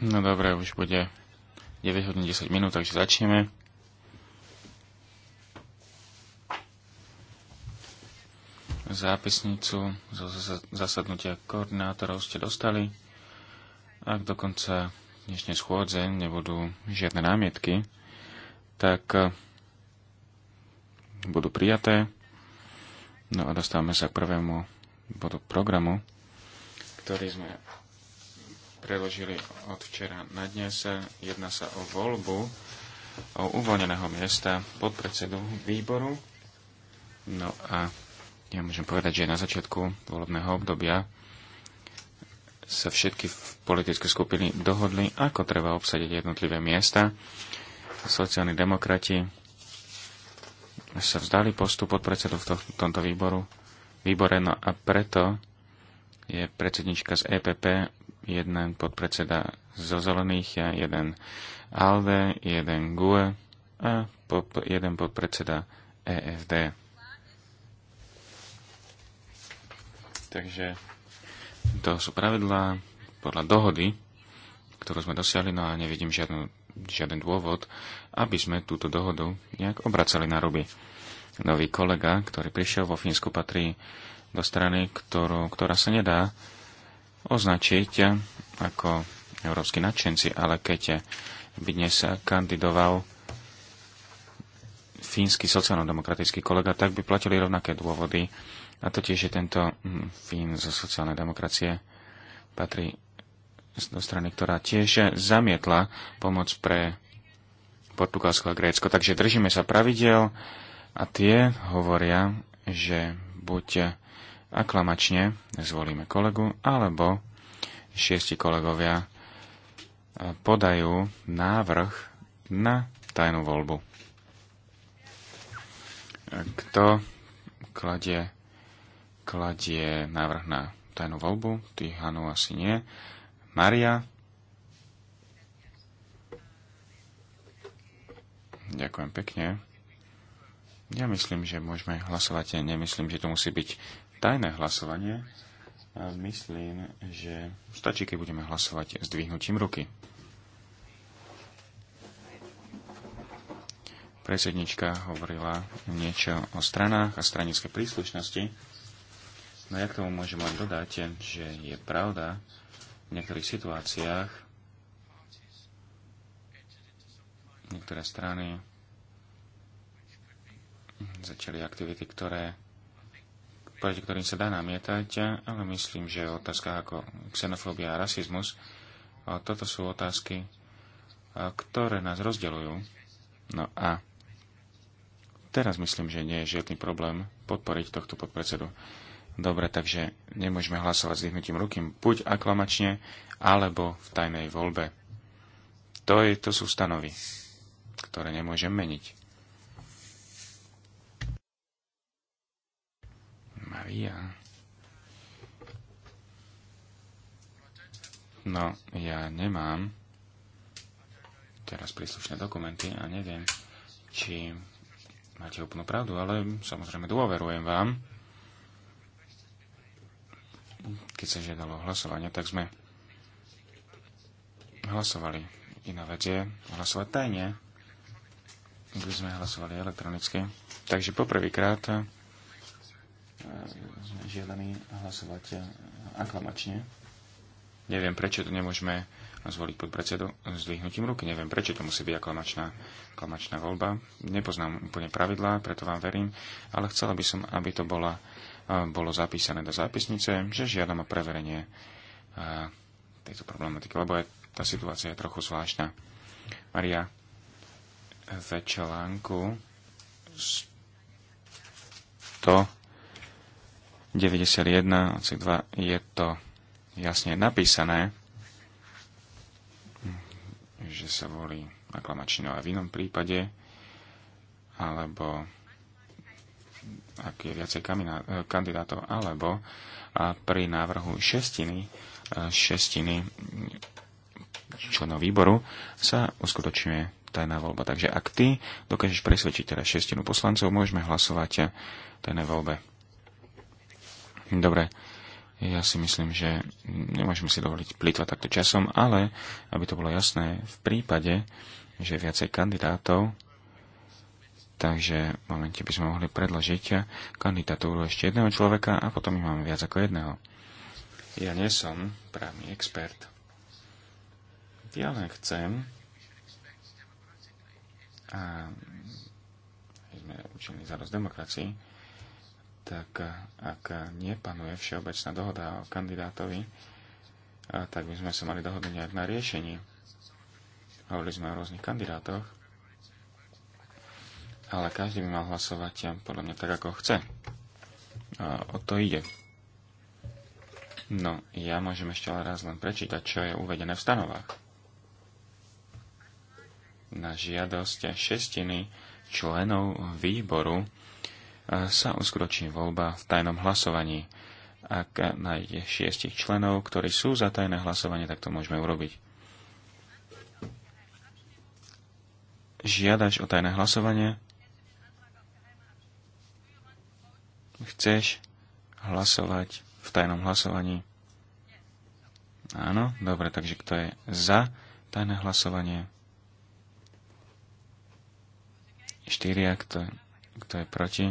No dobré, už bude 9 hodín 10 minút, takže začneme. Zápisnicu zo zasadnutia koordinátorov ste dostali. Ak dokonca konca dnešnej schôdze nebudú žiadne námietky, tak eh, budú prijaté. No a dostávame sa k prvému bodu programu ktorý sme preložili od včera na dnes. Jedná sa o voľbu o uvoľneného miesta podpredsedu výboru. No a ja môžem povedať, že na začiatku volebného obdobia sa všetky politické skupiny dohodli, ako treba obsadiť jednotlivé miesta. Sociálni demokrati sa vzdali postup podpredsedu v tomto výboru, výbore, no a preto je predsednička z EPP, jeden podpredseda zo Zelených, jeden ALDE, jeden GUE a pod, jeden podpredseda EFD. Takže to sú pravidlá podľa dohody, ktorú sme dosiahli, no a nevidím žiadnu, žiaden dôvod, aby sme túto dohodu nejak obracali na ruby. Nový kolega, ktorý prišiel vo Fínsku, patrí do strany, ktorú, ktorá sa nedá označiť ako európsky nadšenci, ale keď by dnes kandidoval fínsky sociálno-demokratický kolega, tak by platili rovnaké dôvody. A to tiež, že tento hm, Fín zo sociálnej demokracie patrí do strany, ktorá tiež zamietla pomoc pre Portugalsko a Grécko. Takže držíme sa pravidel a tie hovoria, že buď aklamačne zvolíme kolegu, alebo šiesti kolegovia e, podajú návrh na tajnú voľbu. E, kto kladie, kladie návrh na tajnú voľbu? Ty, Hanu, asi nie. Maria? Ďakujem pekne. Ja myslím, že môžeme hlasovať. Ja nemyslím, že to musí byť tajné hlasovanie, myslím, že stačí, keď budeme hlasovať s dvihnutím ruky. Presednička hovorila niečo o stranách a stranické príslušnosti. No ja k tomu môžem len dodať, že je pravda, v niektorých situáciách niektoré strany začali aktivity, ktoré proti ktorým sa dá namietať, ale myslím, že otázka ako xenofóbia a rasizmus, toto sú otázky, ktoré nás rozdeľujú. No a teraz myslím, že nie je žiadny problém podporiť tohto podpredsedu. Dobre, takže nemôžeme hlasovať s vyhnutím rukým buď aklamačne, alebo v tajnej voľbe. To, je, to sú stanovy, ktoré nemôžem meniť. María. No, ja nemám teraz príslušné dokumenty a neviem, či máte úplnú pravdu, ale samozrejme dôverujem vám. Keď sa žiadalo hlasovanie, tak sme hlasovali. Iná vec je hlasovať tajne. kde sme hlasovali elektronicky. Takže poprvýkrát E, žiadaný hlasovať e, aklamačne. Neviem, prečo to nemôžeme zvoliť pod predsedu s dvihnutím ruky. Neviem, prečo to musí byť aklamačná, aklamačná voľba. Nepoznám úplne pravidlá, preto vám verím, ale chcela by som, aby to bola, e, bolo zapísané do zápisnice, že žiadam o preverenie tejto problematiky, lebo je, tá situácia je trochu zvláštna. Maria, v článku 100 91 je to jasne napísané, že sa volí aklamačinou a v inom prípade, alebo ak je viacej eh, kandidátov, alebo a pri návrhu šestiny, eh, šestiny členov výboru sa uskutočňuje tajná voľba. Takže ak ty dokážeš presvedčiť teda šestinu poslancov, môžeme hlasovať tajné voľbe. Dobre, ja si myslím, že nemôžeme si dovoliť plýtvať takto časom, ale aby to bolo jasné, v prípade, že viacej kandidátov, takže v momente by sme mohli predložiť kandidatúru ešte jedného človeka a potom ich máme viac ako jedného. Ja nie som právny expert. Ja len chcem a sme učení za rozdemokracii, demokracii, tak eh, ak nepanuje všeobecná dohoda o kandidátovi, eh, tak by sme sa mali dohodnúť nejak na riešení. Hovorili sme o rôznych kandidátoch, ale každý by mal hlasovať eh, podľa mňa tak, ako chce. A o to ide. No, ja môžem ešte ale raz len prečítať, čo je uvedené v stanovách. Na žiadosť šestiny členov výboru sa uskutoční voľba v tajnom hlasovaní. Ak nájde šiestich členov, ktorí sú za tajné hlasovanie, tak to môžeme urobiť. Žiadaš o tajné hlasovanie? Chceš hlasovať v tajnom hlasovaní? Áno, dobre, takže kto je za tajné hlasovanie? Štyria, kto, kto je proti?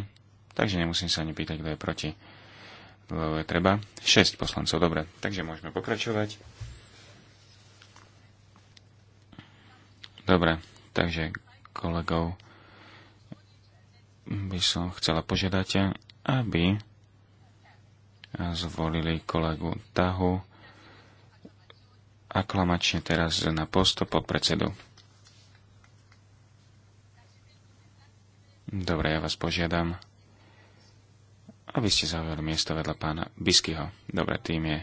takže nemusím sa ani pýtať, kto je proti. Lebo je treba 6 poslancov, dobre, takže môžeme pokračovať. Dobre, takže kolegov by som chcela požiadať, aby zvolili kolegu Tahu aklamačne teraz na posto pod predsedu. Dobre, ja vás požiadam, aby ste zaujali miesto vedľa pána Biskyho. Dobre, tým je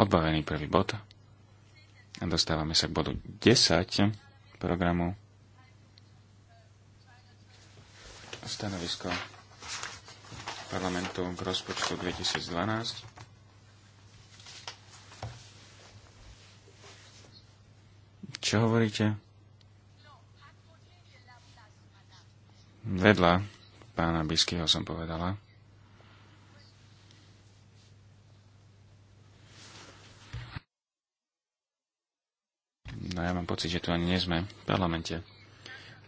odbavený prvý bod. A dostávame sa k bodu 10 programu. Stanovisko parlamentu k rozpočtu 2012. Čo hovoríte? Vedľa pána Biskyho som povedala. No ja mám pocit, že tu ani nie sme v parlamente.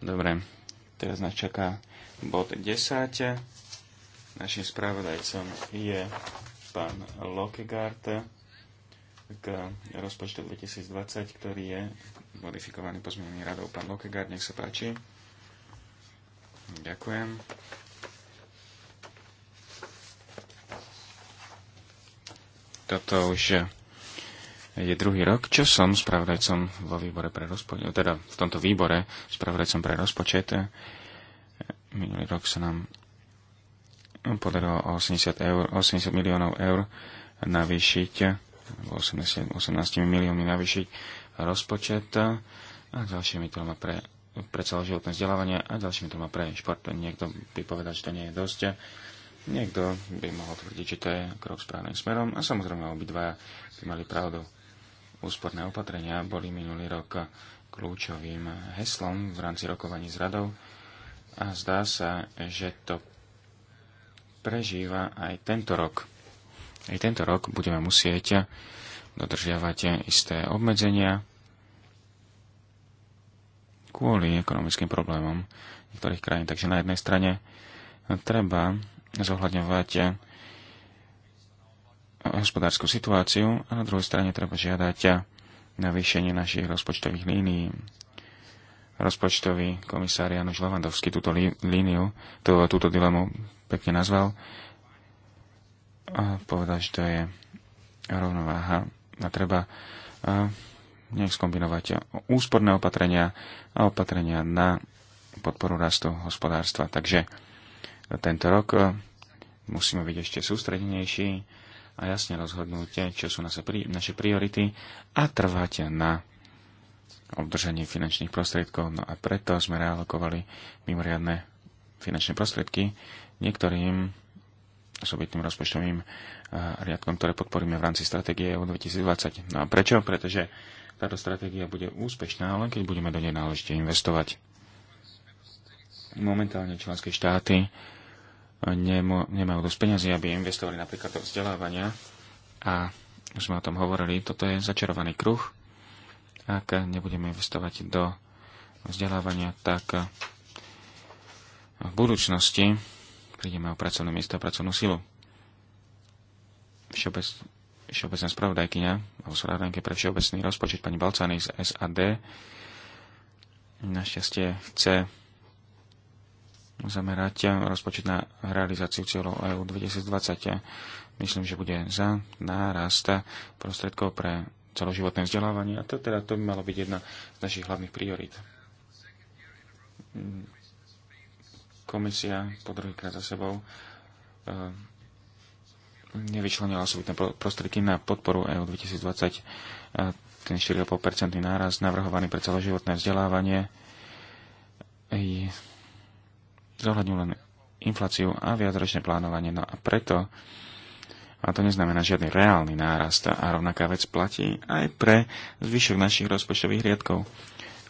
Dobre, teraz nás čaká bod 10. Našim spravodajcom je pán Lokegard k rozpočtu 2020, ktorý je modifikovaný pozmenený radou. Pán Lokegard, nech sa páči. Ďakujem. Toto už je druhý rok, čo som spravodajcom vo výbore pre rozpočet, teda v tomto výbore spravodajcom pre rozpočet. Minulý rok sa nám podarilo 80, eur, 80 miliónov eur navýšiť, 80, 18 miliónmi navýšiť rozpočet a ďalšími troma pre, pre životné vzdelávanie a ďalšími troma pre šport. Niekto by povedal, že to nie je dosť. Niekto by mohol tvrdiť, že to je krok správnym smerom a samozrejme obidva by mali pravdu. Úsporné opatrenia boli minulý rok kľúčovým heslom v rámci rokovaní s radou a zdá sa, že to prežíva aj tento rok. Aj tento rok budeme musieť dodržiavať isté obmedzenia kvôli ekonomickým problémom niektorých krajín. Takže na jednej strane treba zohľadňovať hospodárskú situáciu a na druhej strane treba žiadať navýšenie našich rozpočtových línií. Rozpočtový komisár Janoš Levandovský túto líniu, tú, túto dilemu pekne nazval a povedal, že to je rovnováha a treba nech skombinovať úsporné opatrenia a opatrenia na podporu rastu hospodárstva. Takže tento rok musíme byť ešte sústredenejší a jasne rozhodnúť, čo sú naše priority a trvať na obdržanie finančných prostriedkov. No a preto sme realokovali mimoriadne finančné prostriedky niektorým osobitným rozpočtovým eh, riadkom, ktoré podporíme v rámci stratégie EU 2020. No a prečo? Pretože táto stratégia bude úspešná, len keď budeme do nej náležite investovať. Momentálne členské štáty nemajú dosť peniazy, aby investovali napríklad do vzdelávania. A už sme o tom hovorili, toto je začarovaný kruh. Ak nebudeme investovať do vzdelávania, tak v budúcnosti prídeme o pracovné miesto a pracovnú silu. Všeobec, všeobecná spravodajkyňa alebo spravodajkyňa pre všeobecný rozpočet pani Balcány z SAD našťastie chce zamerať rozpočet na realizáciu cieľov EU 2020. Myslím, že bude za nárast prostriedkov pre celoživotné vzdelávanie a to teda to by malo byť jedna z našich hlavných priorít. Komisia po druhýkrát za sebou eh, nevyčlenila osobitné prostriedky na podporu EU 2020. Eh, ten 4,5% náraz navrhovaný pre celoživotné vzdelávanie zohľadňujú len infláciu a viacročné plánovanie. No a preto, a to neznamená žiadny reálny nárast a rovnaká vec platí aj pre zvyšok našich rozpočtových riadkov.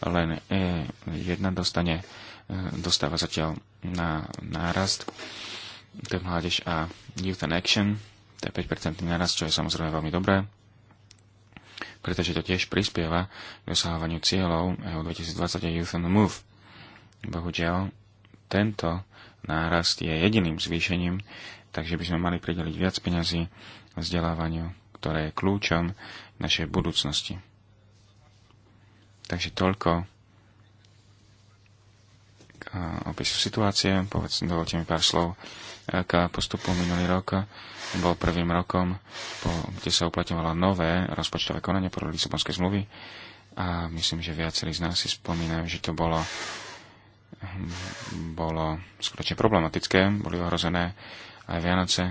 Len e, jedna dostane, e, dostáva zatiaľ na nárast, to je mládež a Youth and Action, to je 5% nárast, čo je samozrejme veľmi dobré, pretože to tiež prispieva k dosahovaniu cieľov EU 2020 a Youth and Move. Bohužiaľ, tento nárast je jediným zvýšením, takže by sme mali prideliť viac peňazí vzdelávaniu, ktoré je kľúčom našej budúcnosti. Takže toľko k opisu situácie. Povedz, dovolte mi pár slov k postupu minulý rok. Bol prvým rokom, po, kde sa uplatňovalo nové rozpočtové konanie podľa Lisabonskej zmluvy a myslím, že viacerí z nás si spomínajú, že to bolo bolo skutočne problematické, boli ohrozené aj Vianoce,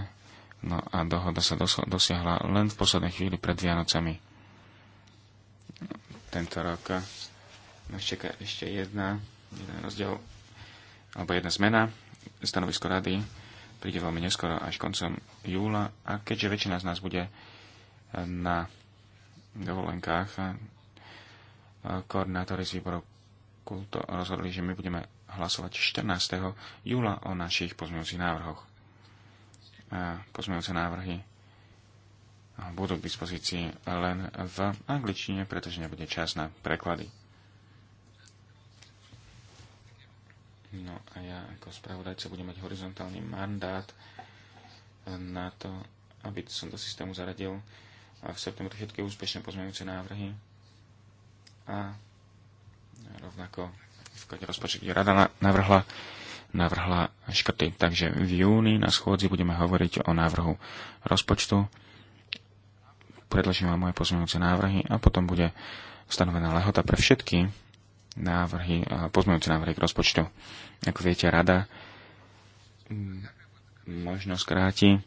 no a dohoda sa dosiahla len v poslednej chvíli pred Vianocami. Tento rok nás čaká ešte jedna, jeden rozdiel, alebo jedna zmena. Stanovisko rady príde veľmi neskoro až koncom júla a keďže väčšina z nás bude na dovolenkách, koordinátori z výboru kulto rozhodli, že my budeme hlasovať 14. júla o našich pozmeňujúcich návrhoch. A pozmeňujúce návrhy budú k dispozícii len v angličtine, pretože nebude čas na preklady. No a ja ako spravodajca budem mať horizontálny mandát na to, aby som do systému zaradil v septembri všetky úspešné pozmeňujúce návrhy a rovnako v rozpočet rada navrhla, navrhla škrty. Takže v júni na schôdzi budeme hovoriť o návrhu rozpočtu. Predložím vám moje pozmeňujúce návrhy a potom bude stanovená lehota pre všetky návrhy, pozmeňujúce návrhy k rozpočtu. Ako viete, rada možno skráti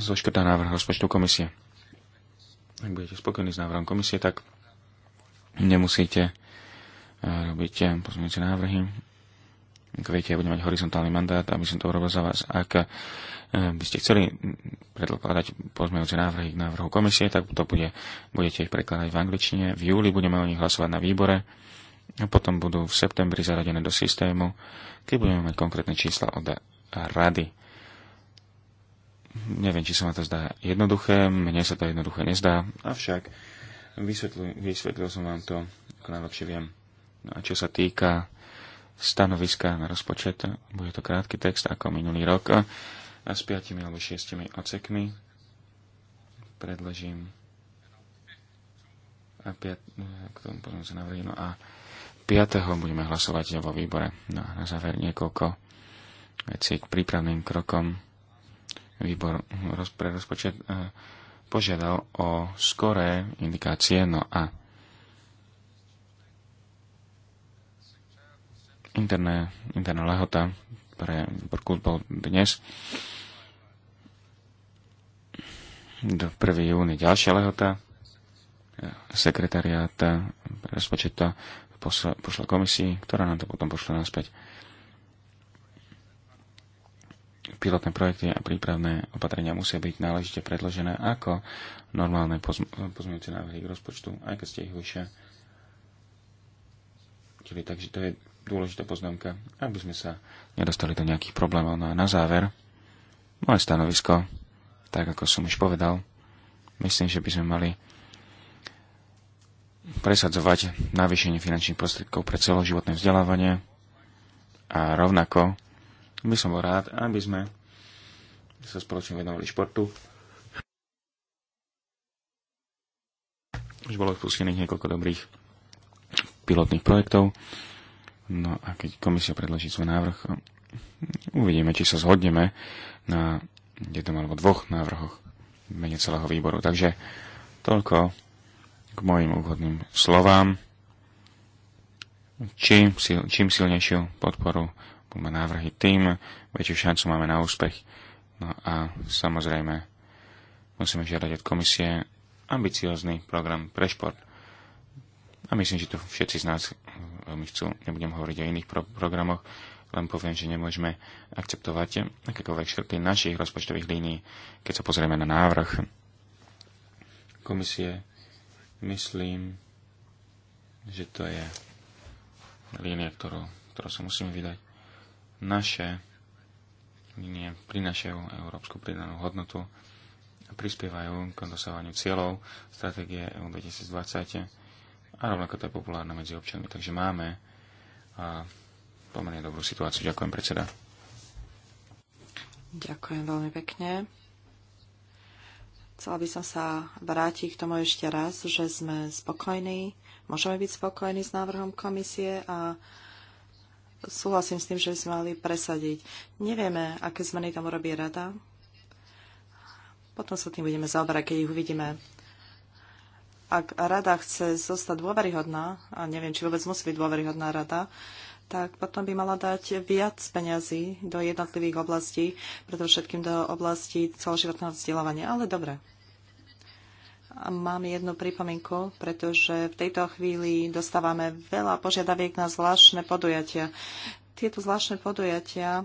zoškrtá návrh rozpočtu komisie. Ak budete spokojní s návrhom komisie, tak nemusíte eh, robiť eh, pozmeňujúce návrhy. Ak viete, ja budem mať horizontálny mandát, aby som to urobil za vás. Ak eh, by ste chceli predkladať pozmeňujúce návrhy k návrhu komisie, tak to bude, budete ich prekladať v angličtine. V júli budeme o nich hlasovať na výbore a potom budú v septembri zaradené do systému, keď budeme mať konkrétne čísla od rady. Neviem, či sa ma to zdá jednoduché, mne sa to jednoduché nezdá, avšak Vysvetl, vysvetlil som vám to, ako najlepšie viem. No a čo sa týka stanoviska na rozpočet, bude to krátky text ako minulý rok, a s piatimi alebo šiestimi ocekmi predložím a piat, eh, k tomu potom sa navrhnú no a 5. budeme hlasovať vo výbore. No a na záver niekoľko vecí k prípravným krokom výbor pre rozpočet eh, požiadal o skoré indikácie, no a interné, interná lehota pre Borkut bol dnes do 1. júni ďalšia lehota sekretariáta rozpočet pošla komisii, ktorá nám to potom pošla naspäť pilotné projekty a prípravné opatrenia musia byť náležite predložené ako normálne pozmeňujúce návrhy k rozpočtu, aj keď ste ich vyššia. Čili takže to je dôležitá poznámka, aby sme sa nedostali do nejakých problémov. No a na záver, moje stanovisko, tak ako som už povedal, myslím, že by sme mali presadzovať navýšenie finančných prostriedkov pre celoživotné vzdelávanie a rovnako by som bol rád, aby sme sa spoločne venovali športu. Už bolo spustených niekoľko dobrých pilotných projektov. No a keď komisia predloží svoj návrh, uvidíme, či sa zhodneme na jednom alebo dvoch návrhoch mene celého výboru. Takže toľko k mojim úvodným slovám. Čím, sil, čím silnejšiu podporu má návrhy, tým väčšiu šancu máme na úspech. No a samozrejme musíme žiadať od komisie ambiciózny program pre šport. A myslím, že to všetci z nás veľmi chcú. Nebudem hovoriť o iných pro- programoch, len poviem, že nemôžeme akceptovať akékoľvek škrty našich rozpočtových línií, keď sa pozrieme na návrh komisie. Myslím, že to je línia, ktorú, ktorú sa musíme vydať naše linie prinašajú európsku pridanú hodnotu a prispievajú k dosávaniu cieľov stratégie EU 2020 a rovnako to je populárne medzi občanmi. Takže máme a pomerne dobrú situáciu. Ďakujem, predseda. Ďakujem veľmi pekne. Chcela by som sa vrátiť k tomu ešte raz, že sme spokojní, môžeme byť spokojní s návrhom komisie a súhlasím s tým, že by sme mali presadiť. Nevieme, aké zmeny tam urobí rada. Potom sa tým budeme zaoberať, keď ich uvidíme. Ak rada chce zostať dôveryhodná, a neviem, či vôbec musí byť dôveryhodná rada, tak potom by mala dať viac peňazí do jednotlivých oblastí, preto všetkým do oblasti celoživotného vzdelávania. Ale dobre, Mám jednu pripomienku, pretože v tejto chvíli dostávame veľa požiadaviek na zvláštne podujatia. Tieto zvláštne podujatia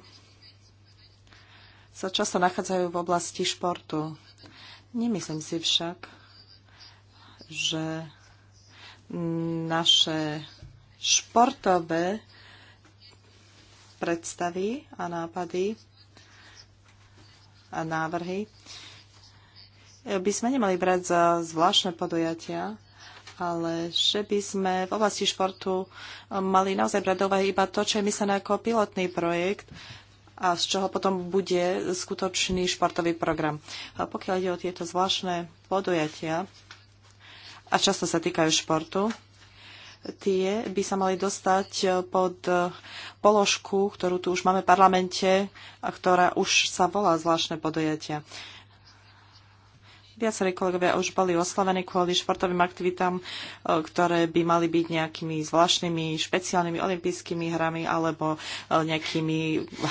sa často nachádzajú v oblasti športu. Nemyslím si však, že naše športové predstavy a nápady a návrhy by sme nemali brať za zvláštne podujatia, ale že by sme v oblasti športu eh, mali naozaj brať do úvahy iba to, čo je myslené ako pilotný projekt a z čoho potom bude skutočný športový program. A pokiaľ ide o tieto zvláštne podujatia, a často sa týkajú športu, tie by sa mali dostať eh, pod eh, položku, ktorú tu už máme v parlamente a ktorá už sa volá zvláštne podujatia. Viacerí kolegovia už boli oslavení kvôli športovým aktivitám, e, ktoré by mali byť nejakými zvláštnymi, špeciálnymi olympijskými hrami alebo e, nejakými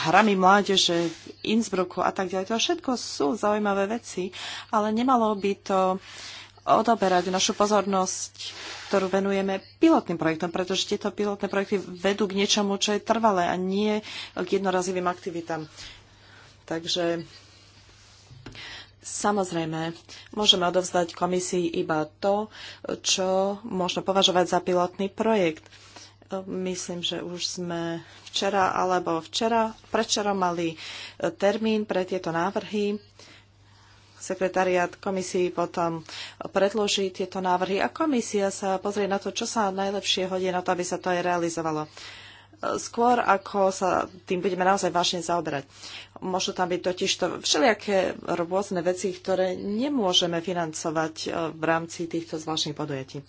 hrami mládeže v Innsbrucku a tak ďalej. To všetko sú zaujímavé veci, ale nemalo by to odoberať našu pozornosť, ktorú venujeme pilotným projektom, pretože tieto pilotné projekty vedú k niečomu, čo je trvalé a nie k jednorazivým aktivitám. Takže Samozrejme, môžeme odovzdať komisii iba to, čo možno považovať za pilotný projekt. Myslím, že už sme včera alebo včera, predvčera mali e, termín pre tieto návrhy. Sekretariat komisii potom predloží tieto návrhy a komisia sa pozrie na to, čo sa najlepšie hodí na to, aby sa to aj realizovalo skôr ako sa tým budeme naozaj vážne zaoberať. Môžu tam byť totiž to všelijaké rôzne veci, ktoré nemôžeme financovať e, v rámci týchto zvláštnych podujatí.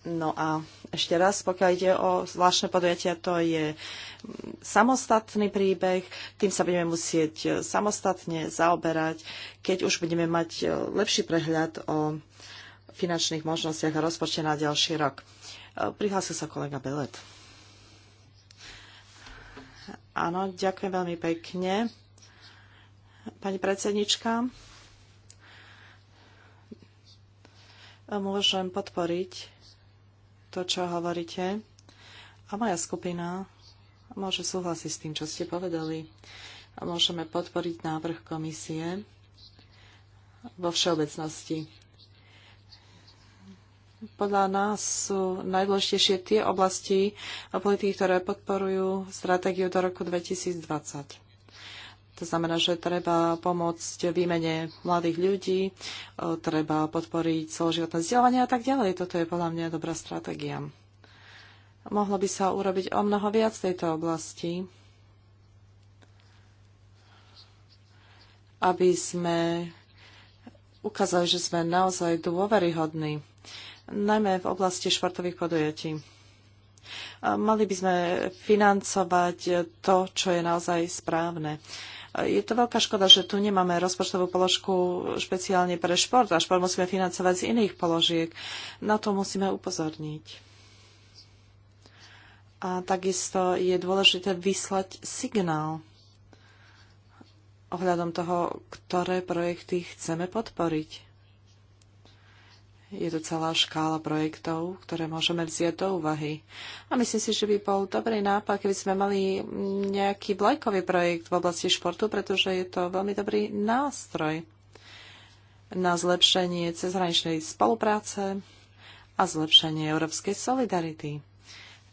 No a ešte raz, pokiaľ ide o zvláštne podujatia, to je samostatný príbeh, tým sa budeme musieť e, samostatne zaoberať, keď už budeme mať e, lepší prehľad o finančných možnostiach a rozpočte na ďalší rok. Prihlásil sa kolega Belet. Áno, ďakujem veľmi pekne. Pani predsednička, môžem podporiť to, čo hovoríte. A moja skupina môže súhlasiť s tým, čo ste povedali. A môžeme podporiť návrh komisie vo všeobecnosti podľa nás sú najdôležitejšie tie oblasti politiky, ktoré podporujú stratégiu do roku 2020. To znamená, že treba pomôcť výmene mladých ľudí, e, treba podporiť celoživotné vzdelávanie a tak ďalej. Toto je podľa mňa dobrá stratégia. Mohlo by sa urobiť o mnoho viac v tejto oblasti, aby sme ukázali, že sme naozaj dôveryhodní najmä v oblasti športových podujatí. Mali by sme financovať to, čo je naozaj správne. Je to veľká škoda, že tu nemáme rozpočtovú položku špeciálne pre šport a šport musíme financovať z iných položiek. Na to musíme upozorniť. A takisto je dôležité vyslať signál ohľadom toho, ktoré projekty chceme podporiť je to celá škála projektov, ktoré môžeme vziať do úvahy. A myslím si, že by bol dobrý nápad, keby sme mali nejaký vlajkový projekt v oblasti športu, pretože je to veľmi dobrý nástroj na zlepšenie cezhraničnej spolupráce a zlepšenie európskej solidarity.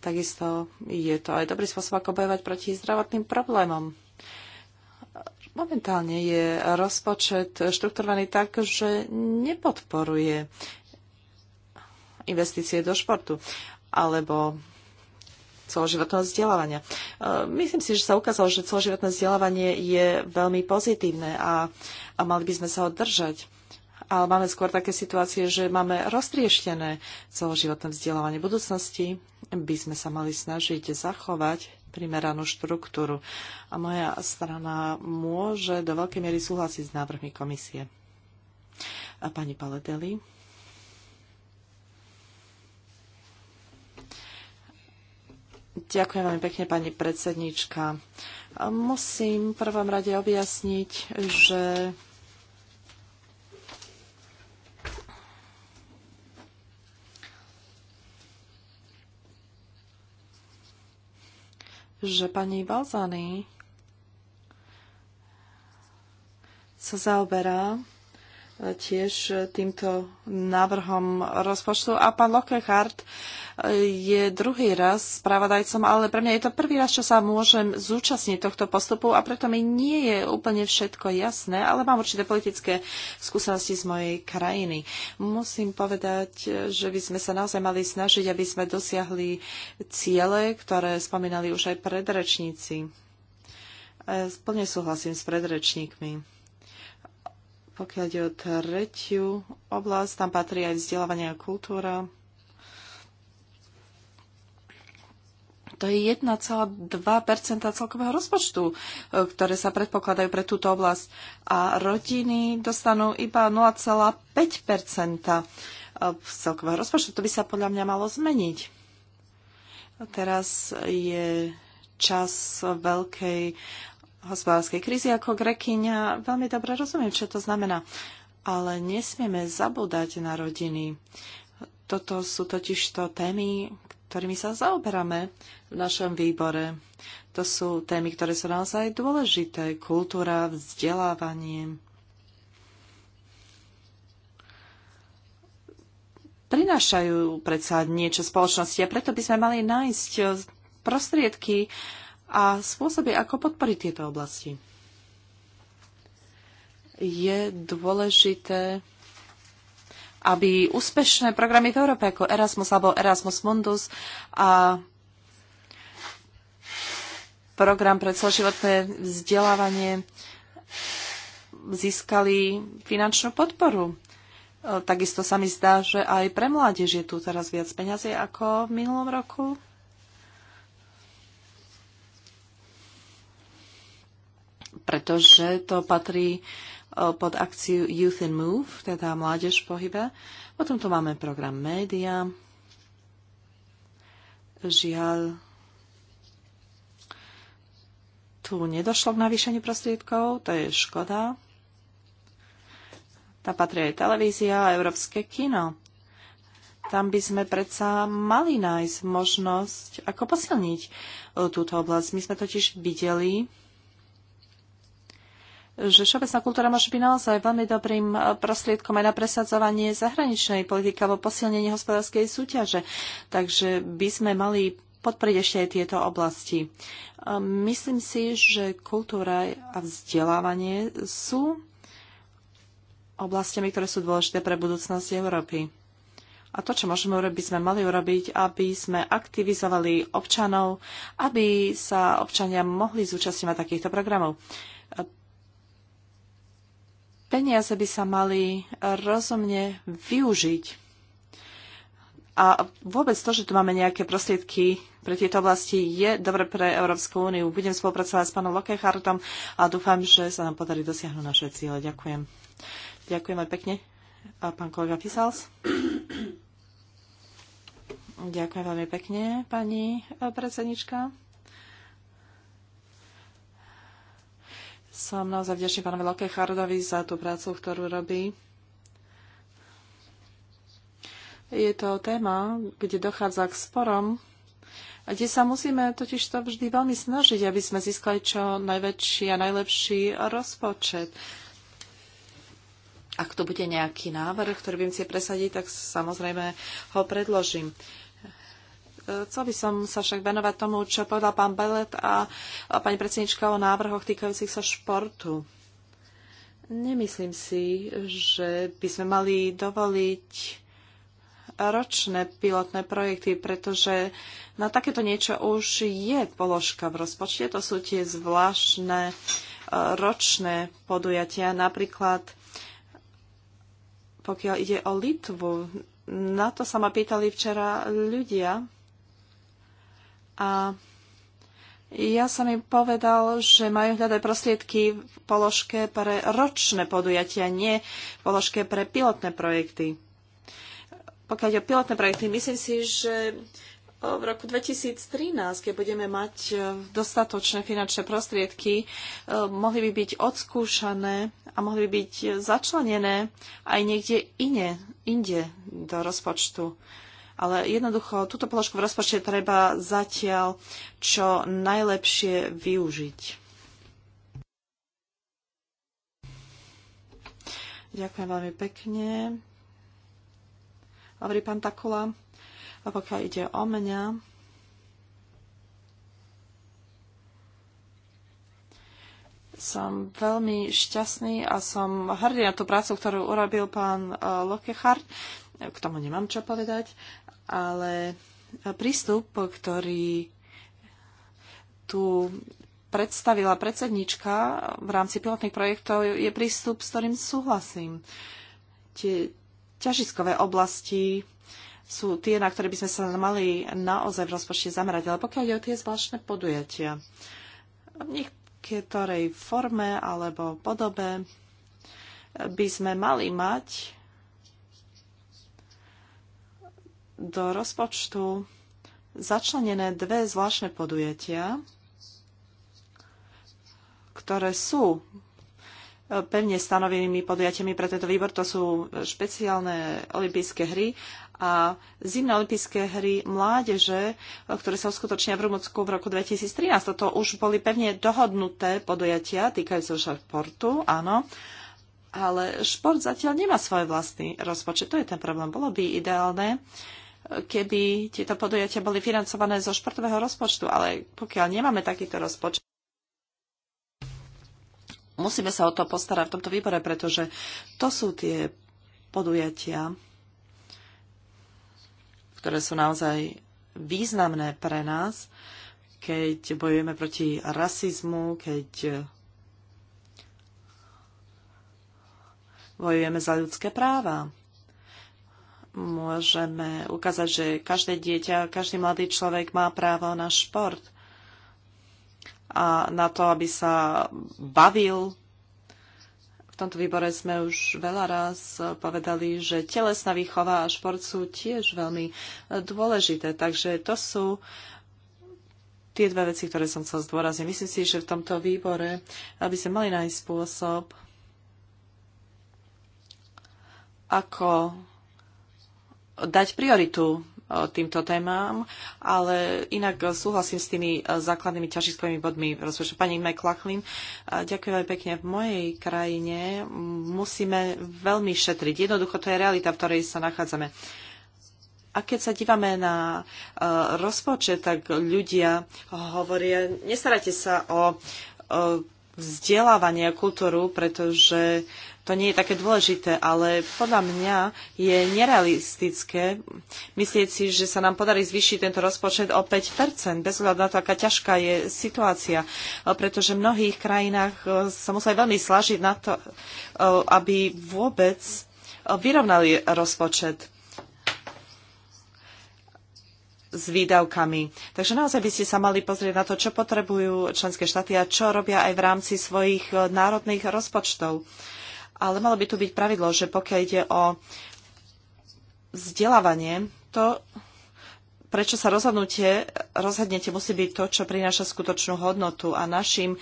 Takisto je to aj dobrý spôsob, ako bojovať proti zdravotným problémom. Momentálne je rozpočet štrukturovaný tak, že nepodporuje investície do športu alebo celoživotného vzdelávania. E, myslím si, že sa ukázalo, že celoživotné vzdelávanie je veľmi pozitívne a, a mali by sme sa ho držať. Ale máme skôr také situácie, že máme roztrieštené celoživotné vzdelávanie. V budúcnosti by sme sa mali snažiť zachovať primeranú štruktúru. A moja strana môže do veľkej miery súhlasiť s návrhmi komisie. A pani Paledeli. Ďakujem veľmi pekne, pani predsednička. Musím v prvom rade objasniť, že že pani Balzany sa zaoberá tiež týmto návrhom rozpočtu. A pán Lockhart eh, je druhý raz spravodajcom, ale pre mňa je to prvý raz, čo sa môžem zúčastniť tohto postupu a preto mi nie je úplne všetko jasné, ale mám určité politické skúsenosti z mojej krajiny. Musím povedať, že by sme sa naozaj mali snažiť, aby sme dosiahli ciele, ktoré spomínali už aj predrečníci. Eh, plne súhlasím s predrečníkmi pokiaľ ide o tretiu oblasť, tam patrí aj vzdelávanie a kultúra. To je 1,2 celkového rozpočtu, e, ktoré sa predpokladajú pre túto oblasť. A rodiny dostanú iba 0,5 e, celkového rozpočtu. To by sa podľa mňa malo zmeniť. A teraz je čas veľkej hospodárskej krízy ako Grekyňa veľmi dobre rozumiem, čo to znamená. Ale nesmieme zabúdať na rodiny. Toto sú totižto témy, ktorými sa zaoberáme v našom výbore. To sú témy, ktoré sú naozaj dôležité. Kultúra, vzdelávanie. Prinášajú predsa niečo spoločnosti a preto by sme mali nájsť prostriedky, a spôsoby, ako podporiť tieto oblasti. Je dôležité, aby úspešné programy v Európe ako Erasmus alebo Erasmus Mundus a program pre celoživotné vzdelávanie získali finančnú podporu. Takisto sa mi zdá, že aj pre mládež je tu teraz viac peniazy ako v minulom roku. pretože to patrí e, pod akciu Youth in Move, teda Mládež v pohybe. Potom tu máme program Média. Žiaľ, tu nedošlo k navýšeniu prostriedkov, to je škoda. Tam patrí aj televízia a európske kino. Tam by sme predsa mali nájsť možnosť, ako posilniť e, túto oblasť. My sme totiž videli, že všeobecná kultúra môže byť naozaj veľmi dobrým eh, prostriedkom aj na presadzovanie zahraničnej politiky alebo posilnenie hospodárskej súťaže. Takže by sme mali podporiť ešte aj tieto oblasti. Eh, myslím si, že kultúra a vzdelávanie sú oblastiami, ktoré sú dôležité pre budúcnosť Európy. A to, čo môžeme urobiť, by sme mali urobiť, aby sme aktivizovali občanov, aby sa občania mohli zúčastňovať takýchto programov. Peniaze by sa mali rozumne využiť. A vôbec to, že tu máme nejaké prostriedky pre tieto oblasti, je dobre pre Európsku úniu. Budem spolupracovať s pánom Lokechartom a dúfam, že sa nám podarí dosiahnuť naše ciele. Ďakujem. Ďakujem aj pekne. A pán kolega Fisals. Ďakujem veľmi pekne, pani predsednička. Som naozaj vďačný pánovi Loke Chardovi za tú prácu, ktorú robí. Je to téma, kde dochádza k sporom, a kde sa musíme totiž to vždy veľmi snažiť, aby sme získali čo najväčší a najlepší rozpočet. Ak to bude nejaký návrh, ktorý bym si presadiť, tak samozrejme ho predložím. Chcel by som sa však venovať tomu, čo povedal pán Belet a pani predsednička o návrhoch týkajúcich sa športu. Nemyslím si, že by sme mali dovoliť ročné pilotné projekty, pretože na takéto niečo už je položka v rozpočte. To sú tie zvláštne e, ročné podujatia. Napríklad, pokiaľ ide o Litvu, na to sa ma pýtali včera ľudia a ja som im povedal, že majú hľadať prostriedky v položke pre ročné podujatia, nie v položke pre pilotné projekty. Pokiaľ ide o pilotné projekty, myslím si, že v roku 2013, keď budeme mať e, dostatočné finančné prostriedky, e, mohli by byť odskúšané a mohli by byť začlenené aj niekde ine, inde do rozpočtu. Ale jednoducho túto položku v rozpočte treba zatiaľ čo najlepšie využiť. Ďakujem veľmi pekne. Dobrý pán Takula. A pokiaľ ide o mňa, som veľmi šťastný a som hrdý na tú prácu, ktorú urobil pán eh, Lokechard. K tomu nemám čo povedať, ale prístup, ktorý tu predstavila predsednička v rámci pilotných projektov, je prístup, s ktorým súhlasím. Tie ťažiskové oblasti sú tie, na ktoré by sme sa mali naozaj v rozpočte zamerať. Ale pokiaľ ide o tie zvláštne podujatia, v niektorej forme alebo podobe by sme mali mať do rozpočtu začlenené dve zvláštne podujatia, ktoré sú e, pevne stanovenými podujatiami pre tento výbor. To sú špeciálne olympijské hry a zimné olympijské hry mládeže, e, ktoré sa uskutočnia v Rumunsku v roku 2013. Toto už boli pevne dohodnuté podujatia, týkajúce sa športu, áno. Ale šport zatiaľ nemá svoj vlastný rozpočet. To je ten problém. Bolo by ideálne, uh, keby tieto podujatia boli financované zo športového rozpočtu, ale pokiaľ nemáme takýto rozpočet, musíme sa o to postarať v tomto výbore, pretože to sú tie podujatia, ktoré sú naozaj významné pre nás, keď bojujeme proti rasizmu, keď bojujeme za ľudské práva môžeme ukázať, že každé dieťa, každý mladý človek má právo na šport a na to, aby sa bavil. V tomto výbore sme už veľa raz povedali, že telesná výchova a šport sú tiež veľmi dôležité. Takže to sú tie dve veci, ktoré som chcel zdôrazniť. Myslím si, že v tomto výbore aby sme mali nájsť spôsob, ako dať prioritu e, týmto témam, ale inak súhlasím s tými e, základnými ťažiskovými bodmi rozpočtu. Pani McLachlin, e, ďakujem veľmi pekne. V mojej krajine musíme veľmi šetriť. Jednoducho to je realita, v ktorej sa nachádzame. A keď sa dívame na rozpočet, tak ľudia hovoria, nestarajte sa o vzdelávanie a kultúru, pretože to nie je také dôležité, ale podľa mňa je nerealistické myslieť si, že sa nám podarí zvýšiť tento rozpočet o 5%, bez hľadu na to, aká ťažká je situácia, e, pretože v mnohých krajinách e, sa museli veľmi slažiť na to, e, aby vôbec vyrovnali rozpočet s výdavkami. Takže naozaj by ste sa mali pozrieť na to, čo potrebujú členské štáty a čo robia aj v rámci svojich národných rozpočtov ale malo by tu byť pravidlo, že pokiaľ ide o vzdelávanie, to, prečo sa rozhodnutie, rozhodnete, musí byť to, čo prináša skutočnú hodnotu. A našim e,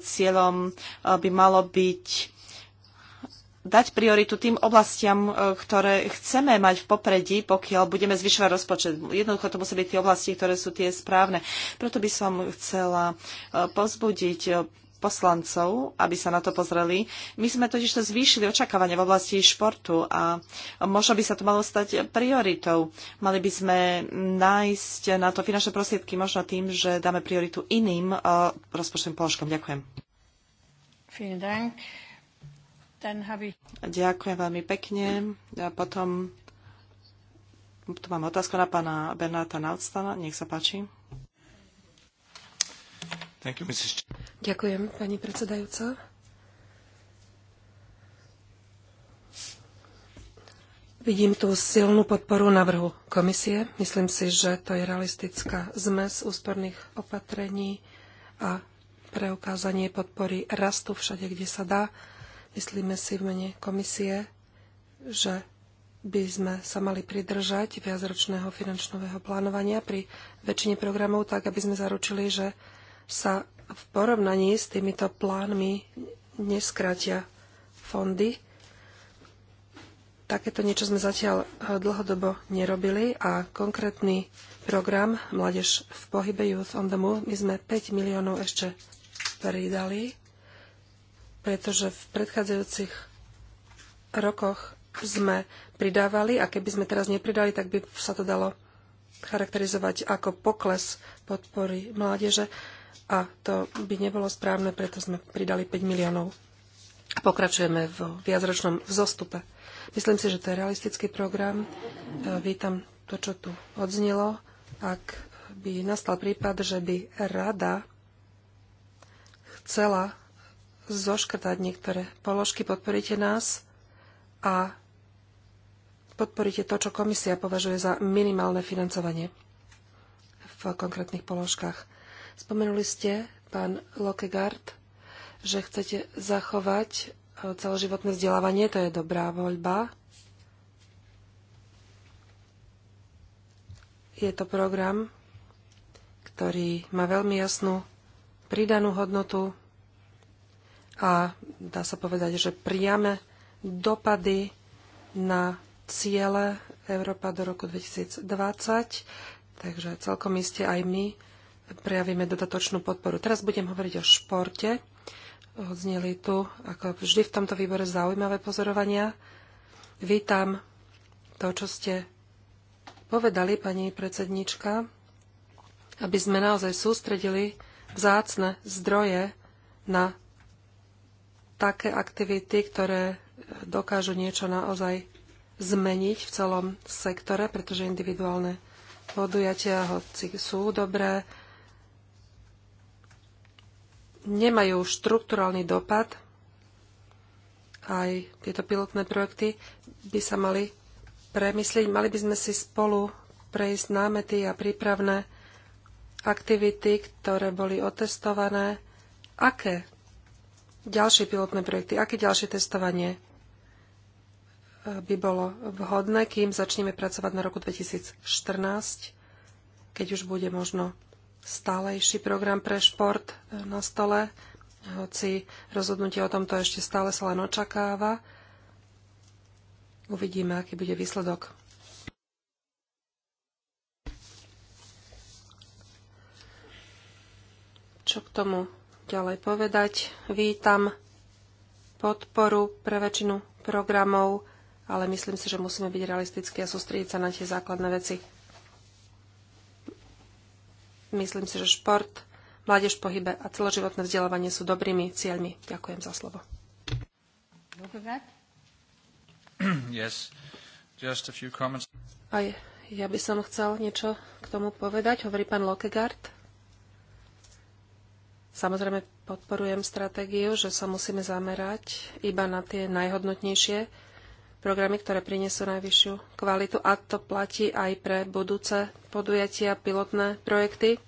cieľom e, by malo byť dať prioritu tým oblastiam, e, ktoré chceme mať v popredí, pokiaľ budeme zvyšovať rozpočet. Jednoducho to musí byť tie oblasti, ktoré sú tie správne. Preto by som chcela pozbudiť poslancov, aby sa na to pozreli. My sme totiž to zvýšili očakávanie v oblasti športu a možno by sa to malo stať prioritou. Mali by sme nájsť na to finančné prostriedky možno tým, že dáme prioritu iným eh, rozpočtovým položkám. Ďakujem. Ďakujem veľmi pekne. A potom tu mám otázku na pána Bernáta Nautstana. Nech sa páči. You, Ďakujem, pani predsedajúca. Vidím tu silnú podporu návrhu komisie. Myslím si, že to je realistická zmes úsporných opatrení a preukázanie podpory rastu všade, kde sa dá. Myslíme si v mene komisie, že by sme sa mali pridržať viacročného finančného plánovania pri väčšine programov tak, aby sme zaručili, že sa v porovnaní s týmito plánmi neskratia fondy. Takéto niečo sme zatiaľ eh, dlhodobo nerobili a konkrétny program Mládež v pohybe Youth on the Move my sme 5 miliónov ešte pridali, pretože v predchádzajúcich rokoch sme pridávali a keby sme teraz nepridali, tak by sa to dalo charakterizovať ako pokles podpory mládeže a to by nebolo správne, preto sme pridali 5 miliónov. a Pokračujeme v viacročnom vzostupe. Myslím si, že to je realistický program. E, vítam to, čo tu odznelo. Ak by nastal prípad, že by rada chcela zoškrtať niektoré položky, podporíte nás a podporíte to, čo komisia považuje za minimálne financovanie v konkrétnych položkách. Spomenuli ste, pán Lokegard, že chcete zachovať e, celoživotné vzdelávanie, to je dobrá voľba. Je to program, ktorý má veľmi jasnú pridanú hodnotu a dá sa povedať, že priame dopady na ciele Európa do roku 2020. Takže celkom iste aj my prejavíme dodatočnú podporu. Teraz budem hovoriť o športe. Odzneli tu, ako vždy v tomto výbore, zaujímavé pozorovania. Vítam to, čo ste povedali, pani predsednička, aby sme naozaj sústredili vzácne zdroje na také aktivity, ktoré dokážu niečo naozaj zmeniť v celom sektore, pretože individuálne podujatia, hoci sú dobré, nemajú štrukturálny dopad, aj tieto pilotné projekty by sa mali premyslieť. Mali by sme si spolu prejsť námety a prípravné aktivity, ktoré boli otestované. Aké ďalšie pilotné projekty, aké ďalšie testovanie e, by bolo vhodné, kým začneme pracovať na roku 2014, keď už bude možno stálejší program pre šport e, na stole, hoci rozhodnutie o tomto ešte stále sa len očakáva. Uvidíme, aký bude výsledok. Čo k tomu ďalej povedať? Vítam podporu pre väčšinu programov, ale myslím si, že musíme byť realistickí a sústrediť sa na tie základné veci. Myslím si, že šport, mládež pohybe a celoživotné vzdelávanie sú dobrými cieľmi. Ďakujem za slovo. Yes. Just a few comments. Aj ja by som chcel niečo k tomu povedať, hovorí pán Lokegard. Samozrejme podporujem stratégiu, že sa musíme zamerať iba na tie najhodnotnejšie programy, ktoré prinesú najvyššiu kvalitu a to platí aj pre budúce podujatia, pilotné projekty.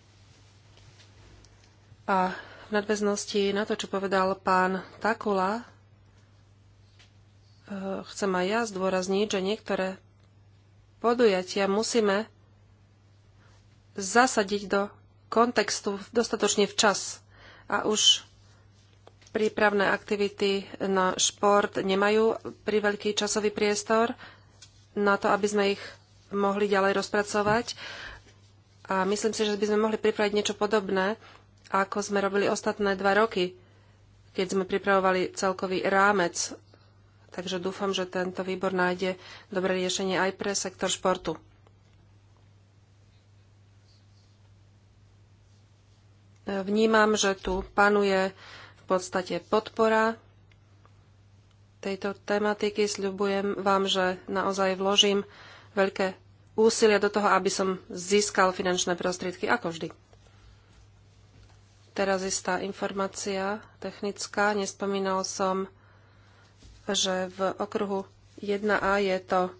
A v nadväznosti na to, čo povedal pán Takula, eh, chcem aj ja zdôrazniť, že niektoré podujatia musíme zasadiť do kontextu dostatočne včas. A už prípravné aktivity na šport nemajú pri veľký časový priestor na to, aby sme ich mohli ďalej rozpracovať. A myslím si, že by sme mohli pripraviť niečo podobné, ako sme robili ostatné dva roky, keď sme pripravovali celkový rámec. Takže dúfam, že tento výbor nájde dobré riešenie aj pre sektor športu. Vnímam, že tu panuje podstate podpora tejto tematiky. Sľubujem vám, že naozaj vložím veľké úsilie do toho, aby som získal finančné prostriedky, ako vždy. Teraz istá informácia technická. Nespomínal som, že v okruhu 1a je to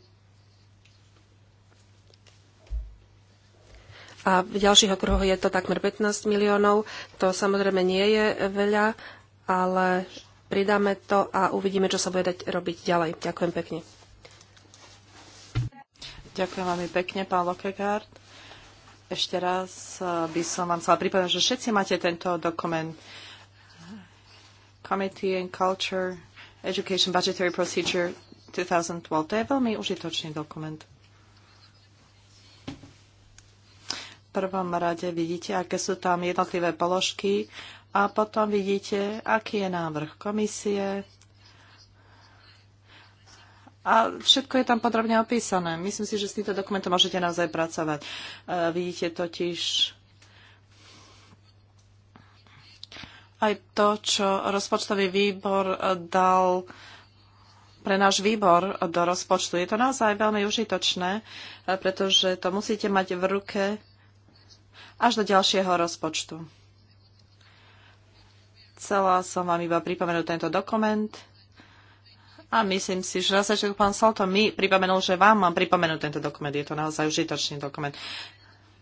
a v ďalších okruhoch je to takmer 15 miliónov. To samozrejme nie je veľa, ale pridáme to a uvidíme, čo sa bude dať robiť ďalej. Ďakujem pekne. Ďakujem veľmi pekne, pán Lokegaard. Ešte raz eh, by som vám chcela pripovedať, že všetci máte tento dokument Committee and Culture Education Budgetary Procedure 2012. To je veľmi užitočný dokument. V prvom rade vidíte, aké sú tam jednotlivé položky a potom vidíte, aký je návrh komisie. A všetko je tam podrobne opísané. Myslím si, že s týmto dokumentom môžete naozaj pracovať. E, vidíte totiž aj to, čo rozpočtový výbor dal pre náš výbor do rozpočtu. Je to naozaj veľmi užitočné, e, pretože to musíte mať v ruke až do ďalšieho rozpočtu. Chcela som vám iba pripomenúť tento dokument a myslím si, že na začiatku pán Salto mi pripomenul, že vám mám pripomenúť tento dokument. Je to naozaj užitočný dokument.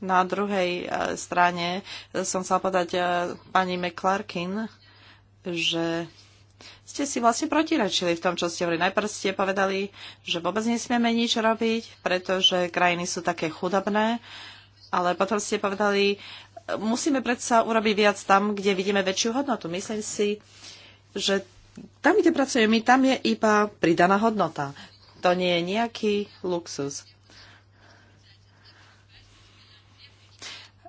Na druhej e, strane e, som chcela povedať e, pani McClarkin, že ste si vlastne protirečili v tom, čo ste hovorili. Najprv ste povedali, že vôbec nesmieme nič robiť, pretože krajiny sú také chudobné, ale potom ste povedali, musíme predsa urobiť viac tam, kde vidíme väčšiu hodnotu. Myslím si, že tam, kde pracujeme my, tam je iba pridaná hodnota. To nie je nejaký luxus.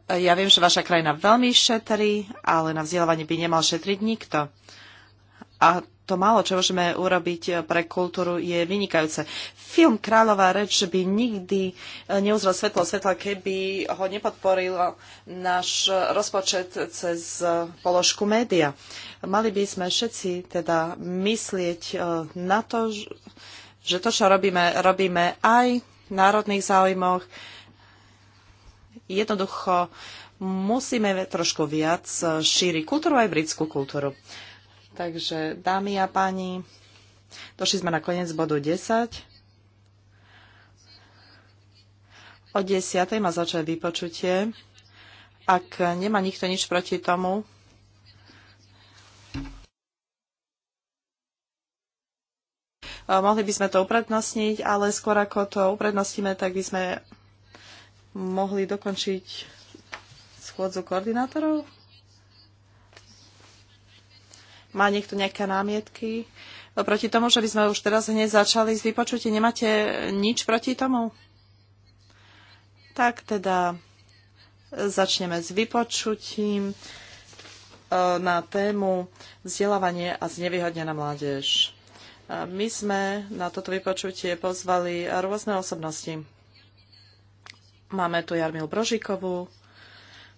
Ja viem, že vaša krajina veľmi šetrí, ale na vzdelávanie by nemal šetriť nikto. A to málo, čo môžeme urobiť e, pre kultúru, je vynikajúce. Film Kráľová reč by nikdy e, neuzrel svetlo svetla, keby ho nepodporil náš rozpočet cez e, položku média. Mali by sme všetci teda myslieť na to, že to, čo robíme, robíme aj v národných záujmoch. Jednoducho musíme trošku viac šíriť kultúru aj britskú kultúru. Takže, dámy a páni, došli sme na koniec bodu 10. O 10. ma začať vypočutie. Ak nemá nikto nič proti tomu, e, mohli by sme to uprednostniť, ale skôr ako to uprednostíme, tak by sme mohli dokončiť schôdzu koordinátorov. Má niekto nejaké námietky proti tomu, že by sme už teraz hneď začali s vypočutím? Nemáte nič proti tomu? Tak teda začneme s vypočutím e, na tému vzdelávanie a znevýhodnená mládež. E, my sme na toto vypočutie pozvali rôzne osobnosti. Máme tu Jarmil Brožikovú,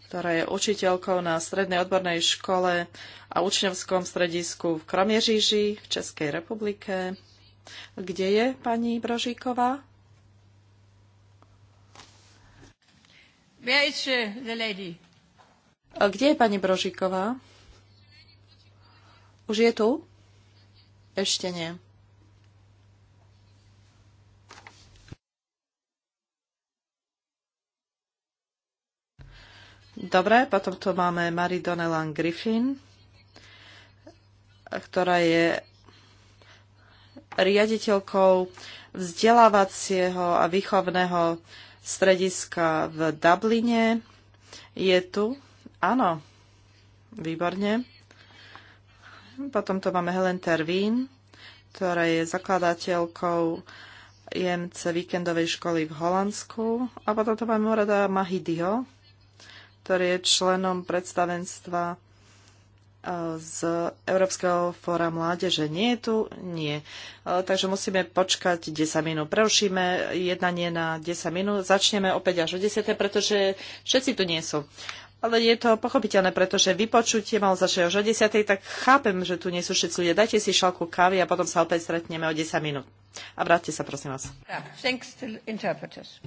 ktorá je učiteľkou na Strednej odbornej škole a učňovskom stredisku v Kromieříži v Českej republike. Kde je pani Brožíková? Uh, kde je pani Brožíková? Už je tu? Ešte nie. Dobre, potom tu máme Mary Donnellan Griffin, ktorá je riaditeľkou vzdelávacieho a výchovného strediska v Dubline. Je tu? Áno. Výborne. Potom tu máme Helen Tervín, ktorá je zakladateľkou jemce víkendovej školy v Holandsku. A potom tu máme Morada Mahidiho ktorý je členom predstavenstva e, z Európskeho fóra mládeže nie je tu? Nie. E, takže musíme počkať 10 minút. Preušíme jednanie na 10 minút. Začneme opäť až o 10, pretože všetci tu nie sú. Ale je to pochopiteľné, pretože vypočutie malo začať až o 10, tak chápem, že tu nie sú všetci ľudia. Dajte si šalku kávy a potom sa opäť stretneme o 10 minút. A vráťte sa, prosím vás. Yeah, thanks to interpreters.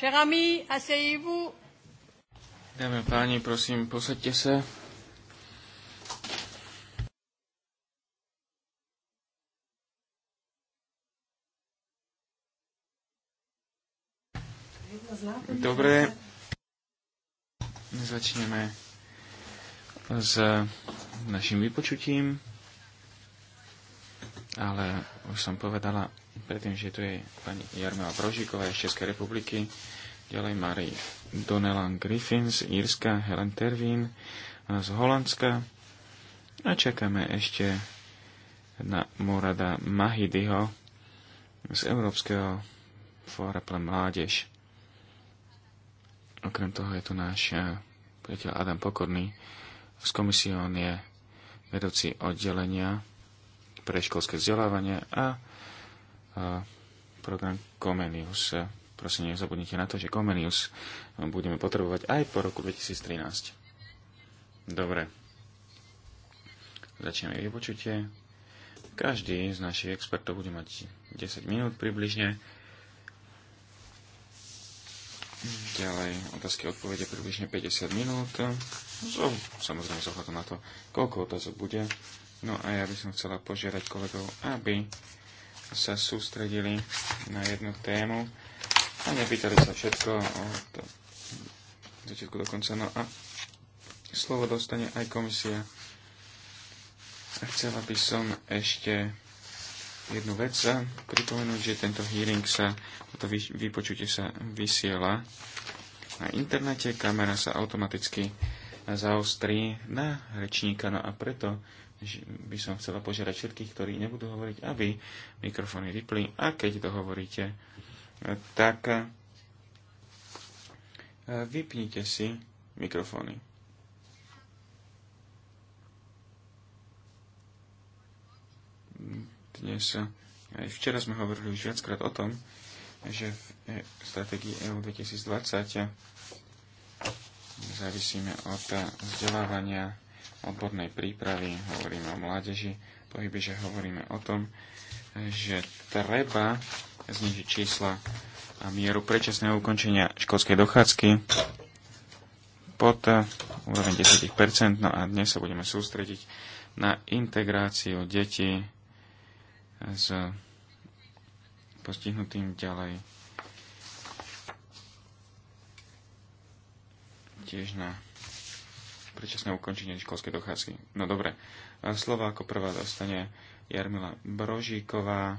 Cher asseyez-vous. Dámy a páni, prosím, posaďte sa. Dobre, začneme s našim vypočutím, ale už som povedala, Predtým, že tu je pani Jarmila Brožíková z Českej republiky, ďalej Mary Donelan Griffin z Írska, Helen Tervín z Holandska a čakáme ešte na Morada Mahidyho z Európskeho fóra pre mládež. Okrem toho je tu náš eh, priateľ Adam Pokorný z komisie, on je vedúci oddelenia pre školské vzdelávanie a program Comenius. Prosím, nezabudnite na to, že Comenius budeme potrebovať aj po roku 2013. Dobre. Začneme vypočutie. Každý z našich expertov bude mať 10 minút približne. Ďalej otázky a odpovede približne 50 minút. So, samozrejme, zohľadom na to, koľko otázok bude. No a ja by som chcela požiadať kolegov, aby sa sústredili na jednu tému a nepýtali sa všetko od začiatku do konca. No a slovo dostane aj komisia. A chcela by som ešte jednu vec sa pripomenúť, že tento hearing sa, toto vypočutie sa vysiela na internete, kamera sa automaticky zaostrí na rečníka, no a preto by som chcela požiadať všetkých, ktorí nebudú hovoriť, aby mikrofóny vypli a keď to hovoríte, tak eh, vypnite si mikrofóny. Dnes, aj eh, včera sme hovorili už viackrát o tom, že v eh, stratégii EU 2020 závisíme od vzdelávania odbornej prípravy, hovoríme o mládeži, pohybe, že hovoríme o tom, že treba znižiť čísla a mieru predčasného ukončenia školskej dochádzky pod eh, úroveň 10%. No a dnes sa budeme sústrediť na integráciu detí s postihnutým ďalej tiež na predčasné ukončenie školskej dochádzky. No dobre, slova ako prvá dostane Jarmila Brožíková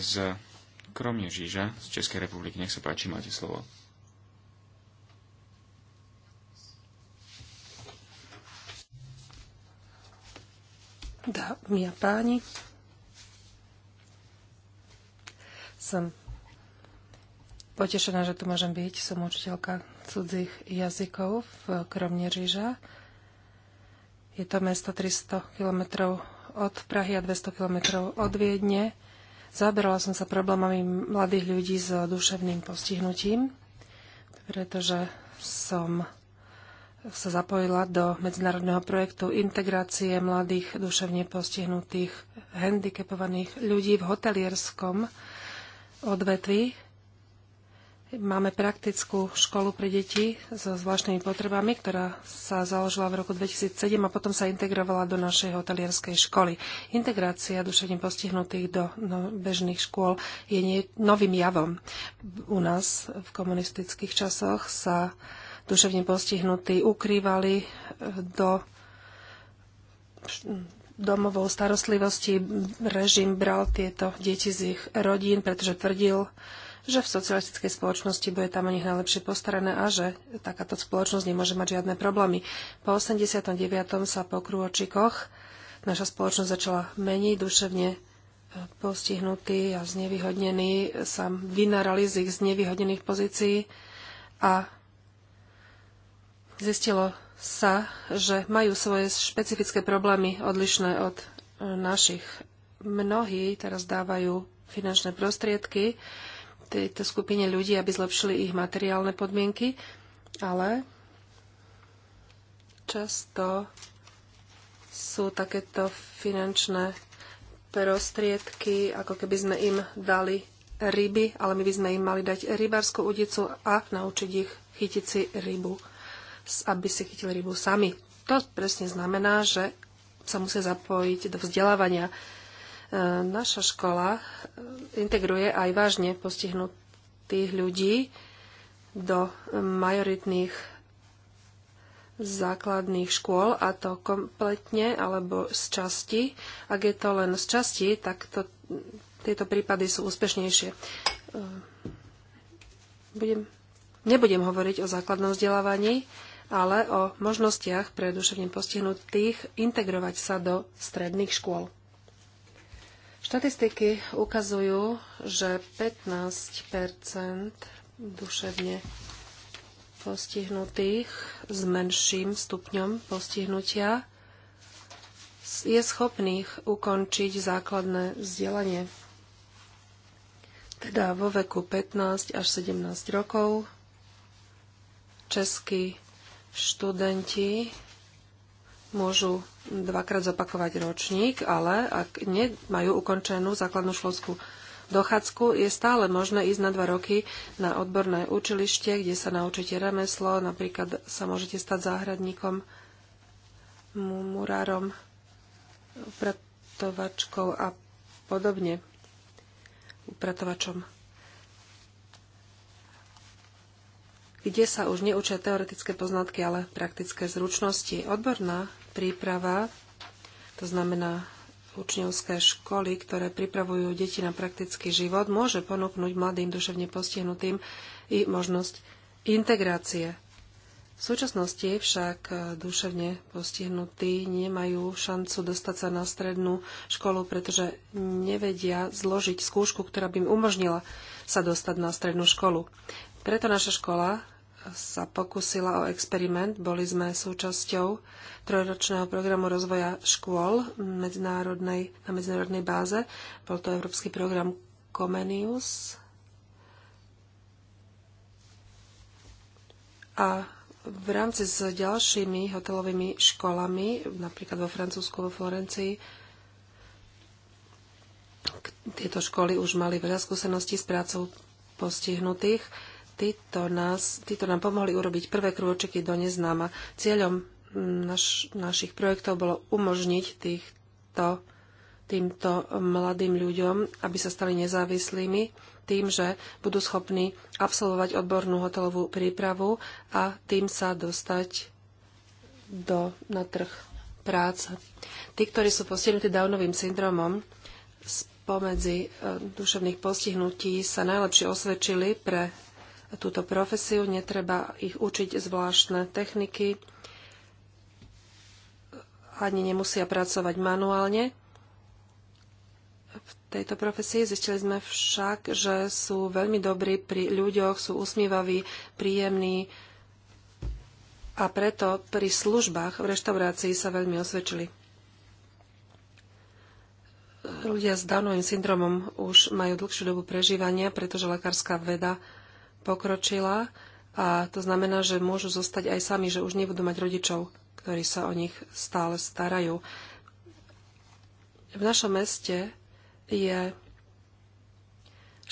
z Kromiežíža z Českej republiky. Nech sa páči, máte slovo. Dámy a páni, som potešená, že tu môžem byť. Som učiteľka cudzích jazykov v Kromnežiža. Je to mesto 300 km od Prahy a 200 km od Viedne. Zaberala som sa problémami mladých ľudí s duševným postihnutím, pretože som sa zapojila do medzinárodného projektu integrácie mladých duševne postihnutých handicapovaných ľudí v hotelierskom odvetví Máme praktickú školu pre deti so zvláštnymi potrebami, ktorá sa založila v roku 2007 a potom sa integrovala do našej hotelierskej školy. Integrácia duševne postihnutých do no, bežných škôl je nie, novým javom. U nás v komunistických časoch sa duševne postihnutí ukrývali e, do domovou starostlivosti. Režim bral tieto deti z ich rodín, pretože tvrdil, že v socialistickej spoločnosti bude tam o nich najlepšie postarané a že takáto spoločnosť nemôže mať žiadne problémy. Po 89. sa po krôčikoch naša spoločnosť začala meniť duševne e, postihnutí a znevýhodnení sa vynárali z ich znevýhodnených pozícií a zistilo sa, že majú svoje špecifické problémy odlišné od e, našich. Mnohí teraz dávajú finančné prostriedky tejto skupine ľudí, aby zlepšili ich materiálne podmienky, ale často sú takéto finančné prostriedky, ako keby sme im dali ryby, ale my by sme im mali dať rybárskú udicu a naučiť ich chytiť si rybu, aby si chytili rybu sami. To presne znamená, že sa musia zapojiť do vzdelávania Ehm, naša škola ehm, integruje aj vážne postihnutých ľudí do majoritných základných škôl a to kompletne alebo z časti. Ak je to len z časti, tak to, tieto prípady sú úspešnejšie. Ehm, budem, nebudem hovoriť o základnom vzdelávaní, ale o možnostiach pre duševne postihnutých integrovať sa do stredných škôl. Štatistiky ukazujú, že 15 duševne postihnutých s menším stupňom postihnutia je schopných ukončiť základné vzdelanie. Teda vo veku 15 až 17 rokov českí študenti môžu dvakrát zopakovať ročník, ale ak nemajú ukončenú základnú školskú dochádzku, je stále možné ísť na dva roky na odborné učilište, kde sa naučíte remeslo, napríklad sa môžete stať záhradníkom, murárom, upratovačkou a podobne, upratovačom. Kde sa už neučia teoretické poznatky, ale praktické zručnosti. Odborná príprava, to znamená učňovské školy, ktoré pripravujú deti na praktický život, môže ponúknuť mladým duševne postihnutým i možnosť integrácie. V súčasnosti však duševne postihnutí nemajú šancu dostať sa na strednú školu, pretože nevedia zložiť skúšku, ktorá by im umožnila sa dostať na strednú školu. Preto naša škola sa pokusila o experiment. Boli sme súčasťou trojročného programu rozvoja škôl medzinárodnej, na medzinárodnej báze. Bol to európsky program Comenius. A v rámci s ďalšími hotelovými školami, napríklad vo Francúzsku, vo Florencii, tieto školy už mali veľa skúseností s prácou postihnutých Títo, nás, títo nám pomohli urobiť prvé krôčiky do neznáma. Cieľom naš, našich projektov bolo umožniť týchto, týmto mladým ľuďom, aby sa stali nezávislými tým, že budú schopní absolvovať odbornú hotelovú prípravu a tým sa dostať do, na trh práce. Tí, ktorí sú postihnutí Downovým syndromom, spomedzi e, duševných postihnutí sa najlepšie osvedčili pre túto profesiu, netreba ich učiť zvláštne techniky, ani nemusia pracovať manuálne v tejto profesii. Zistili sme však, že sú veľmi dobrí pri ľuďoch, sú usmievaví, príjemní a preto pri službách v reštaurácii sa veľmi osvedčili. Ľudia s Downovým syndromom už majú dlhšiu dobu prežívania, pretože lekárska veda pokročila a to znamená, že môžu zostať aj sami, že už nebudú mať rodičov, ktorí sa o nich stále starajú. V našom meste je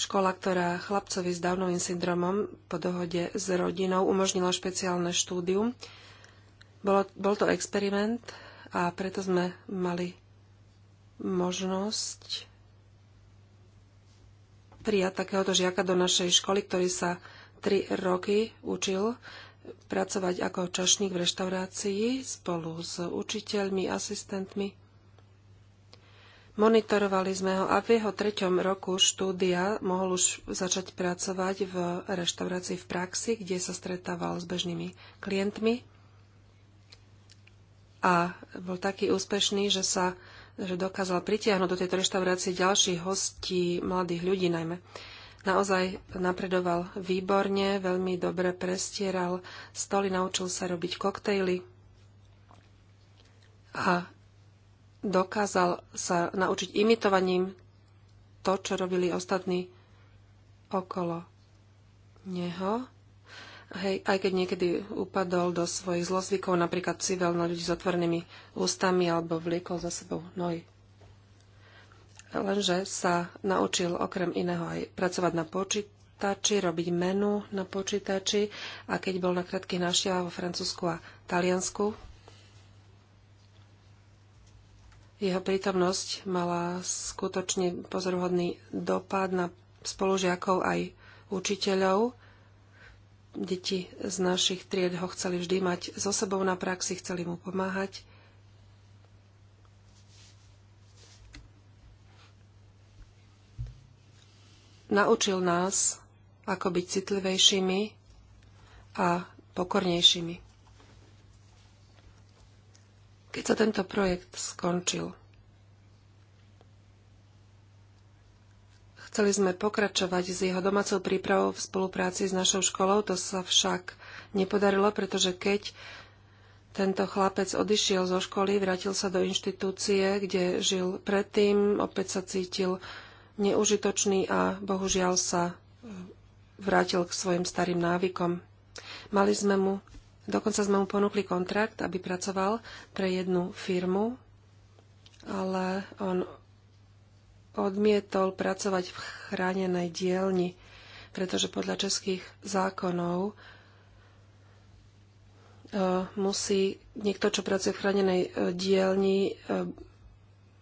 škola, ktorá chlapcovi s Downovým syndromom po dohode s rodinou umožnila špeciálne štúdium. Bolo, bol to experiment a preto sme mali možnosť prijať takéhoto žiaka do našej školy, ktorý sa tri roky učil pracovať ako čašník v reštaurácii spolu s učiteľmi, asistentmi. Monitorovali sme ho a v jeho treťom roku štúdia mohol už začať pracovať v reštaurácii v praxi, kde sa stretával s bežnými klientmi. A bol taký úspešný, že sa že dokázal pritiahnuť do tejto reštaurácie ďalších hostí, mladých ľudí najmä. Naozaj napredoval výborne, veľmi dobre prestieral stoly, naučil sa robiť koktejly a dokázal sa naučiť imitovaním to, čo robili ostatní okolo neho hej, aj keď niekedy upadol do svojich zlozvykov, napríklad civil na ľudí s otvorenými ústami alebo vliekol za sebou nohy. Lenže sa naučil okrem iného aj pracovať na počítači, robiť menu na počítači a keď bol na krátkych návštevách vo Francúzsku a Taliansku, jeho prítomnosť mala skutočne pozoruhodný dopad na spolužiakov aj učiteľov Deti z našich tried ho chceli vždy mať so sebou na praxi, chceli mu pomáhať. Naučil nás, ako byť citlivejšími a pokornejšími. Keď sa tento projekt skončil, Chceli sme pokračovať s jeho domácou prípravou v spolupráci s našou školou, to sa však nepodarilo, pretože keď tento chlapec odišiel zo školy, vrátil sa do inštitúcie, kde žil predtým, opäť sa cítil neužitočný a bohužiaľ sa e, vrátil k svojim starým návykom. Mali sme mu, dokonca sme mu ponúkli kontrakt, aby pracoval pre jednu firmu, ale on odmietol pracovať v chránenej dielni, pretože podľa českých zákonov e, musí niekto, čo pracuje v chránenej e, dielni, e,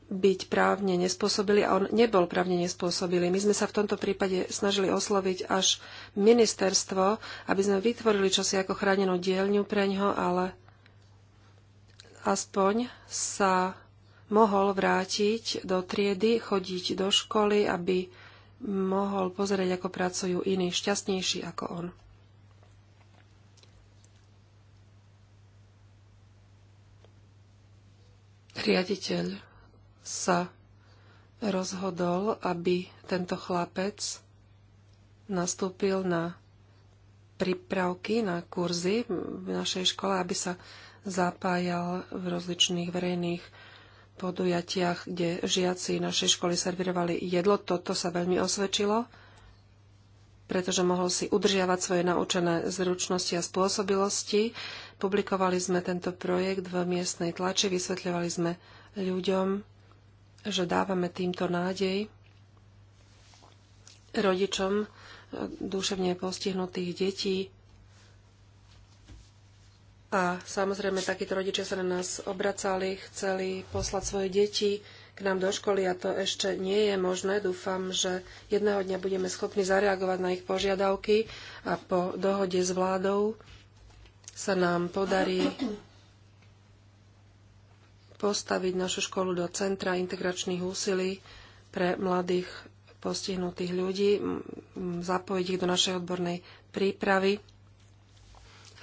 byť právne nespôsobili a on nebol právne nespôsobili. My sme sa v tomto prípade snažili osloviť až ministerstvo, aby sme vytvorili čosi ako chránenú dielňu pre ňo, ale aspoň sa mohol vrátiť do triedy, chodiť do školy, aby mohol pozrieť, ako pracujú iní, šťastnejší ako on. Riaditeľ sa rozhodol, aby tento chlapec nastúpil na prípravky, na kurzy v našej škole, aby sa zapájal v rozličných verejných podujatiach, kde žiaci našej školy servirovali jedlo. Toto sa veľmi osvedčilo, pretože mohol si udržiavať svoje naučené zručnosti a spôsobilosti. Publikovali sme tento projekt v miestnej tlači, vysvetľovali sme ľuďom, že dávame týmto nádej rodičom duševne postihnutých detí, a samozrejme, takíto rodičia sa na nás obracali, chceli poslať svoje deti k nám do školy a to ešte nie je možné. Dúfam, že jedného dňa budeme schopní zareagovať na ich požiadavky a po dohode s vládou sa nám podarí postaviť našu školu do centra integračných úsilí pre mladých postihnutých ľudí, zapojiť ich do našej odbornej prípravy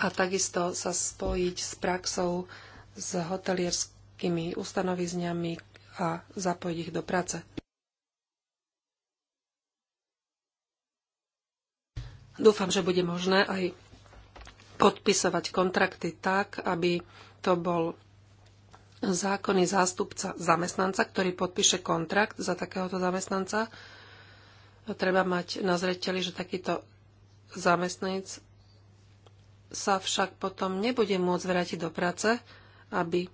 a takisto sa spojiť s praxou s hotelierskými ustanovizňami a zapojiť ich do práce. Dúfam, že bude možné aj podpisovať kontrakty tak, aby to bol zákonný zástupca zamestnanca, ktorý podpíše kontrakt za takéhoto zamestnanca. Treba mať na zreteli, že takýto zamestnanec sa však potom nebude môcť vrátiť do práce, aby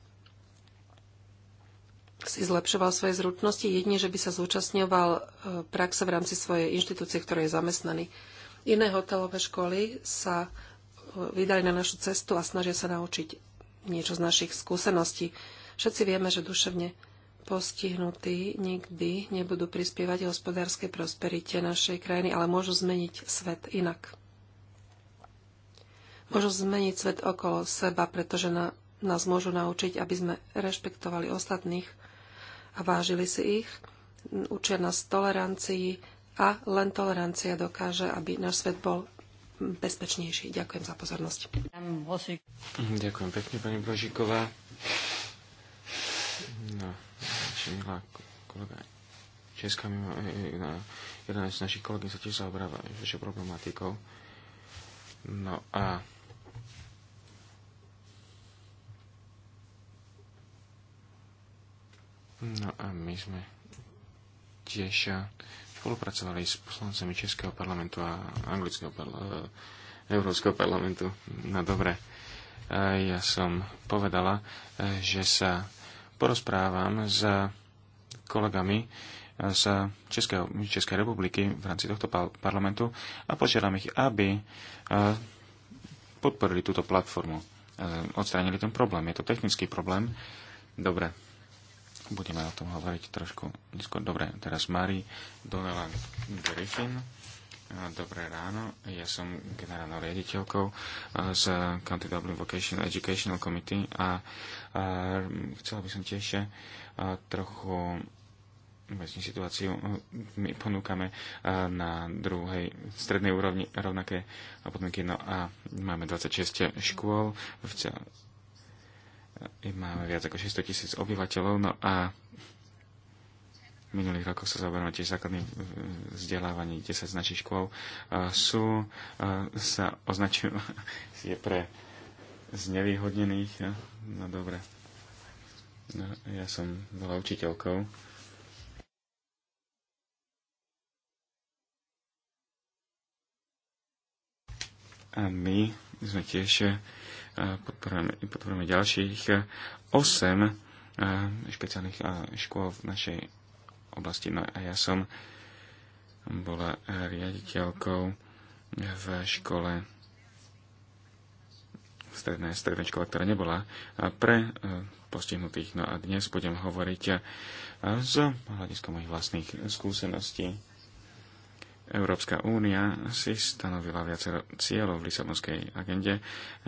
si zlepšoval svoje zručnosti, jedine, že by sa zúčastňoval e, praxe v rámci svojej inštitúcie, ktorej je zamestnaný. Iné hotelové školy sa e, vydali na našu cestu a snažia sa naučiť niečo z našich skúseností. Všetci vieme, že duševne postihnutí nikdy nebudú prispievať hospodárskej prosperite našej krajiny, ale môžu zmeniť svet inak môžu zmeniť svet okolo seba, pretože na, nás môžu naučiť, aby sme rešpektovali ostatných a vážili si ich. Učia nás tolerancii a len tolerancia dokáže, aby náš svet bol bezpečnejší. Ďakujem za pozornosť. Ďakujem pekne, pani Božíková. No, naša milá kolega Česká, mimo, e, e, jeden z našich kolegy sa tiež zaoberá vašou problematikou. No a No a my sme tiež spolupracovali s poslancami Českého parlamentu a Anglického parla- eh, Európskeho parlamentu. No dobre, eh, ja som povedala, eh, že sa porozprávam s kolegami z Českého, Českej republiky v rámci tohto parlamentu a požiadam ich, aby podporili túto platformu, odstránili ten problém. Je to technický problém. Dobre, Budeme o tom hovoriť trošku neskôr. Dobre, teraz Mari Donela Griffin. Dobré ráno, ja som generálnou riaditeľkou z County Dublin Vocational Educational Committee a, chcela by som tiež trochu vlastne situáciu my ponúkame na druhej strednej úrovni rovnaké podmienky. No a máme 26 škôl v máme viac ako 600 tisíc obyvateľov, no a v minulých rokoch sa zaoberáme tiež základným e, vzdelávaním 10 značných škôl. E, sú, e, sa označujú, je pre znevýhodnených, no dobre. No, ja som bola učiteľkou. A my sme tiež podporujeme, podporujeme ďalších 8 eh, eh, špeciálnych eh, škôl v našej oblasti. No a ja som bola riaditeľkou v škole v strednej, strednej škole, ktorá nebola pre postihnutých. No a dnes budem hovoriť z hľadiska mojich vlastných skúseností. Európska únia si stanovila viacero cieľov v Lisabonskej agende,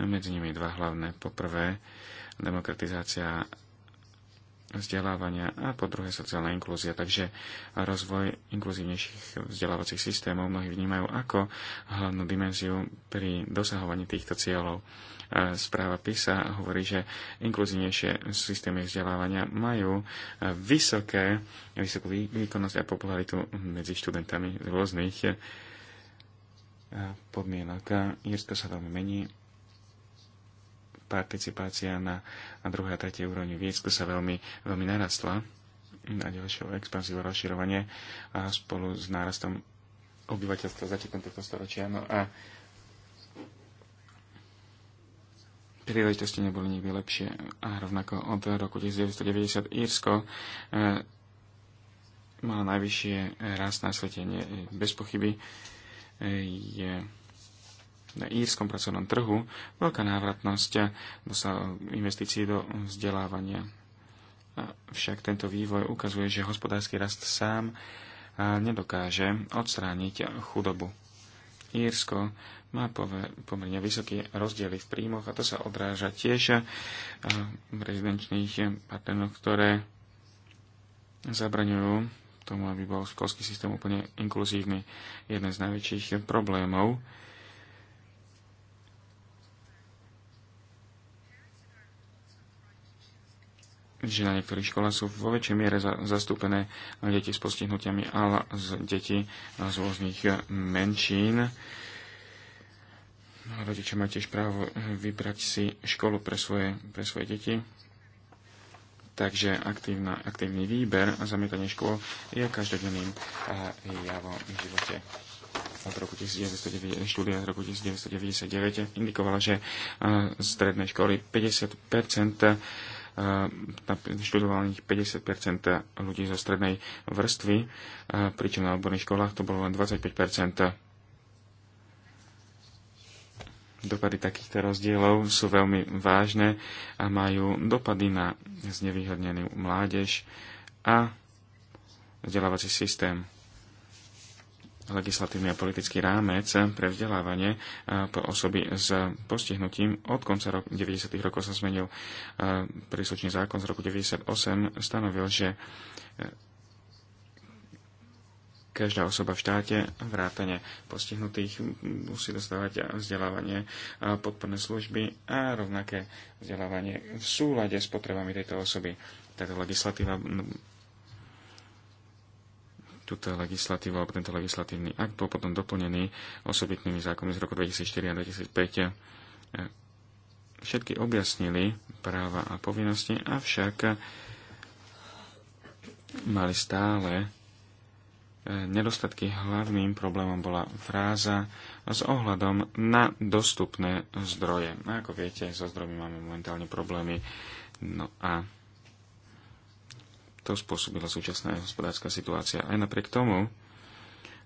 medzi nimi dva hlavné. Poprvé, demokratizácia vzdelávania a po druhé sociálna inklúzia. Takže rozvoj inkluzívnejších vzdelávacích systémov mnohí vnímajú ako hlavnú dimenziu pri dosahovaní týchto cieľov. E, správa PISA hovorí, že inkluzívnejšie systémy vzdelávania majú e, vysoké, vysokú výkonnosť a popularitu medzi študentami z rôznych e, podmienok. Jirsko sa veľmi mení participácia na, na druhej a tretej úrovni Viecku sa veľmi, veľmi narastla na ďalšiu expanziu a rozširovanie a spolu s nárastom obyvateľstva začiatkom tohto storočia. No a príležitosti neboli nikdy lepšie. A rovnako od roku 1990 Írsko e, eh, má najvyššie rast na svete, bez pochyby. E, je na írskom pracovnom trhu veľká návratnosť investícií do vzdelávania. Však tento vývoj ukazuje, že hospodársky rast sám nedokáže odstrániť chudobu. Írsko má pomerne vysoké rozdiely v príjmoch a to sa odráža tiež v rezidenčných paternoch, ktoré zabraňujú tomu, aby bol školský systém úplne inkluzívny. Jeden z najväčších problémov že na niektorých školách sú vo väčšej miere za, zastúpené deti s postihnutiami, ale z deti z rôznych eh, menšín. Rodičia majú tiež právo vybrať si školu pre svoje, pre svoje deti. Takže aktívna, aktívny výber a zamietanie škôl je každodenným eh, javom v živote od roku 1990, štúdia z roku 1999 indikovala, že eh, stredné školy 50 študovalo 50 ľudí zo strednej vrstvy, e, pričom na odborných školách to bolo len 25 Dopady takýchto rozdielov sú veľmi vážne a majú dopady na znevýhodnenú mládež a vzdelávací systém legislatívny a politický rámec pre vzdelávanie e, pre osoby s postihnutím. Od konca rok, 90. rokov sa zmenil e, príslušný zákon z roku 98, stanovil, že e, každá osoba v štáte, vrátane postihnutých, musí dostávať vzdelávanie, podporné služby a rovnaké vzdelávanie v súlade s potrebami tejto osoby. Táto legislatíva túto legislatívu, alebo tento legislatívny akt bol potom doplnený osobitnými zákonmi z roku 2004 a 2005. E, všetky objasnili práva a povinnosti, avšak mali stále e, nedostatky hlavným problémom bola fráza s ohľadom na dostupné zdroje. A ako viete, so zdrojmi máme momentálne problémy. No a to spôsobila súčasná hospodárska situácia. Aj napriek tomu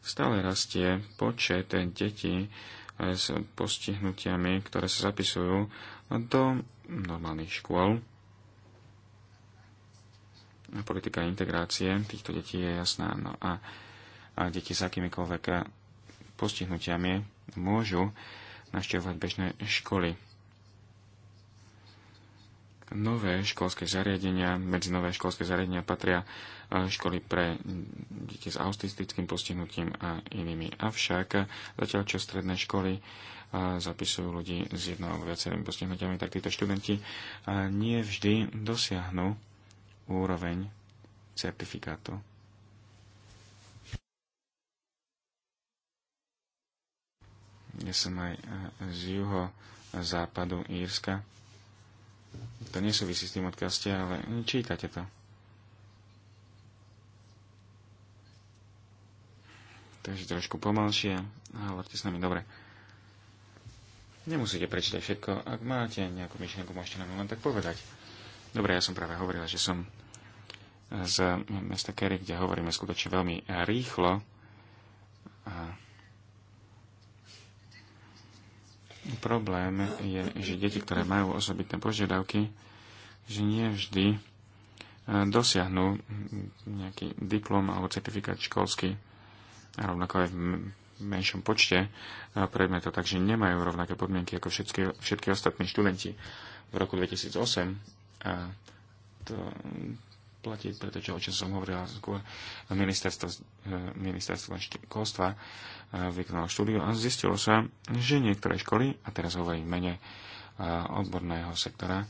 stále rastie počet detí s postihnutiami, ktoré sa zapisujú do normálnych škôl. Politika integrácie týchto detí je jasná. No a, a deti s akýmikoľvek postihnutiami môžu navštevovať bežné školy nové školské zariadenia, medzi nové školské zariadenia patria e, školy pre deti s autistickým postihnutím a inými. Avšak zatiaľ, čo stredné školy e, zapisujú ľudí s jednou alebo viacerými postihnutiami, tak títo študenti e, nie vždy dosiahnu úroveň certifikátu. Ja som aj z juho západu Írska to nesúvisí s tým, odkazte, ale čítate to. Takže trošku pomalšie. Hovorte s nami dobre. Nemusíte prečítať všetko. Ak máte nejakú myšlienku, môžete nám len tak povedať. Dobre, ja som práve hovoril, že som z mesta Kerry, kde hovoríme skutočne veľmi rýchlo. A Problém je, že deti, ktoré majú osobitné požiadavky, že nie vždy e, dosiahnu nejaký diplom alebo certifikát školský a rovnako aj v menšom počte e, predmetov, takže nemajú rovnaké podmienky ako všetky, všetky ostatní študenti. V roku 2008 a e, to, platiť, pretože o čom som hovorila skôr, ministerstvo, eh, ministerstvo školstva eh, vykonalo štúdiu a zistilo sa, že niektoré školy, a teraz hovorím mene eh, odborného sektora,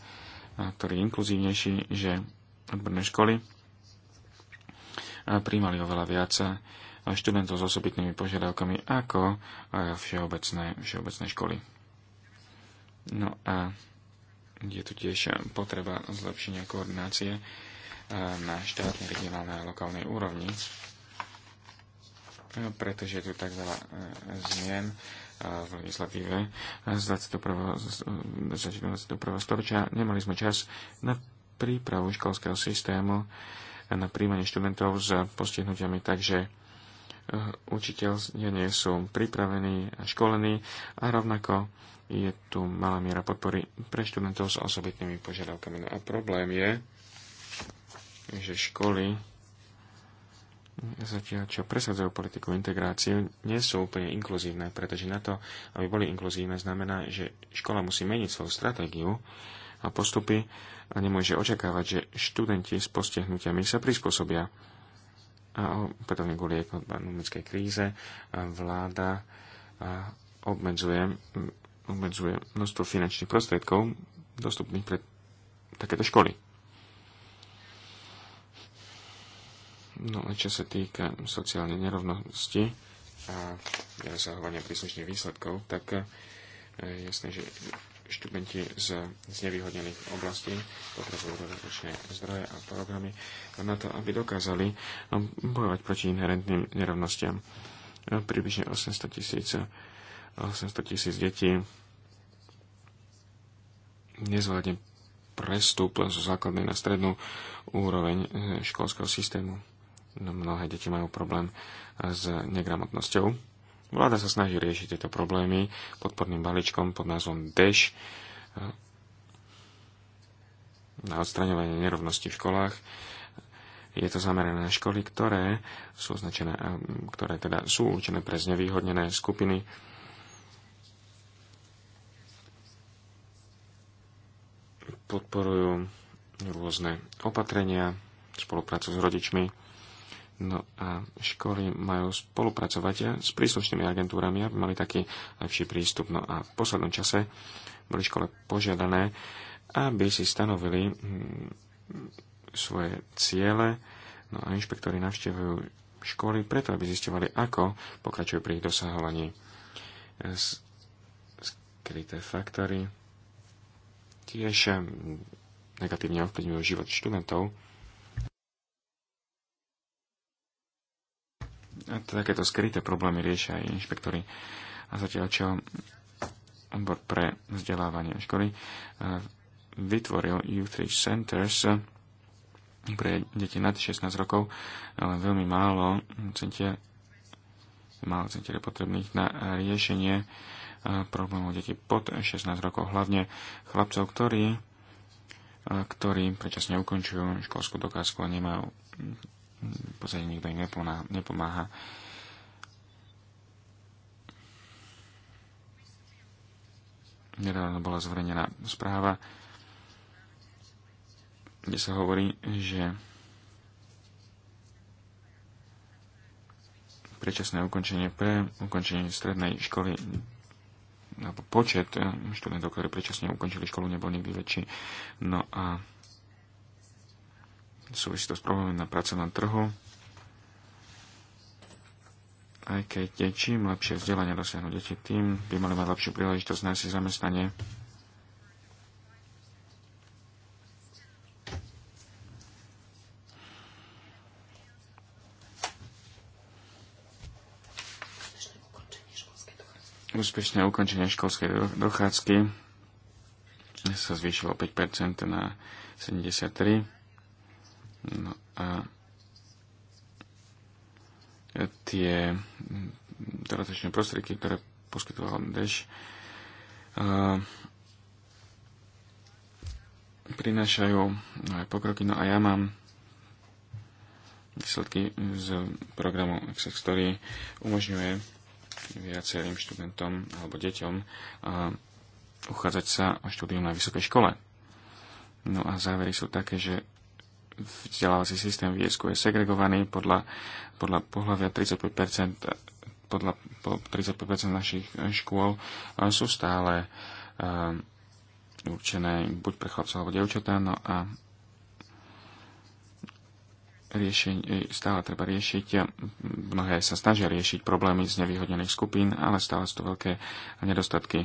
ktorý je inkluzívnejší, že odborné školy príjmali oveľa viac študentov s osobitnými požiadavkami ako všeobecné, všeobecné školy. No a je tu tiež potreba zlepšenia koordinácie E, na štátnej, regionálnej a lokálnej úrovni, e, pretože je tu tak veľa e, zmien v legislatíve z 21. storočia. Nemali sme čas na prípravu školského systému, na príjmanie študentov s postihnutiami, takže učiteľ nie sú pripravení a školení a rovnako je tu malá miera podpory pre študentov s osobitnými požiadavkami. No a problém je, že školy zatiaľ, čo presadzujú politiku integrácie, nie sú úplne inkluzívne, pretože na to, aby boli inkluzívne, znamená, že škola musí meniť svoju stratégiu a postupy a nemôže očakávať, že študenti s postihnutiami sa prispôsobia. A opätovne kvôli ekonomickej kríze vláda obmedzuje, obmedzuje množstvo finančných prostriedkov dostupných pre takéto školy. No a čo sa týka sociálnej nerovnosti a zahovania príslušných výsledkov, tak je jasné, že študenti z nevýhodnených oblastí potrebujú dodatočné zdroje a programy na to, aby dokázali e, bojovať proti inherentným nerovnostiam. E, približne 800 tisíc 800 e, tisíc detí nezvládne prestúp zo základnej na strednú úroveň školského systému. No, mnohé deti majú problém eh, s negramotnosťou. Vláda sa snaží riešiť tieto problémy podporným balíčkom pod názvom DEŠ eh, na odstraňovanie nerovností v školách. Je to zamerané na školy, ktoré sú, označené, eh, ktoré teda sú určené pre znevýhodnené skupiny. Podporujú rôzne opatrenia, spoluprácu s rodičmi No a školy majú spolupracovať s príslušnými agentúrami, aby mali taký lepší prístup. No a v poslednom čase boli škole požiadané, aby si stanovili hm, svoje ciele. No a inšpektori navštevujú školy preto, aby zistovali, ako pokračujú pri ich dosahovaní. Skryté faktory tiež hm, negatívne ovplyvňujú život študentov, takéto skryté problémy riešia aj inšpektory A zatiaľ čo odbor pre vzdelávanie školy e, vytvoril Youth Reach Centers e, pre deti nad 16 rokov, ale veľmi málo centier, málo centier potrebných na riešenie e, problémov detí pod 16 rokov, hlavne chlapcov, ktorí, ktorí predčasne ukončujú školskú dokázku a nemajú podstate nikto im nepomáha. Nedávno bola zverejnená správa, kde sa hovorí, že predčasné ukončenie pre ukončenie strednej školy alebo počet eh, študentov, ktorí predčasne ukončili školu, nebol nikdy väčší. No a súvisí to s problémom na pracovnom trhu aj keď čím lepšie vzdelanie dosiahnu deti, tým by mali mať lepšiu príležitosť nájsť si zamestnanie. Úspešné ukončenie školskej dochádzky sa zvýšilo 5% na 73. No a tie dodatočné prostriedky, ktoré poskytoval DEŠ, prinášajú aj pokroky. No a ja mám výsledky z programu EXEX, ktorý umožňuje viacerým študentom alebo deťom uchádzať sa o štúdium na vysokej škole. No a závery sú také, že vzdelávací systém v Írsku je segregovaný podľa, podľa pohľavia 35 podľa po 35 našich škôl sú stále um, určené buď pre chlapcov alebo devčatá, no a riešenie, stále treba riešiť, mnohé sa snažia riešiť problémy z nevýhodnených skupín, ale stále sú to veľké nedostatky.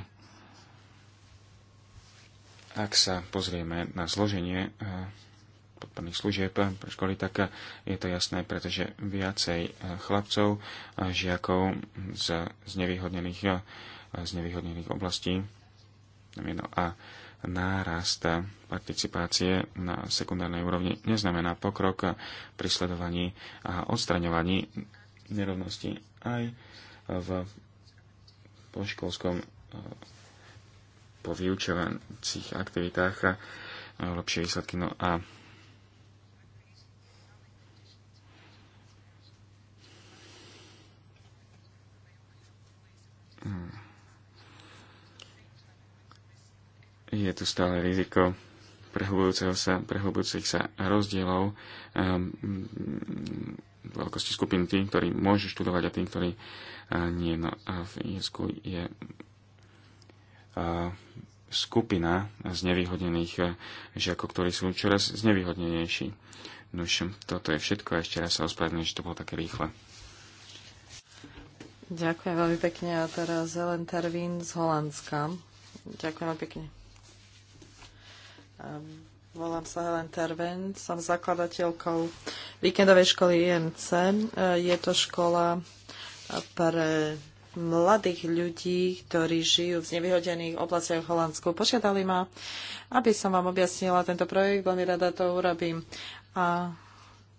Ak sa pozrieme na zloženie uh, podporných služieb pre školy, tak je to jasné, pretože viacej eh, chlapcov a žiakov z znevýhodnených, eh, z nevýhodnených oblastí no a nárast participácie na sekundárnej úrovni neznamená pokrok pri sledovaní a odstraňovaní nerovnosti aj v poškolskom eh, po vyučovacích aktivitách lepšie výsledky. No a Hmm. je tu stále riziko prehlbujúceho sa, prehlbujúcich sa rozdielov um, veľkosti skupín tým, ktorí môžu študovať a tým, ktorí uh, nie. No a v Írsku je uh, skupina znevýhodnených uh, eh, žiakov, ktorí sú čoraz znevýhodnenejší. No toto je všetko a ešte raz sa ospravedlňujem, že to bolo také rýchle. Ďakujem veľmi pekne. A teraz Helen Tervín z Holandska. Ďakujem veľmi pekne. Volám sa Helen Terven, som zakladateľkou víkendovej školy IMC. E, je to škola pre mladých ľudí, ktorí žijú v nevyhodených oblastiach v Holandsku. Požiadali ma, aby som vám objasnila tento projekt, veľmi rada to urobím. A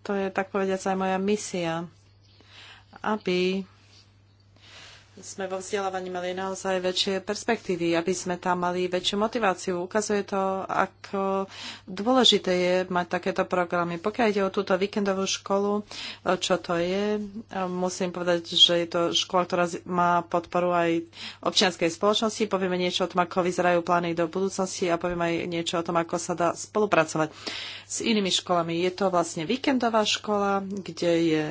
to je, tak povediať, aj moja misia, aby sme vo vzdelávaní mali naozaj väčšie perspektívy, aby sme tam mali väčšiu motiváciu. Ukazuje to, ako dôležité je mať takéto programy. Pokiaľ ide o túto víkendovú školu, čo to je, musím povedať, že je to škola, ktorá má podporu aj občianskej spoločnosti. Povieme niečo o tom, ako vyzerajú plány do budúcnosti a povieme aj niečo o tom, ako sa dá spolupracovať s inými školami. Je to vlastne víkendová škola, kde, je,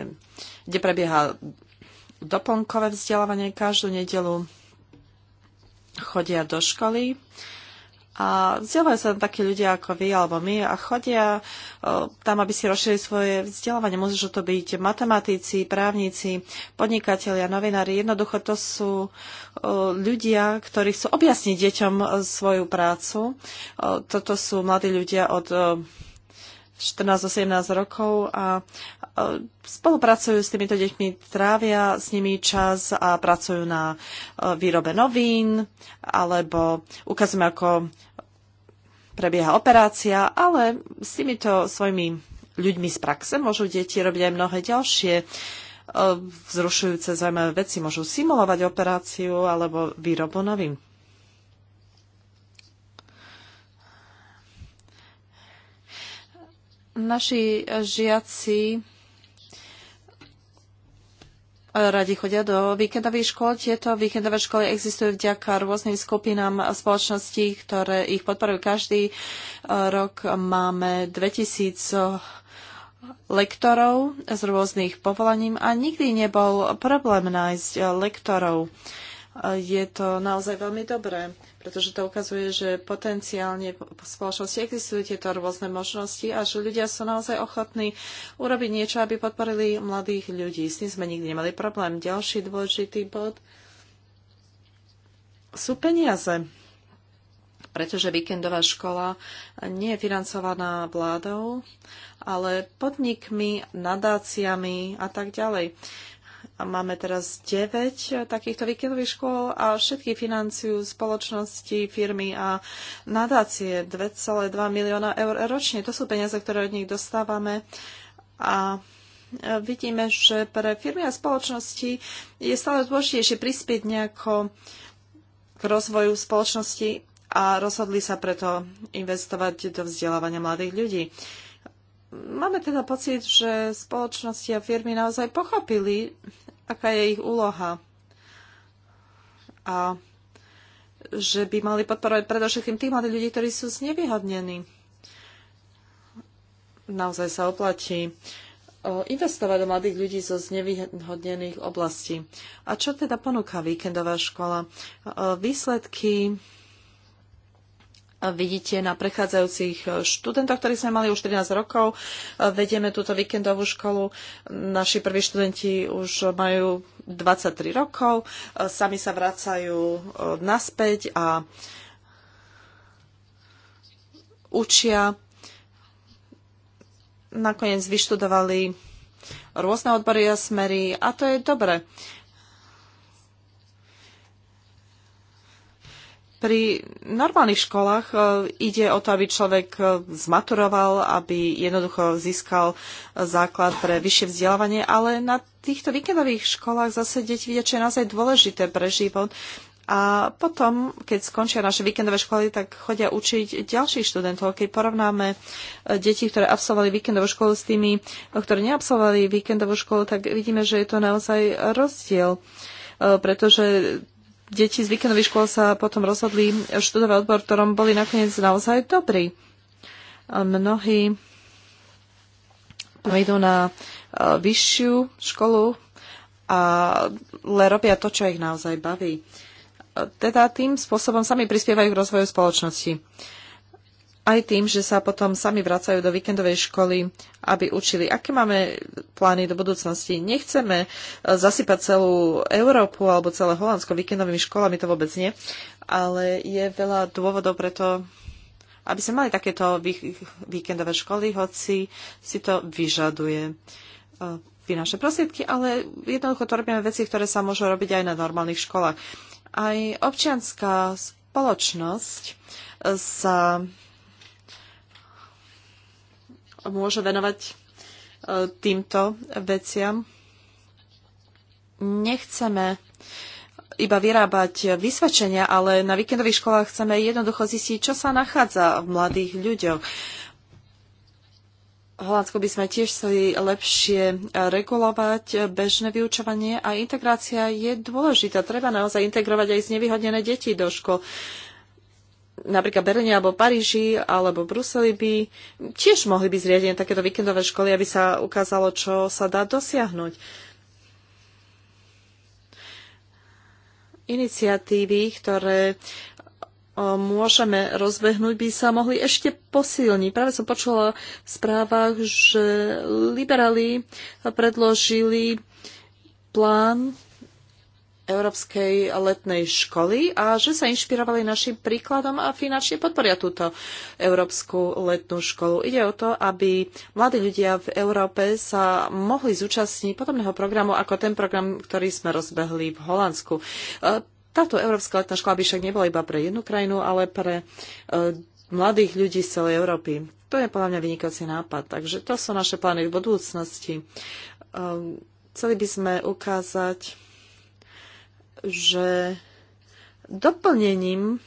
kde prebieha doplnkové vzdelávanie. Každú nedelu chodia do školy a vzdelávajú sa tam takí ľudia ako vy alebo my a chodia e, tam, aby si rozšili svoje vzdelávanie. Môžu to byť matematici, právnici, podnikatelia, novinári. Jednoducho to sú e, ľudia, ktorí chcú objasniť deťom e, svoju prácu. Toto sú mladí ľudia od 14 a 17 rokov a spolupracujú s týmito deťmi, trávia s nimi čas a pracujú na e, výrobe novín alebo ukazujem, ako prebieha operácia, ale s týmito svojimi ľuďmi z praxe môžu deti robiť aj mnohé ďalšie e, vzrušujúce zaujímavé veci. Môžu simulovať operáciu alebo výrobu novín. Naši žiaci e, radi chodia do víkendových škôl. Tieto víkendové školy existujú vďaka rôznym skupinám spoločností, ktoré ich podporujú. Každý e, rok máme 2000 lektorov z rôznych povolaním a nikdy nebol problém nájsť lektorov. E, je to naozaj veľmi dobré pretože to ukazuje, že potenciálne v spoločnosti existujú tieto rôzne možnosti a že ľudia sú naozaj ochotní urobiť niečo, aby podporili mladých ľudí. S tým sme nikdy nemali problém. Ďalší dôležitý bod sú peniaze pretože víkendová škola nie je financovaná vládou, ale podnikmi, nadáciami a tak ďalej. Máme teraz 9 takýchto víkendových škôl a všetky financiu spoločnosti, firmy a nadácie 2,2 milióna eur ročne. To sú peniaze, ktoré od nich dostávame a vidíme, že pre firmy a spoločnosti je stále dôležitejšie prispieť nejako k rozvoju spoločnosti a rozhodli sa preto investovať do vzdelávania mladých ľudí. Máme teda pocit, že spoločnosti a firmy naozaj pochopili, aká je ich úloha. A že by mali podporovať predovšetkým tých mladých ľudí, ktorí sú znevýhodnení. Naozaj sa oplatí e, investovať do mladých ľudí zo znevýhodnených oblastí. A čo teda ponúka víkendová škola? E, výsledky vidíte na prechádzajúcich eh, študentov, ktorí sme mali už 13 rokov. Eh, vedieme túto víkendovú školu. Naši prví študenti už majú 23 rokov. Eh, sami sa vracajú naspäť a učia. Nakoniec vyštudovali rôzne odbory a smery a to je dobre. Pri normálnych školách e, ide o to, aby človek e, zmaturoval, aby jednoducho získal e, základ pre vyššie vzdelávanie, ale na týchto víkendových školách zase deti vidia, čo je naozaj dôležité pre život. A potom, keď skončia naše víkendové školy, tak chodia učiť ďalších študentov. Keď porovnáme deti, ktoré absolvovali víkendovú školu s tými, ktoré neabsolvovali víkendovú školu, tak vidíme, že je to naozaj rozdiel pretože deti z víkendových škôl sa potom rozhodli študovať odbor, v ktorom boli nakoniec naozaj dobrí. Mnohí idú na e, vyššiu školu, ale robia to, čo ich naozaj baví. E, teda tým spôsobom sami prispievajú k rozvoju spoločnosti aj tým, že sa potom sami vracajú do víkendovej školy, aby učili. Aké máme plány do budúcnosti? Nechceme e, zasypať celú Európu alebo celé Holandsko víkendovými školami, to vôbec nie, ale je veľa dôvodov preto, aby sme mali takéto víkendové školy, hoci si to vyžaduje e, finančné prostriedky, ale jednoducho to robíme veci, ktoré sa môžu robiť aj na normálnych školách. Aj občianská spoločnosť e, sa môže venovať e, týmto veciam. Nechceme iba vyrábať vysvedčenia, ale na víkendových školách chceme jednoducho zistiť, čo sa nachádza v mladých ľuďoch. Holandsku by sme tiež chceli lepšie e, regulovať bežné vyučovanie a integrácia je dôležitá. Treba naozaj integrovať aj znevýhodnené deti do škôl napríklad Berlíne alebo Paríži alebo Bruseli by tiež mohli byť zriadené takéto víkendové školy, aby sa ukázalo, čo sa dá dosiahnuť. Iniciatívy, ktoré môžeme rozbehnúť, by sa mohli ešte posilniť. Práve som počula v správach, že liberáli predložili plán Európskej letnej školy a že sa inšpirovali našim príkladom a finančne podporia túto Európsku letnú školu. Ide o to, aby mladí ľudia v Európe sa mohli zúčastniť podobného programu ako ten program, ktorý sme rozbehli v Holandsku. E, táto Európska letná škola by však nebola iba pre jednu krajinu, ale pre e, mladých ľudí z celej Európy. To je podľa mňa vynikajúci nápad. Takže to sú naše plány v budúcnosti. E, chceli by sme ukázať že doplnením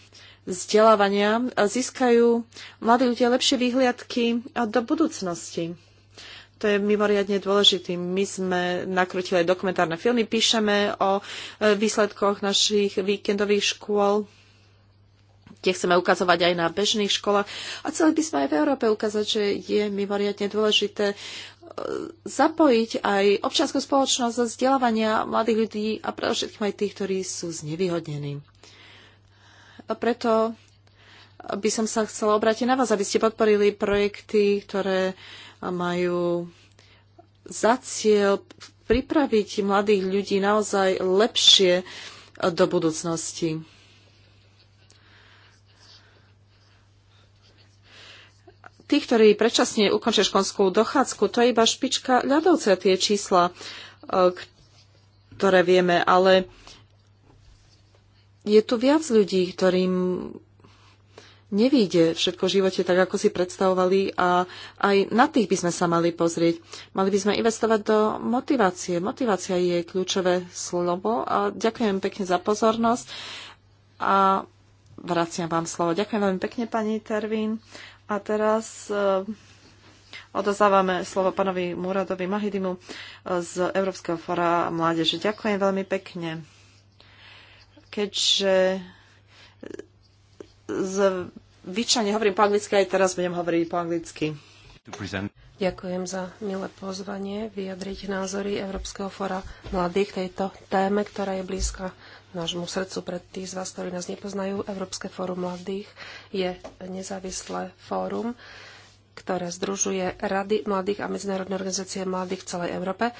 vzdelávania získajú mladí ľudia lepšie výhliadky do budúcnosti. To je mimoriadne dôležitý. My sme nakrutili aj dokumentárne filmy, píšeme o e, výsledkoch našich víkendových škôl, tie chceme ukazovať aj na bežných školách. A chceli by sme aj v Európe ukázať, že je mimoriadne dôležité zapojiť aj občianskú spoločnosť do vzdelávania mladých ľudí a pre všetkých aj tých, ktorí sú znevýhodnení. A preto by som sa chcela obrátiť na vás, aby ste podporili projekty, ktoré majú za cieľ pripraviť mladých ľudí naozaj lepšie do budúcnosti. tí, ktorí predčasne ukončia školskú dochádzku, to je iba špička ľadovca, tie čísla, e, ktoré vieme, ale je tu viac ľudí, ktorým nevíde všetko v živote tak, ako si predstavovali a aj na tých by sme sa mali pozrieť. Mali by sme investovať do motivácie. Motivácia je kľúčové slovo a ďakujem pekne za pozornosť a vraciam vám slovo. Ďakujem veľmi pekne, pani Tervín. A teraz e, odozávame slovo pánovi Muradovi Mahidimu e, z Európskeho fóra mládeže. Ďakujem veľmi pekne. Keďže zvyčajne hovorím po anglicky, aj teraz budem hovoriť po anglicky. Ďakujem za milé pozvanie vyjadriť názory Európskeho fóra mladých tejto téme, ktorá je blízka nášmu srdcu pre tých z vás, ktorí nás nepoznajú. Európske fórum mladých je nezávislé fórum, ktoré združuje rady mladých a medzinárodné organizácie mladých v celej Európe.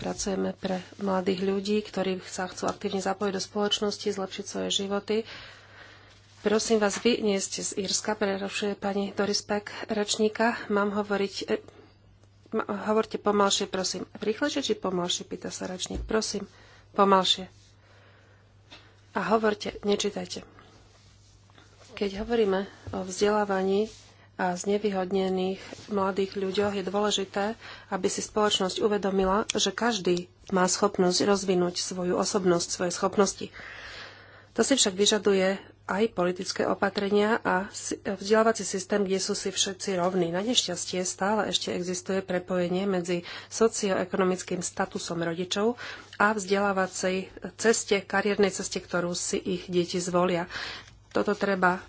Pracujeme pre mladých ľudí, ktorí sa chcú aktívne zapojiť do spoločnosti, zlepšiť svoje životy. Prosím vás, vy nie ste z Írska, prerušuje pani Doris Peck rečníka. Mám hovoriť e, hovorte pomalšie, prosím. Rýchlejšie či pomalšie, pýta sa rečník. Prosím pomalšie. A hovorte, nečítajte. Keď hovoríme o vzdelávaní a znevýhodnených mladých ľuďoch, je dôležité, aby si spoločnosť uvedomila, že každý má schopnosť rozvinúť svoju osobnosť, svoje schopnosti. To si však vyžaduje aj politické opatrenia a vzdelávací systém, kde sú si všetci rovní. Na nešťastie stále ešte existuje prepojenie medzi socioekonomickým statusom rodičov a vzdelávacej ceste, kariérnej ceste, ktorú si ich deti zvolia. Toto treba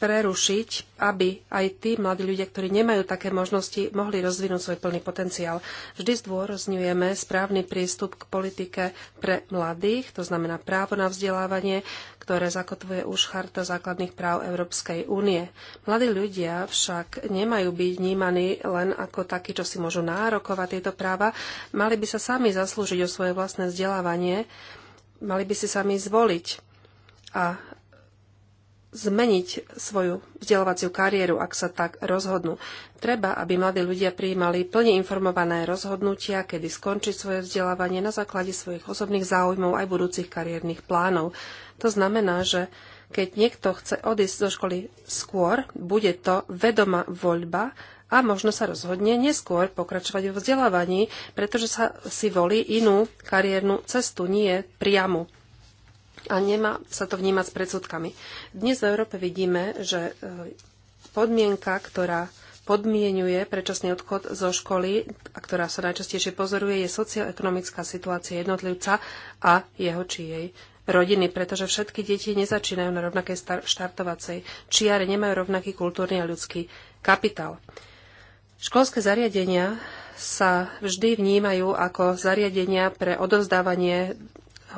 prerušiť, aby aj tí mladí ľudia, ktorí nemajú také možnosti, mohli rozvinúť svoj plný potenciál. Vždy zdôrazňujeme správny prístup k politike pre mladých, to znamená právo na vzdelávanie, ktoré zakotvuje už Charta základných práv Európskej únie. Mladí ľudia však nemajú byť vnímaní len ako takí, čo si môžu nárokovať tieto práva, mali by sa sami zaslúžiť o svoje vlastné vzdelávanie, mali by si sami zvoliť a zmeniť svoju vzdelávaciu kariéru, ak sa tak rozhodnú. Treba, aby mladí ľudia prijímali plne informované rozhodnutia, kedy skončiť svoje vzdelávanie na základe svojich osobných záujmov aj budúcich kariérnych plánov. To znamená, že keď niekto chce odísť zo školy skôr, bude to vedomá voľba a možno sa rozhodne neskôr pokračovať vo vzdelávaní, pretože sa si volí inú kariérnu cestu, nie priamu a nemá sa to vnímať s predsudkami. Dnes v Európe vidíme, že e, podmienka, ktorá podmienuje predčasný odchod zo školy, a ktorá sa najčastejšie pozoruje, je socioekonomická situácia jednotlivca a jeho či jej rodiny, pretože všetky deti nezačínajú na rovnakej štartovacej čiare, nemajú rovnaký kultúrny a ľudský kapitál. Školské zariadenia sa vždy vnímajú ako zariadenia pre odovzdávanie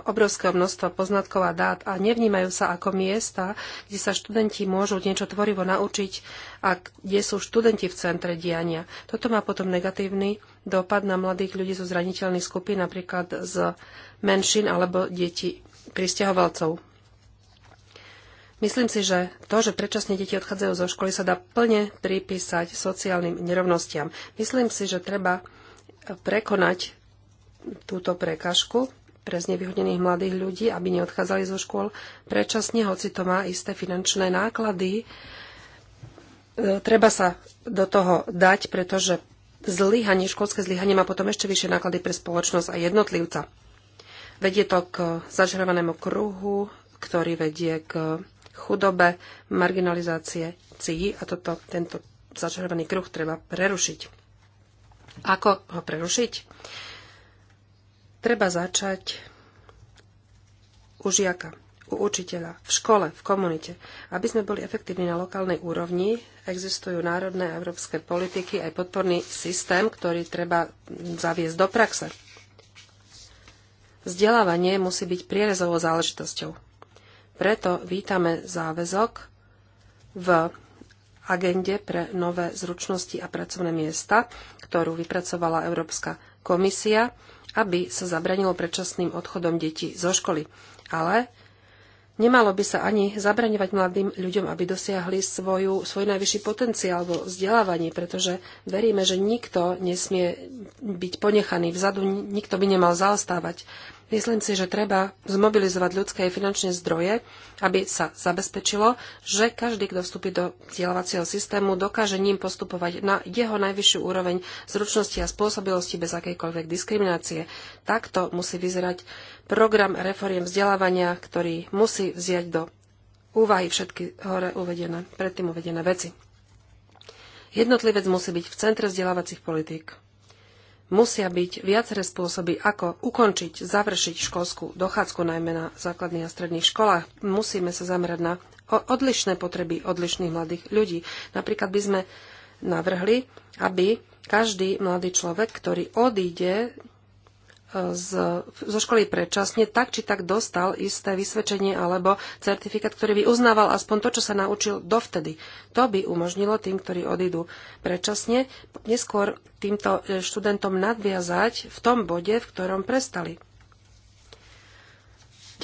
obrovského množstva poznatkov a dát a nevnímajú sa ako miesta, kde sa študenti môžu niečo tvorivo naučiť a kde sú študenti v centre diania. Toto má potom negatívny dopad na mladých ľudí zo zraniteľných skupín, napríklad z menšín alebo detí pristahovalcov. Myslím si, že to, že predčasne deti odchádzajú zo školy, sa dá plne pripísať sociálnym nerovnostiam. Myslím si, že treba prekonať túto prekažku pre znevýhodnených mladých ľudí, aby neodchádzali zo škôl predčasne, hoci to má isté finančné náklady. E, treba sa do toho dať, pretože zlyhanie, školské zlyhanie má potom ešte vyššie náklady pre spoločnosť a jednotlivca. Vedie to k zažravanému kruhu, ktorý vedie k chudobe, marginalizácie cií a toto, tento začarovaný kruh treba prerušiť. Ako ho prerušiť? Treba začať u žiaka, u učiteľa, v škole, v komunite. Aby sme boli efektívni na lokálnej úrovni, existujú národné a európske politiky aj podporný systém, ktorý treba zaviesť do praxe. Vzdelávanie musí byť prierezovou záležitosťou. Preto vítame záväzok v agende pre nové zručnosti a pracovné miesta, ktorú vypracovala Európska komisia aby sa zabranilo predčasným odchodom detí zo školy. Ale nemalo by sa ani zabraňovať mladým ľuďom, aby dosiahli svoju, svoj najvyšší potenciál vo vzdelávaní, pretože veríme, že nikto nesmie byť ponechaný vzadu, nikto by nemal zaostávať. Myslím si, že treba zmobilizovať ľudské finančné zdroje, aby sa zabezpečilo, že každý, kto vstúpi do vzdelávacieho systému, dokáže ním postupovať na jeho najvyššiu úroveň zručnosti a spôsobilosti bez akejkoľvek diskriminácie. Takto musí vyzerať program reforiem vzdelávania, ktorý musí vziať do úvahy všetky hore uvedené, predtým uvedené veci. Jednotlivec musí byť v centre vzdelávacích politík musia byť viaceré spôsoby, ako ukončiť, završiť školskú dochádzku, najmä na základných a stredných školách. Musíme sa zamerať na odlišné potreby odlišných mladých ľudí. Napríklad by sme navrhli, aby každý mladý človek, ktorý odíde z, zo školy predčasne, tak či tak dostal isté vysvedčenie alebo certifikát, ktorý by uznával aspoň to, čo sa naučil dovtedy. To by umožnilo tým, ktorí odídu predčasne, neskôr týmto e, študentom nadviazať v tom bode, v ktorom prestali.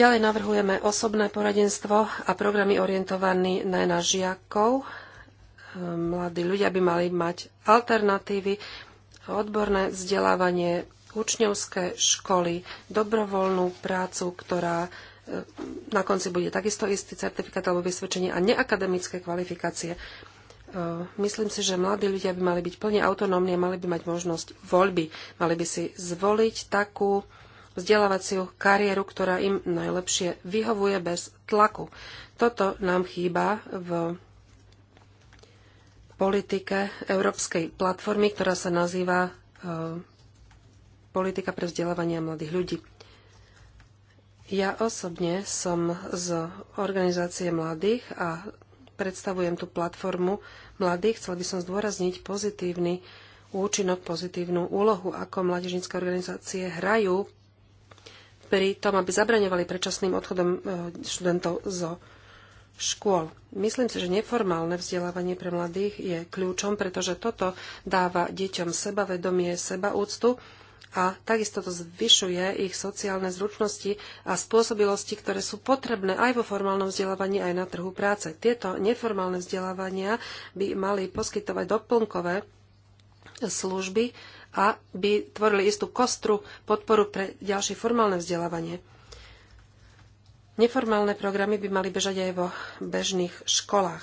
Ďalej navrhujeme osobné poradenstvo a programy orientované na žiakov. E, mladí ľudia by mali mať alternatívy, odborné vzdelávanie, učňovské školy, dobrovoľnú prácu, ktorá e, na konci bude takisto istý certifikát alebo vysvedčenie a neakademické kvalifikácie. E, myslím si, že mladí ľudia by mali byť plne autonómni a mali by mať možnosť voľby. Mali by si zvoliť takú vzdelávaciu kariéru, ktorá im najlepšie vyhovuje bez tlaku. Toto nám chýba v politike Európskej platformy, ktorá sa nazýva e, politika pre vzdelávanie mladých ľudí. Ja osobne som z organizácie mladých a predstavujem tú platformu mladých. Chcel by som zdôrazniť pozitívny účinok, pozitívnu úlohu, ako mladežnícke organizácie hrajú pri tom, aby zabraňovali predčasným odchodom e, študentov zo škôl. Myslím si, že neformálne vzdelávanie pre mladých je kľúčom, pretože toto dáva deťom sebavedomie, sebaúctu a takisto to zvyšuje ich sociálne zručnosti a spôsobilosti, ktoré sú potrebné aj vo formálnom vzdelávaní, aj na trhu práce. Tieto neformálne vzdelávania by mali poskytovať doplnkové služby a by tvorili istú kostru podporu pre ďalšie formálne vzdelávanie. Neformálne programy by mali bežať aj vo bežných školách.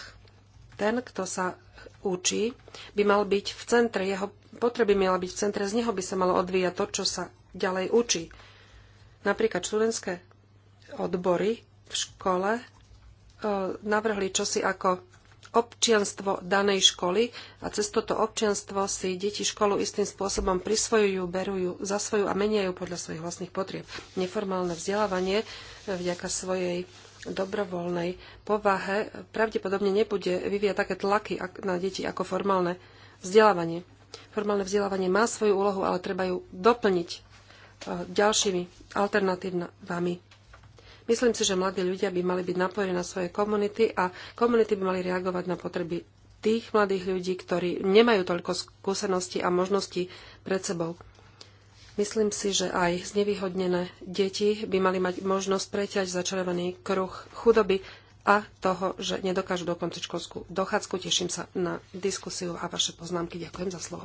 Ten, kto sa učí, by mal byť v centre, jeho potreby mala byť v centre, z neho by sa malo odvíjať to, čo sa ďalej učí. Napríklad študentské odbory v škole e, navrhli čosi ako občianstvo danej školy a cez toto občianstvo si deti školu istým spôsobom prisvojujú, berujú za svoju a meniajú podľa svojich vlastných potrieb. Neformálne vzdelávanie e, vďaka svojej dobrovoľnej povahe pravdepodobne nebude vyvíjať také tlaky na deti ako formálne vzdelávanie. Formálne vzdelávanie má svoju úlohu, ale treba ju doplniť e, ďalšími alternatívami. Myslím si, že mladí ľudia by mali byť napojení na svoje komunity a komunity by mali reagovať na potreby tých mladých ľudí, ktorí nemajú toľko skúseností a možností pred sebou. Myslím si, že aj znevýhodnené deti by mali mať možnosť preťať začarovaný kruh chudoby a toho, že nedokážu dokončiť školskú dochádzku. Teším sa na diskusiu a vaše poznámky. Ďakujem za slovo.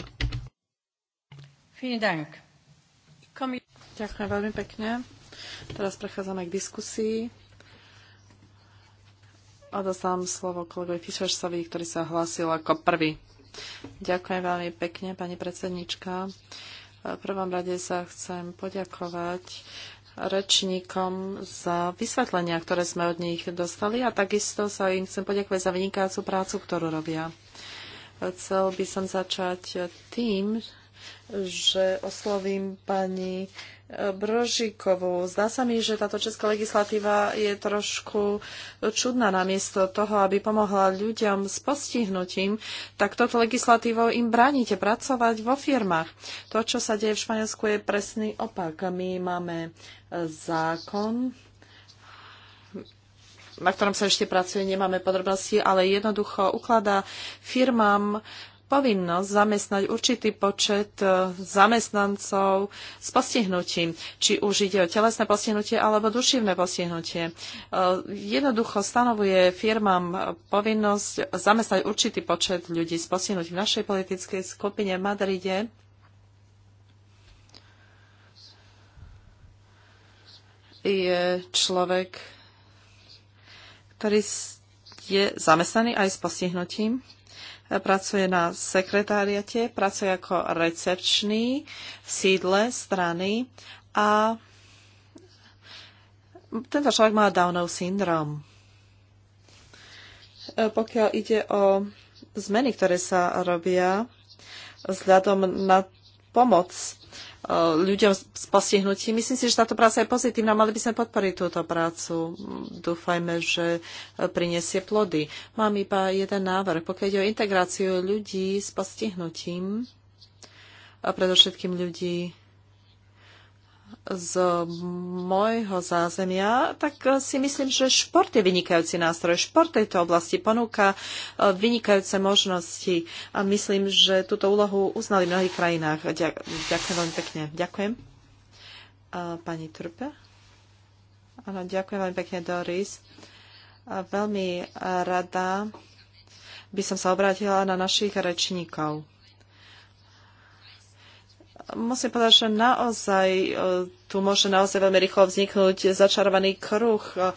Ďakujem veľmi pekne. Teraz prechádzame k diskusii. Odozdám slovo kolegovi Fischersovi, ktorý sa hlásil ako prvý. Ďakujem veľmi pekne, pani predsednička. V prvom rade sa chcem poďakovať rečníkom za vysvetlenia, ktoré sme od nich dostali a takisto sa im chcem poďakovať za vynikajúcu prácu, ktorú robia. Chcel by som začať tým, že oslovím pani e, Brožíkovú. Zdá sa mi, že táto česká legislatíva je trošku čudná. Namiesto toho, aby pomohla ľuďom s postihnutím, tak toto legislatívou im bránite pracovať vo firmách. To, čo sa deje v Španielsku, je presný opak. My máme e, zákon, na ktorom sa ešte pracuje, nemáme podrobnosti, ale jednoducho ukladá firmám povinnosť zamestnať určitý počet e, zamestnancov s postihnutím, či už ide o telesné postihnutie alebo duševné postihnutie. E, jednoducho stanovuje firmám povinnosť zamestnať určitý počet ľudí s postihnutím. V našej politickej skupine v Madride je človek, ktorý je zamestnaný aj s postihnutím pracuje na sekretariate, pracuje ako recepčný v sídle strany a tento človek má Downov syndrom. E, pokiaľ ide o zmeny, ktoré sa robia vzhľadom na pomoc ľuďom s postihnutím. Myslím si, že táto práca je pozitívna. Mali by sme podporiť túto prácu. Dúfajme, že prinesie plody. Mám iba jeden návrh. Pokiaľ ide o integráciu ľudí s postihnutím, a predovšetkým ľudí z môjho zázemia, tak si myslím, že šport je vynikajúci nástroj. Šport tejto oblasti ponúka e, vynikajúce možnosti a myslím, že túto úlohu uznali v mnohých krajinách. Ďakujem veľmi pekne. Ďakujem. Pani Trpe. Áno, ďakujem veľmi pekne, Doris. A veľmi rada by som sa obrátila na našich rečníkov musím povedať, že naozaj e, tu môže naozaj veľmi rýchlo vzniknúť začarovaný kruh, e,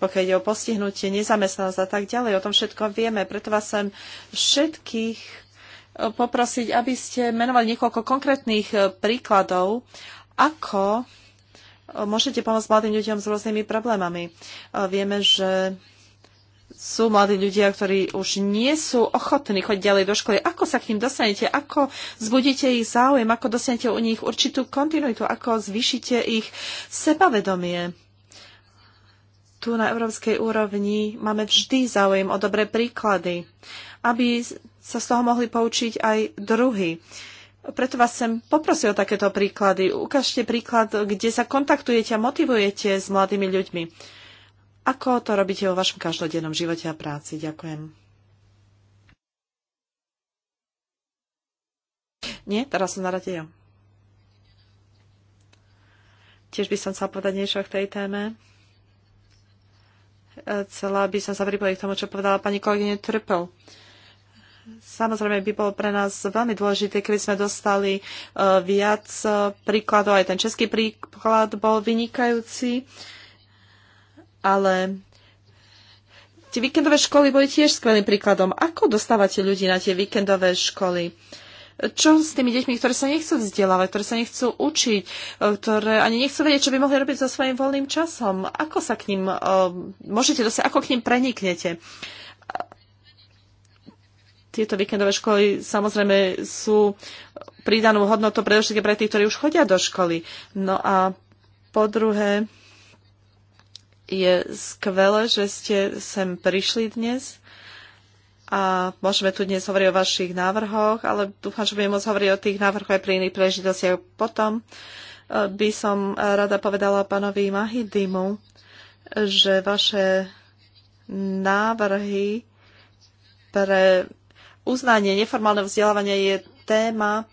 pokiaľ ide o postihnutie, nezamestnanosť a tak ďalej. O tom všetko vieme. Preto vás sem všetkých e, poprosiť, aby ste menovali niekoľko konkrétnych príkladov, ako môžete pomôcť mladým ľuďom s rôznymi problémami. Vieme, že sú mladí ľudia, ktorí už nie sú ochotní chodiť ďalej do školy. Ako sa k ním dostanete? Ako zbudíte ich záujem? Ako dostanete u nich určitú kontinuitu? Ako zvýšite ich sebavedomie? Tu na európskej úrovni máme vždy záujem o dobré príklady, aby sa z toho mohli poučiť aj druhy. Preto vás sem poprosil o takéto príklady. Ukážte príklad, kde sa kontaktujete a motivujete s mladými ľuďmi ako to robíte vo vašom každodennom živote a práci? Ďakujem. Nie, teraz som na rade ja. Tiež by som chcela povedať niečo k tej téme. E, chcela by som sa pripojiť k tomu, čo povedala pani kolegyne Trpel. Samozrejme by bolo pre nás veľmi dôležité, keby sme dostali e, viac e, príkladov. Aj ten český príklad bol vynikajúci ale tie víkendové školy boli tiež skvelým príkladom. Ako dostávate ľudí na tie víkendové školy? Čo s tými deťmi, ktoré sa nechcú vzdelávať, ktoré sa nechcú učiť, e, ktoré ani nechcú vedieť, čo by mohli robiť so svojím voľným časom? Ako sa k ním, e, môžete dosiať, ako k ním preniknete? tieto víkendové školy samozrejme sú pridanú hodnotou predovšetkým pre tých, ktorí už chodia do školy. No a po druhé, je skvelé, že ste sem prišli dnes a môžeme tu dnes hovoriť o vašich návrhoch, ale dúfam, že budeme môcť hovoriť o tých návrhoch aj pri iných príležitostiach. Potom e, by som rada povedala pánovi Mahidimu, že vaše návrhy pre uznanie neformálneho vzdelávania je téma,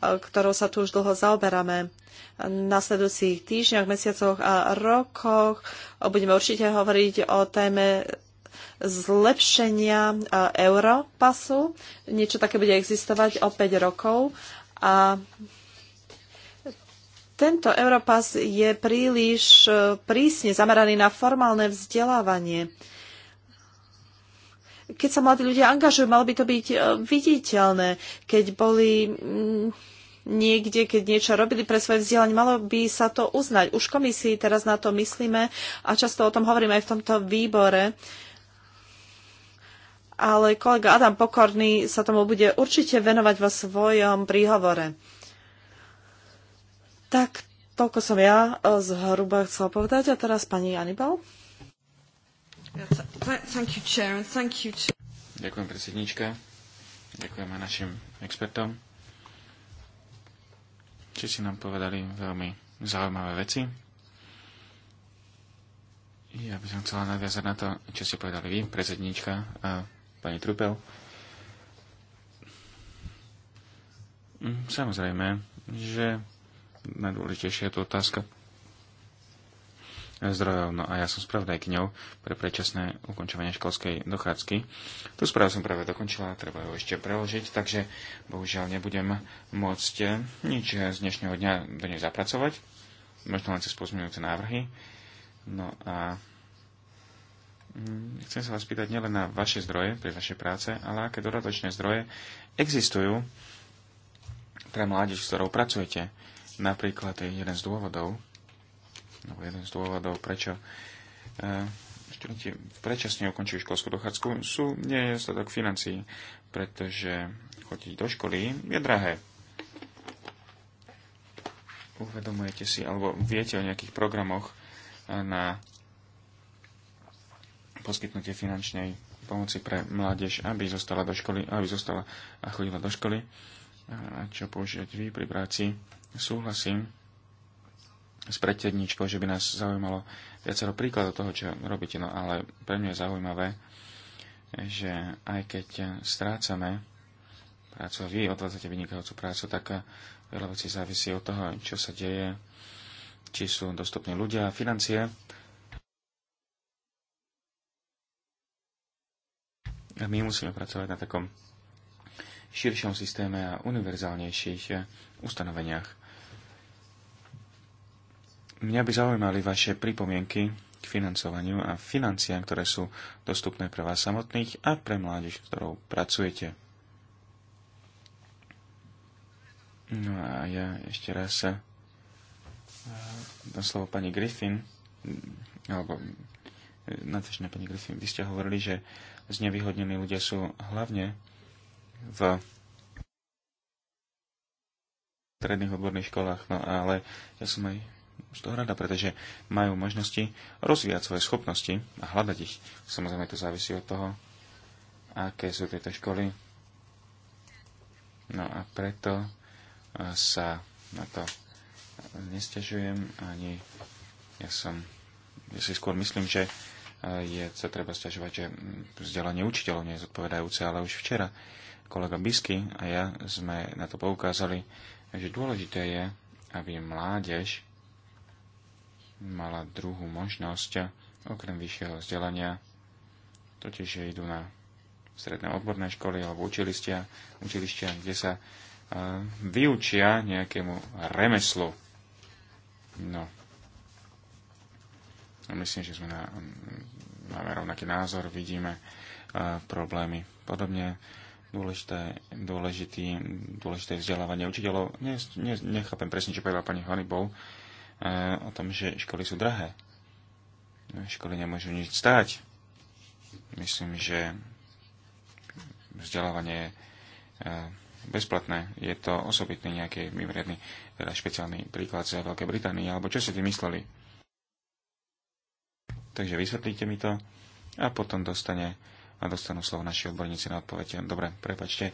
ktorou sa tu už dlho zaoberáme. V nasledujúcich týždňoch, mesiacoch a rokoch budeme určite hovoriť o téme zlepšenia europasu. Niečo také bude existovať o 5 rokov a tento Europas je príliš e, prísne zameraný na formálne vzdelávanie keď sa mladí ľudia angažujú, malo by to byť e, viditeľné. Keď boli mm, niekde, keď niečo robili pre svoje vzdelanie, malo by sa to uznať. Už komisii teraz na to myslíme a často o tom hovoríme aj v tomto výbore. Ale kolega Adam Pokorný sa tomu bude určite venovať vo svojom príhovore. Tak toľko som ja e, zhruba chcela povedať. A teraz pani Anibal. Ďakujem predsednička. Ďakujem aj našim expertom. Či si nám povedali veľmi zaujímavé veci. Ja by som chcela nadviazať na to, čo ste povedali vy, predsednička a pani Trupel. Mm, samozrejme, že najdôležitejšia je tu otázka zdrojov. No a ja som kňou pre predčasné ukončovanie školskej dochádzky. Tú správu som práve dokončila, treba ju ešte preložiť, takže bohužiaľ nebudem môcť eh, nič z dnešného dňa do nej zapracovať. Možno len cez pozmeňujúce návrhy. No a mm, chcem sa vás pýtať nielen na vaše zdroje pri vašej práce, ale aké dodatočné zdroje existujú pre mládež, s ktorou pracujete. Napríklad jeden z dôvodov, alebo no, jeden z dôvodov, prečo e, študenti prečasne ukončujú školskú dochádzku, sú nie financií, pretože chodiť do školy je drahé. Uvedomujete si, alebo viete o nejakých programoch e, na poskytnutie finančnej pomoci pre mládež, aby zostala do školy, aby zostala a chodila do školy. E, a čo použiť vy pri práci? Súhlasím s predtedničkou, že by nás zaujímalo viacero príkladov toho, čo robíte, no ale pre mňa je zaujímavé, že aj keď strácame prácu a vy odvádzate vynikajúcu prácu, tak veľa vecí závisí od toho, čo sa deje, či sú dostupní ľudia a financie. A my musíme pracovať na takom širšom systéme a univerzálnejších ustanoveniach Mňa by zaujímali vaše pripomienky k financovaniu a financiám, ktoré sú dostupné pre vás samotných a pre mládež, ktorou pracujete. No a ja ešte raz sa eh, dám slovo pani Griffin, alebo eh, nadväčšina pani Griffin, vy ste hovorili, že znevýhodnení ľudia sú hlavne v stredných odborných školách, no ale ja som aj z toho rada, pretože majú možnosti rozvíjať svoje schopnosti a hľadať ich. Samozrejme to závisí od toho, aké sú tieto školy. No a preto e, sa na to nestiažujem ani ja som ja si skôr myslím, že e, je, sa treba stiažovať, že mm, vzdelanie učiteľov nie je zodpovedajúce, ale už včera kolega Bisky a ja sme na to poukázali, že dôležité je, aby mládež mala druhú možnosť okrem vyššieho vzdelania, totiž že idú na stredné odborné školy alebo učilištia, učilištia kde sa uh, vyučia nejakému remeslu. No. no myslím, že sme na, máme rovnaký názor, vidíme uh, problémy. Podobne dôležité, dôležitý, dôležité vzdelávanie učiteľov. Ne, ne, nechápem presne, čo povedala pani Honeyball, E, o tom, že školy sú drahé. E, školy nemôžu nič stáť. Myslím, že vzdelávanie je e, bezplatné. Je to osobitný nejaký mimoriadný, teda špeciálny príklad z Veľkej Británie, alebo čo si mysleli? Takže vysvetlíte mi to a potom dostane a dostanú slovo naši odborníci na odpoveď. Dobre, prepačte.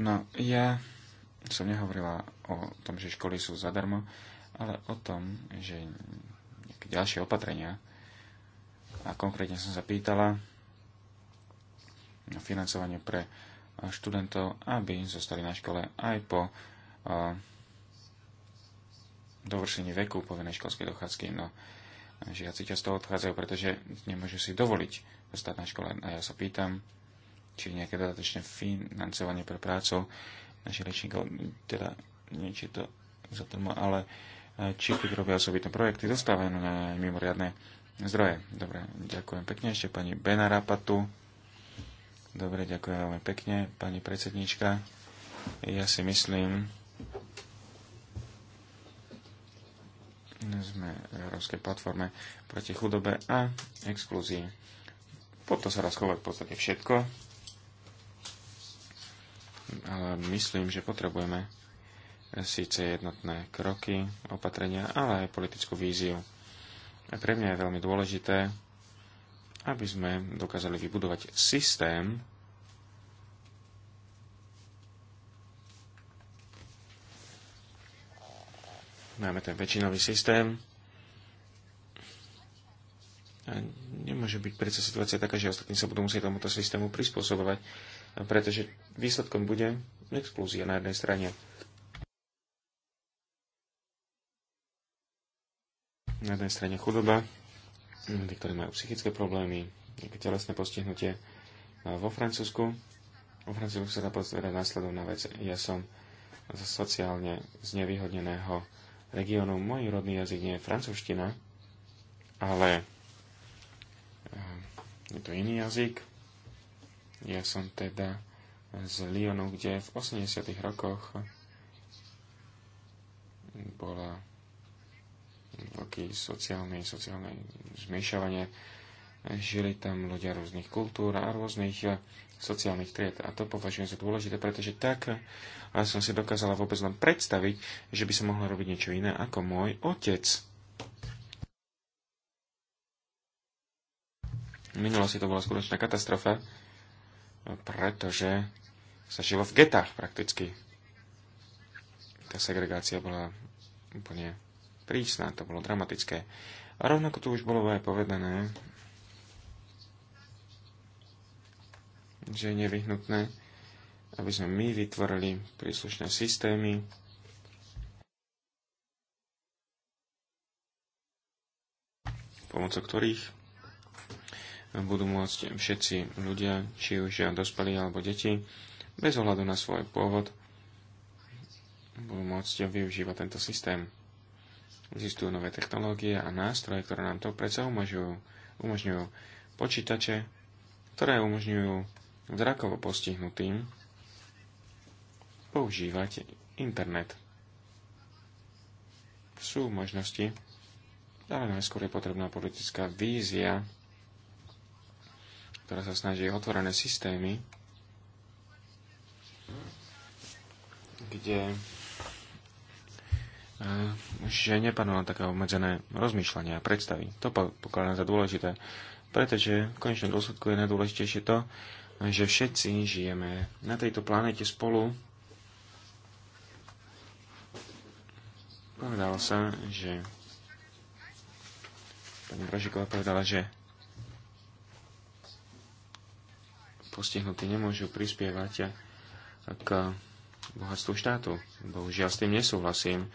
No, ja som nehovorila o tom, že školy sú zadarmo, ale o tom, že nejaké ďalšie opatrenia. A konkrétne som sa pýtala na financovanie pre eh, študentov, aby zostali na škole aj po eh, dovršení veku povinnej školskej dochádzky. No, žiaci často odchádzajú, pretože nemôžu si dovoliť zostať na škole. A ja sa pýtam, či nejaké dodatočné financovanie pre prácu Naši rečníkov, teda neviem, či to za má, ale či e, keď robia osobitné projekty, dostávajú na mimoriadne zdroje. Dobre, ďakujem pekne ešte pani Bena Rapatu. Dobre, ďakujem veľmi pekne, pani predsednička. Ja si myslím, sme v Európskej platforme proti chudobe a exklúzii. Potom to sa raz v podstate všetko ale myslím, že potrebujeme síce jednotné kroky, opatrenia, ale aj politickú víziu. A pre mňa je veľmi dôležité, aby sme dokázali vybudovať systém, máme ten väčšinový systém. A nemôže byť predsa situácia taká, že ostatní sa budú musieť tomuto systému prispôsobovať pretože výsledkom bude exklúzia na jednej strane. Na jednej strane chudoba, tí, ktorí majú psychické problémy, nejaké telesné postihnutie. Vo Francúzsku, vo Francúzsku sa dá pozrieť následovná vec. Ja som zo sociálne znevýhodneného regiónu. Môj rodný jazyk nie je francúzština, ale eh, je to iný jazyk, ja som teda z Lyonu, kde v 80. rokoch bola veľké sociálne, sociálne zmiešavanie. Žili tam ľudia rôznych kultúr a rôznych eh, sociálnych tried. A to považujem za dôležité, pretože tak ale eh, som si dokázala vôbec len predstaviť, že by som mohla robiť niečo iné ako môj otec. Minulosti to bola skutočná katastrofa, pretože sa žilo v getách prakticky. Tá segregácia bola úplne prísna, to bolo dramatické. A rovnako tu už bolo aj povedané, že je nevyhnutné, aby sme my vytvorili príslušné systémy, pomocou ktorých budú môcť všetci ľudia, či už dospelí alebo deti, bez ohľadu na svoj pôvod, budú môcť využívať tento systém. Existujú nové technológie a nástroje, ktoré nám to predsa umožňujú. Umožňujú počítače, ktoré umožňujú zrakovo postihnutým používať internet. Sú možnosti, ale najskôr je potrebná politická vízia, ktorá sa snaží otvorené systémy, kde eh, že nepanú také obmedzené rozmýšľania a predstavy. To pokladám za dôležité, pretože v konečnom dôsledku je najdôležitejšie to, že všetci žijeme na tejto planete spolu. Povedalo sa, že pani Bražiková povedala, že postihnutí nemôžu prispievať k bohatstvu štátu. Bohužiaľ s tým nesúhlasím.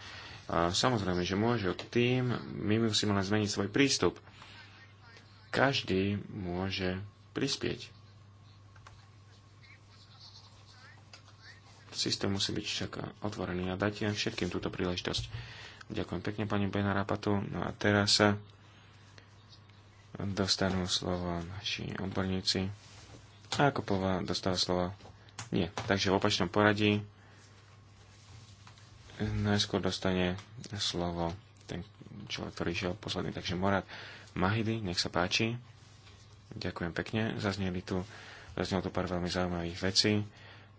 A samozrejme, že môžu. Tým my musíme len zmeniť svoj prístup. Každý môže prispieť. Systém musí byť však otvorený a dajte všetkým túto príležitosť. Ďakujem pekne pani Rapatu. No a teraz sa dostanú slovo naši odborníci. A Kopová dostala slovo. Nie. Takže v opačnom poradí najskôr dostane slovo ten človek, ktorý išiel posledný. Takže Morad Mahidy, nech sa páči. Ďakujem pekne. Zazneli tu, zaznelo tu pár veľmi zaujímavých vecí.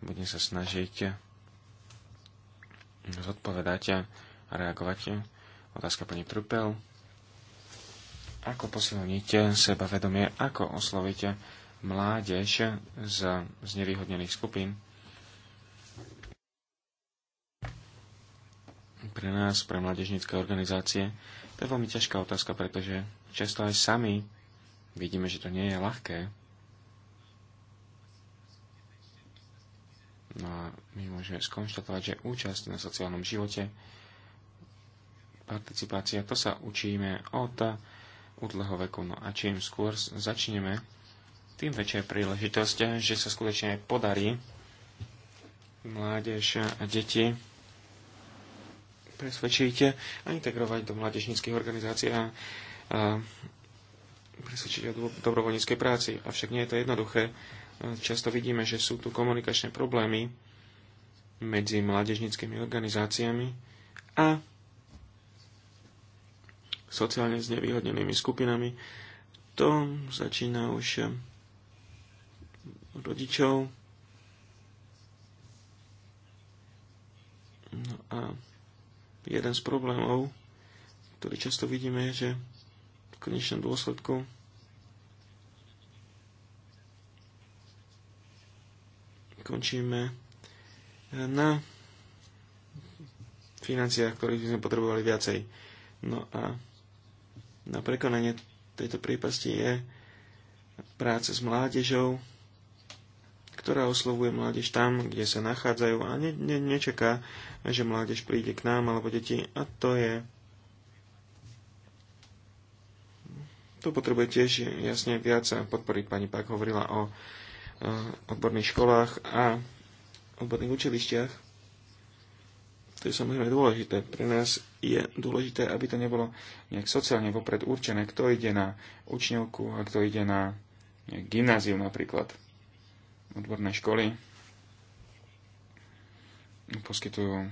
Budem sa snažiť zodpovedať a reagovať. Otázka pani Trupel. Ako posilniť sebavedomie? Ako osloviť mládež z nevýhodnených skupín. Pre nás, pre mládežnícke organizácie, to je veľmi ťažká otázka, pretože často aj sami vidíme, že to nie je ľahké. No a my môžeme skonštatovať, že účasť na sociálnom živote, participácia, to sa učíme od útleho veku. No a čím skôr začneme tým väčšia je príležitosť, že sa skutočne podarí mládež a deti presvedčiť a integrovať do mládežníckých organizácií a, a presvedčiť o dobrovoľníckej práci. Avšak nie je to jednoduché. Často vidíme, že sú tu komunikačné problémy medzi mládežníckými organizáciami a sociálne znevýhodnenými skupinami. To začína už rodičov. No a jeden z problémov, ktorý často vidíme, je, že v konečnom dôsledku končíme na financiách, ktorých by sme potrebovali viacej. No a na prekonanie tejto prípasti je práce s mládežou, ktorá oslovuje mládež tam, kde sa nachádzajú a ne, ne, nečaká, že mládež príde k nám alebo deti. A to je... To potrebuje tiež jasne viac podporiť. Pani Pak hovorila o, o odborných školách a odborných učilištiach. To je samozrejme dôležité. Pre nás je dôležité, aby to nebolo nejak sociálne vopred určené, kto ide na učňovku a kto ide na gymnázium napríklad odborné školy poskytujú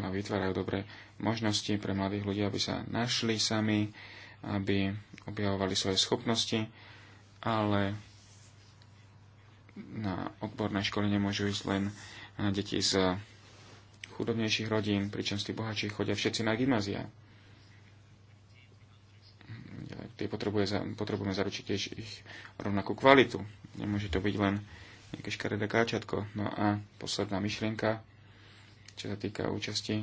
a vytvárajú dobré možnosti pre mladých ľudí, aby sa našli sami, aby objavovali svoje schopnosti, ale na odborné školy nemôžu ísť len eh, deti z chudobnejších rodín, pričom z tých bohatších chodia všetci na gymnázia. Tie potrebujeme zaručiť tiež ich rovnakú kvalitu. Nemôže to byť len nejaké škaredé káčatko. No a posledná myšlienka, čo sa týka účasti,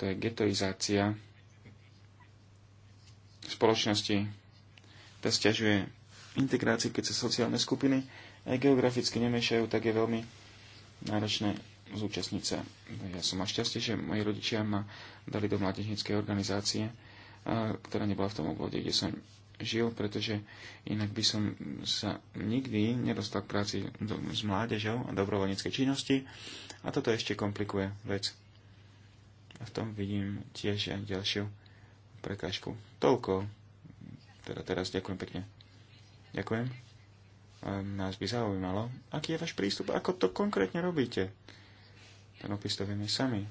to je getoizácia spoločnosti. Tá stiažuje integrácii, keď sa sociálne skupiny aj geograficky nemiešajú, tak je veľmi náročné zúčastniť sa. Ja som mal šťastie, že moji rodičia ma dali do mládežníckej organizácie, ktorá nebola v tom obvode, kde som žil, pretože inak by som sa nikdy nedostal k práci do, s mládežou a dobrovoľníckej činnosti a toto ešte komplikuje vec. A v tom vidím tiež aj ďalšiu prekážku. Toľko. Teda teraz ďakujem pekne. Ďakujem. A nás by zaujímalo, aký je váš prístup, ako to konkrétne robíte. Tak opis to sami.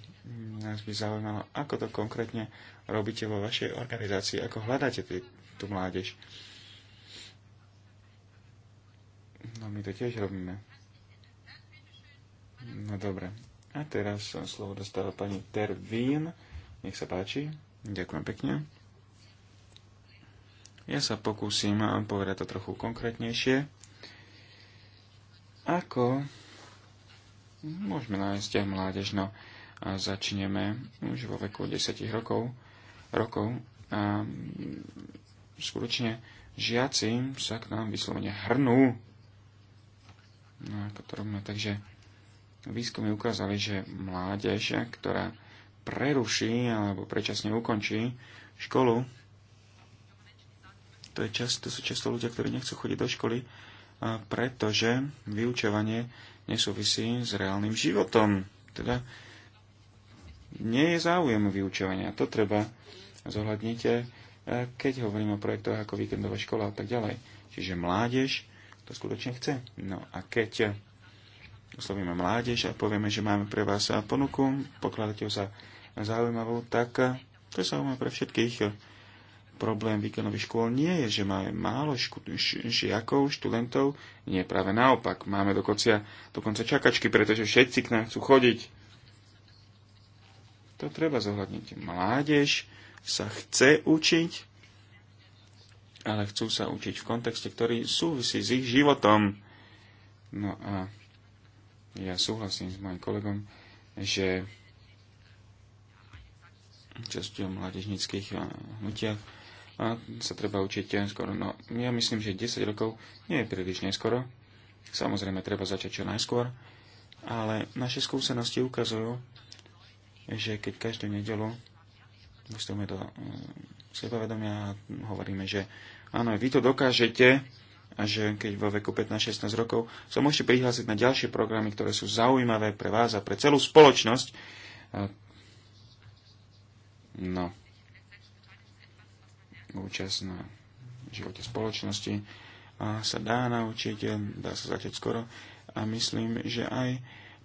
Nás by zaujímalo, ako to konkrétne robíte vo vašej organizácii, ako hľadáte tý, tú mládež. No my to tiež robíme. No dobre. A teraz som slovo dostala pani Tervín. Nech sa páči. Ďakujem pekne. Ja sa pokúsim povedať to trochu konkrétnejšie. Ako môžeme nájsť aj mládež, no a začneme už vo veku 10 rokov, rokov a mm, skutočne žiaci sa k nám vyslovene hrnú. No, to robíme. Takže výskumy ukázali, že mládež, ktorá preruší alebo prečasne ukončí školu, to, je často, to sú často ľudia, ktorí nechcú chodiť do školy, pretože vyučovanie nesúvisí s reálnym životom. Teda nie je záujem vyučovania. To treba zohľadniť, eh, keď hovoríme o projektoch ako víkendová škola a tak ďalej. Čiže mládež to skutočne chce. No a keď oslovíme mládež a povieme, že máme pre vás ponuku, pokladáte ho za zaujímavú, tak to je zaujímavé pre všetkých problém výkonových škôl nie je, že máme málo šku- žiakov, študentov, nie práve naopak. Máme dokonca, dokonca čakačky, pretože všetci k nám chcú chodiť. To treba zohľadniť. Mládež sa chce učiť, ale chcú sa učiť v kontexte, ktorý súvisí s ich životom. No a ja súhlasím s mojim kolegom, že časťou mládežnických hnutiach a sa treba učiť skoro. No, ja myslím, že 10 rokov nie je príliš neskoro. Samozrejme, treba začať čo najskôr, ale naše skúsenosti ukazujú, že keď každú nedelu vstúpime do e, mm, sebavedomia a hovoríme, že áno, vy to dokážete a že keď vo veku 15-16 rokov sa môžete prihlásiť na ďalšie programy, ktoré sú zaujímavé pre vás a pre celú spoločnosť. no účasť na živote spoločnosti a sa dá naučiť, dá sa začať skoro a myslím, že aj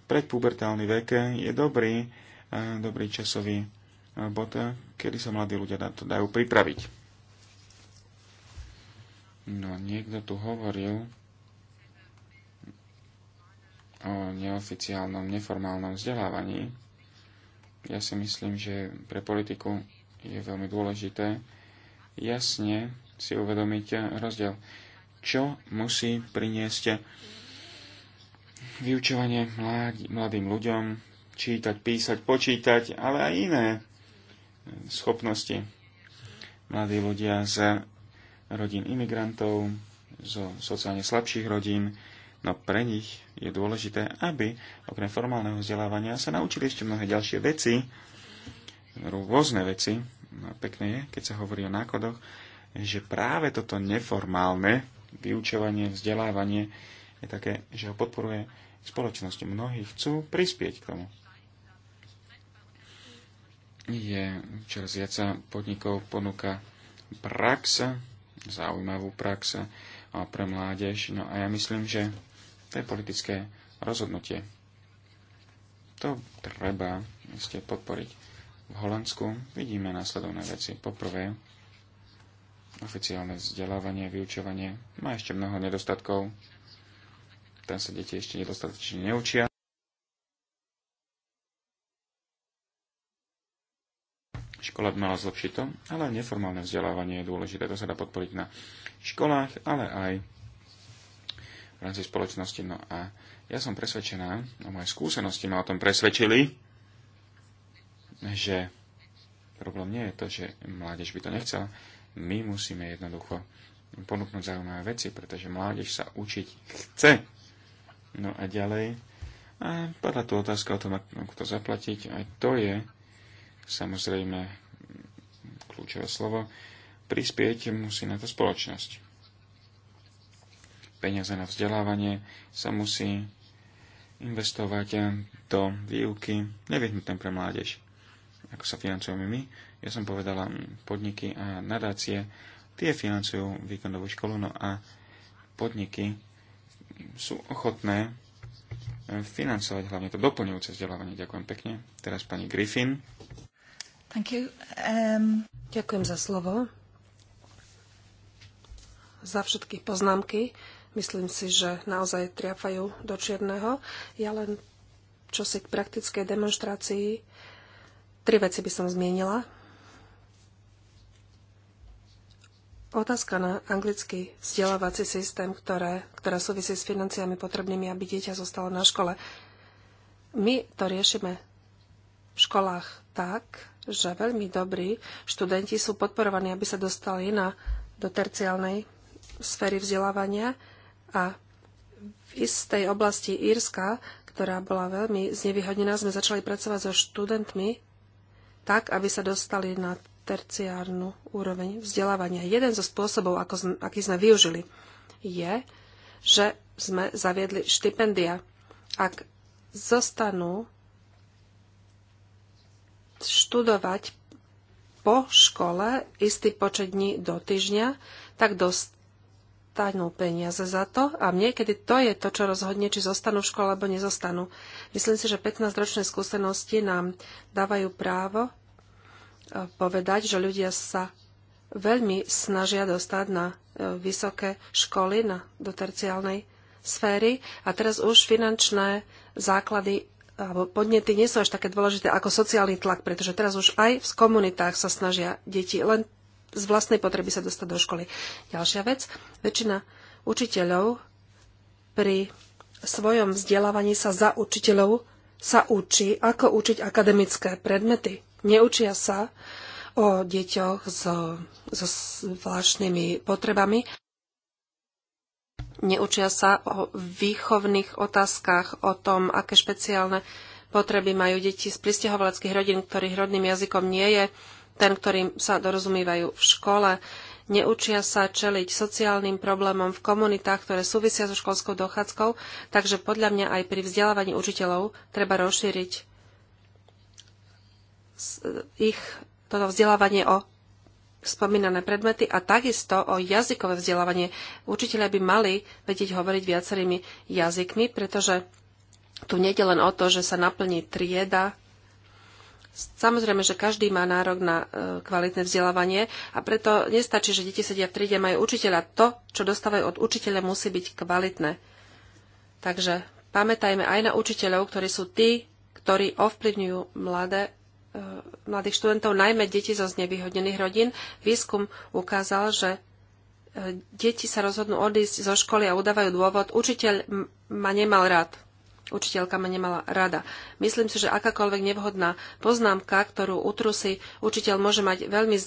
predpubertálny vek je dobrý, dobrý časový bod, kedy sa mladí ľudia na to dajú pripraviť. No, niekto tu hovoril o neoficiálnom, neformálnom vzdelávaní. Ja si myslím, že pre politiku je veľmi dôležité, jasne si uvedomiť rozdiel. Čo musí priniesť vyučovanie mladým ľuďom, čítať, písať, počítať, ale aj iné schopnosti. Mladí ľudia z rodín imigrantov, zo sociálne slabších rodín, no pre nich je dôležité, aby okrem formálneho vzdelávania sa naučili ešte mnohé ďalšie veci, rôzne veci, No, pekné je, keď sa hovorí o nákladoch, že práve toto neformálne vyučovanie, vzdelávanie je také, že ho podporuje spoločnosť. Mnohí chcú prispieť k tomu. Je čoraz viac podnikov ponúka prax, zaujímavú prax pre mládež. No a ja myslím, že to je politické rozhodnutie. To treba ste podporiť v Holandsku vidíme následovné veci. Poprvé, oficiálne vzdelávanie, vyučovanie má ešte mnoho nedostatkov. Tam sa deti ešte nedostatočne neučia. Škola by mala zlepšiť to, ale neformálne vzdelávanie je dôležité. To sa dá podporiť na školách, ale aj v rámci spoločnosti. No a ja som presvedčená, a moje skúsenosti ma o tom presvedčili, že problém nie je to, že mládež by to nechcela. My musíme jednoducho ponúknuť zaujímavé veci, pretože mládež sa učiť chce. No a ďalej, a padla tu otázka o tom, ako to zaplatiť. Aj to je samozrejme kľúčové slovo. Prispieť musí na to spoločnosť. Peniaze na vzdelávanie sa musí investovať do výuky nevyhnutné pre mládež ako sa financujeme my. Ja som povedala, mm, podniky a nadácie, tie financujú víkendovú školu, no a podniky sú ochotné mm, financovať hlavne to doplňujúce vzdelávanie. Ďakujem pekne. Teraz pani Griffin. Thank you. Um... Ďakujem za slovo. Za všetky poznámky. Myslím si, že naozaj triafajú do čierneho. Ja len čo si k praktickej demonstrácii Tri veci by som zmienila. Otázka na anglický vzdelávací systém, ktoré, ktorá súvisí s financiami potrebnými, aby dieťa zostalo na škole. My to riešime v školách tak, že veľmi dobrí študenti sú podporovaní, aby sa dostali na, do terciálnej sféry vzdelávania a v istej oblasti Írska, ktorá bola veľmi znevýhodnená, sme začali pracovať so študentmi, tak, aby sa dostali na terciárnu úroveň vzdelávania. Jeden zo spôsobov, ako sme, aký sme využili, je, že sme zaviedli štipendia. Ak zostanú študovať po škole istý počet dní do týždňa, tak dost, dostanú peniaze za to a niekedy to je to, čo rozhodne, či zostanú v škole alebo nezostanú. Myslím si, že 15-ročné skúsenosti nám dávajú právo e, povedať, že ľudia sa veľmi snažia dostať na e, vysoké školy, na, do terciálnej sféry a teraz už finančné základy alebo podnety nie sú až také dôležité ako sociálny tlak, pretože teraz už aj v komunitách sa snažia deti len z vlastnej potreby sa dostať do školy. Ďalšia vec, väčšina učiteľov pri svojom vzdelávaní sa za učiteľov sa učí, ako učiť akademické predmety. Neučia sa o deťoch so, so zvláštnymi potrebami. Neučia sa o výchovných otázkach, o tom, aké špeciálne potreby majú deti z pristahovaleckých rodín, ktorých rodným jazykom nie je ten, ktorým sa dorozumývajú v škole. Neučia sa čeliť sociálnym problémom v komunitách, ktoré súvisia so školskou dochádzkou, takže podľa mňa aj pri vzdelávaní učiteľov treba rozšíriť eh, ich toto vzdelávanie o spomínané predmety a takisto o jazykové vzdelávanie. Učiteľe by mali vedieť hovoriť viacerými jazykmi, pretože tu je len o to, že sa naplní trieda Samozrejme, že každý má nárok na e, kvalitné vzdelávanie a preto nestačí, že deti sedia v tríde, majú učiteľa. To, čo dostávajú od učiteľa, musí byť kvalitné. Takže pamätajme aj na učiteľov, ktorí sú tí, ktorí ovplyvňujú mladé, e, mladých študentov, najmä deti zo znevýhodnených rodín. Výskum ukázal, že e, deti sa rozhodnú odísť zo školy a udávajú dôvod. Učiteľ ma nemal rád učiteľka ma nemala rada. Myslím si, že akákoľvek nevhodná poznámka, ktorú utrusí učiteľ, môže mať veľmi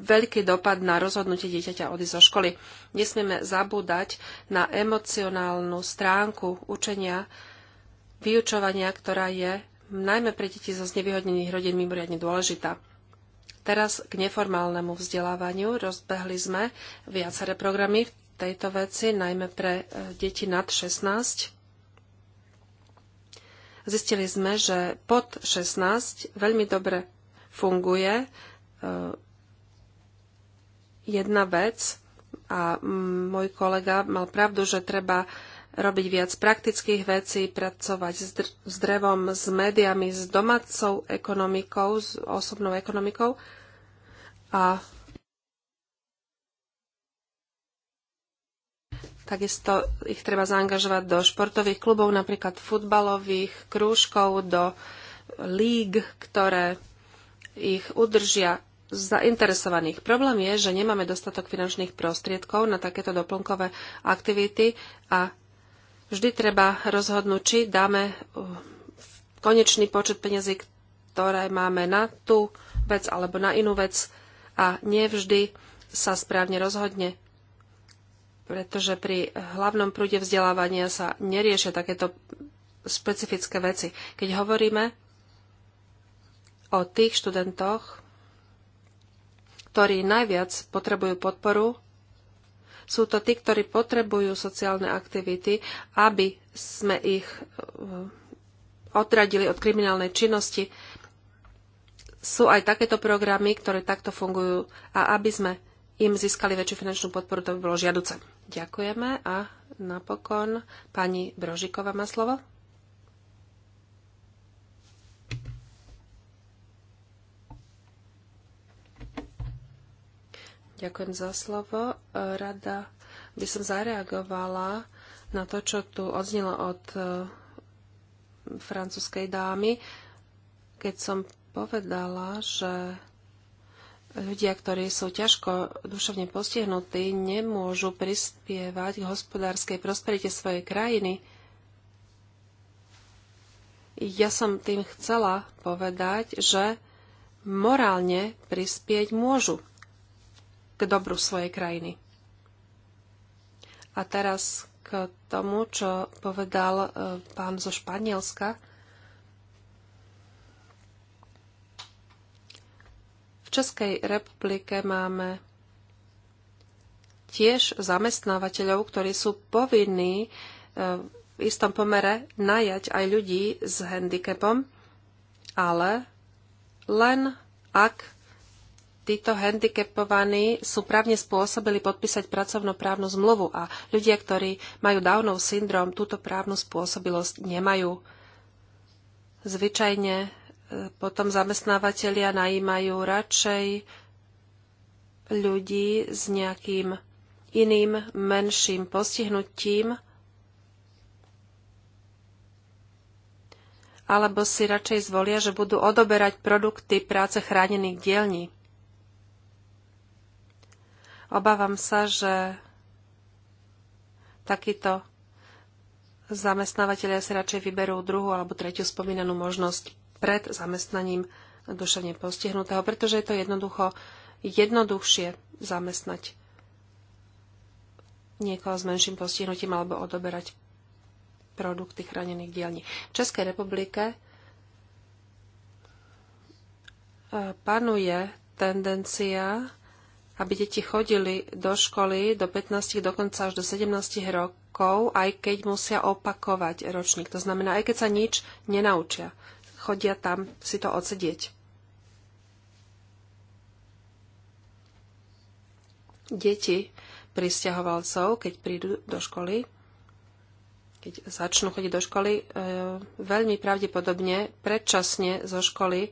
veľký dopad na rozhodnutie dieťaťa odísť zo školy. Nesmieme zabúdať na emocionálnu stránku učenia, vyučovania, ktorá je najmä pre deti zo znevýhodnených rodín mimoriadne dôležitá. Teraz k neformálnemu vzdelávaniu rozbehli sme viaceré programy v tejto veci, najmä pre e, deti nad 16 Zistili sme, že pod 16 veľmi dobre funguje e, jedna vec a môj kolega mal pravdu, že treba robiť viac praktických vecí, pracovať s, drevom, s médiami, s domácou ekonomikou, s osobnou ekonomikou. A Takisto ich treba zaangažovať do športových klubov, napríklad futbalových krúžkov, do líg, ktoré ich udržia zainteresovaných. Problém je, že nemáme dostatok finančných prostriedkov na takéto doplnkové aktivity a vždy treba rozhodnúť, či dáme uh, konečný počet peniazy, ktoré máme na tú vec alebo na inú vec a nevždy sa správne rozhodne pretože pri hlavnom prúde vzdelávania sa neriešia takéto špecifické veci. Keď hovoríme o tých študentoch, ktorí najviac potrebujú podporu, sú to tí, ktorí potrebujú sociálne aktivity, aby sme ich eh, odradili od kriminálnej činnosti. Sú aj takéto programy, ktoré takto fungujú a aby sme im získali väčšiu finančnú podporu, to by bolo žiaduce. Ďakujeme a napokon pani Brožiková má slovo. Ďakujem za slovo. Rada by som zareagovala na to, čo tu odznelo od e, francúzskej dámy, keď som povedala, že ľudia, ktorí sú ťažko duševne postihnutí, nemôžu prispievať k hospodárskej prosperite svojej krajiny. Ja som tým chcela povedať, že morálne prispieť môžu k dobru svojej krajiny. A teraz k tomu, čo povedal eh, pán zo Španielska. Českej republike máme tiež zamestnávateľov, ktorí sú povinní e, v istom pomere najať aj ľudí s handicapom, ale len ak títo handicapovaní sú právne spôsobili podpísať pracovnoprávnu zmluvu a ľudia, ktorí majú Downov syndrom, túto právnu spôsobilosť nemajú. Zvyčajne potom zamestnávateľia najímajú radšej ľudí s nejakým iným menším postihnutím, alebo si radšej zvolia, že budú odoberať produkty práce chránených dielní. Obávam sa, že takíto zamestnávateľia si radšej vyberú druhú alebo tretiu spomínanú možnosť pred zamestnaním duševne postihnutého, pretože je to jednoducho jednoduchšie zamestnať niekoho s menším postihnutím alebo odoberať produkty chránených dielní. V Českej republike e, panuje tendencia, aby deti chodili do školy do 15, dokonca až do 17 rokov, aj keď musia opakovať ročník. To znamená, aj keď sa nič nenaučia chodia tam si to odsedieť. Deti pristahovalcov, keď prídu do školy, keď začnú chodiť do školy, e, veľmi pravdepodobne predčasne zo školy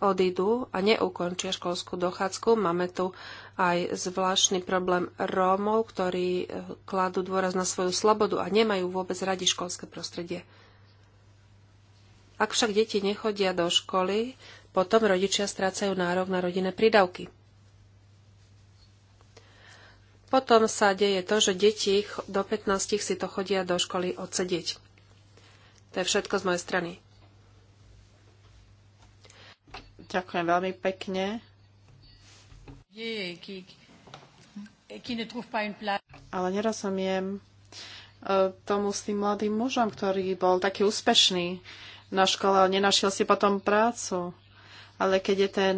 odídu a neukončia školskú dochádzku. Máme tu aj zvláštny problém Rómov, ktorí e, kladú dôraz na svoju slobodu a nemajú vôbec radi školské prostredie. Ak však deti nechodia do školy, potom rodičia strácajú nárok na rodinné prídavky. Potom sa deje to, že deti do 15 si to chodia do školy odsedieť. To je všetko z mojej strany. Ďakujem veľmi pekne. Ale nerozumiem e, tomu s tým mladým mužom, ktorý bol taký úspešný na škole, ale nenašiel si potom prácu. Ale keď je ten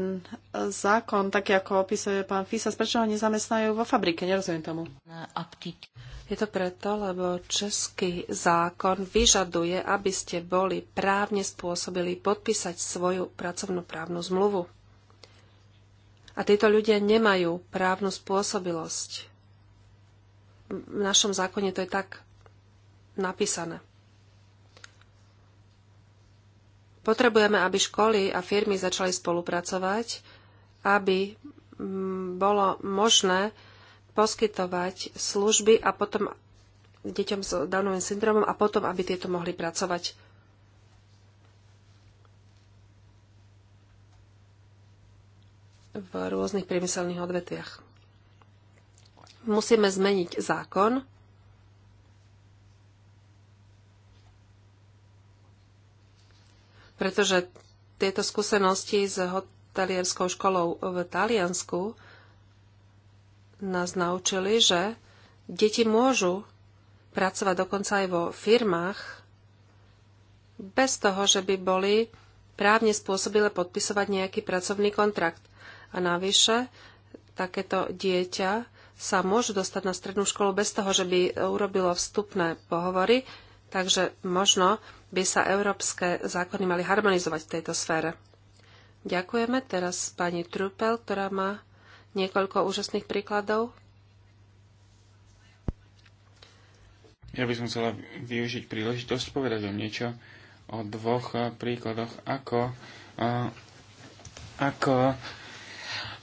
zákon, tak ako opisuje pán Fisa, prečo ho nezamestnajú vo fabrike? Nerozumiem tomu. Je to preto, lebo český zákon vyžaduje, aby ste boli právne spôsobili podpísať svoju pracovnú právnu zmluvu. A títo ľudia nemajú právnu spôsobilosť. V našom zákone to je tak napísané. Potrebujeme, aby školy a firmy začali spolupracovať, aby mm, bolo možné poskytovať služby a potom deťom s Downovým syndromom a potom, aby tieto mohli pracovať. v rôznych priemyselných odvetviach. Musíme zmeniť zákon, pretože tieto skúsenosti s hotelierskou školou v Taliansku nás naučili, že deti môžu pracovať dokonca aj vo firmách bez toho, že by boli právne spôsobile podpisovať nejaký pracovný kontrakt. A navyše, takéto dieťa sa môžu dostať na strednú školu bez toho, že by urobilo vstupné pohovory, Takže možno by sa európske zákony mali harmonizovať v tejto sfére. Ďakujeme teraz pani Trupel, ktorá má niekoľko úžasných príkladov. Ja by som chcela využiť príležitosť povedať vám niečo o dvoch eh, príkladoch, ako, eh, ako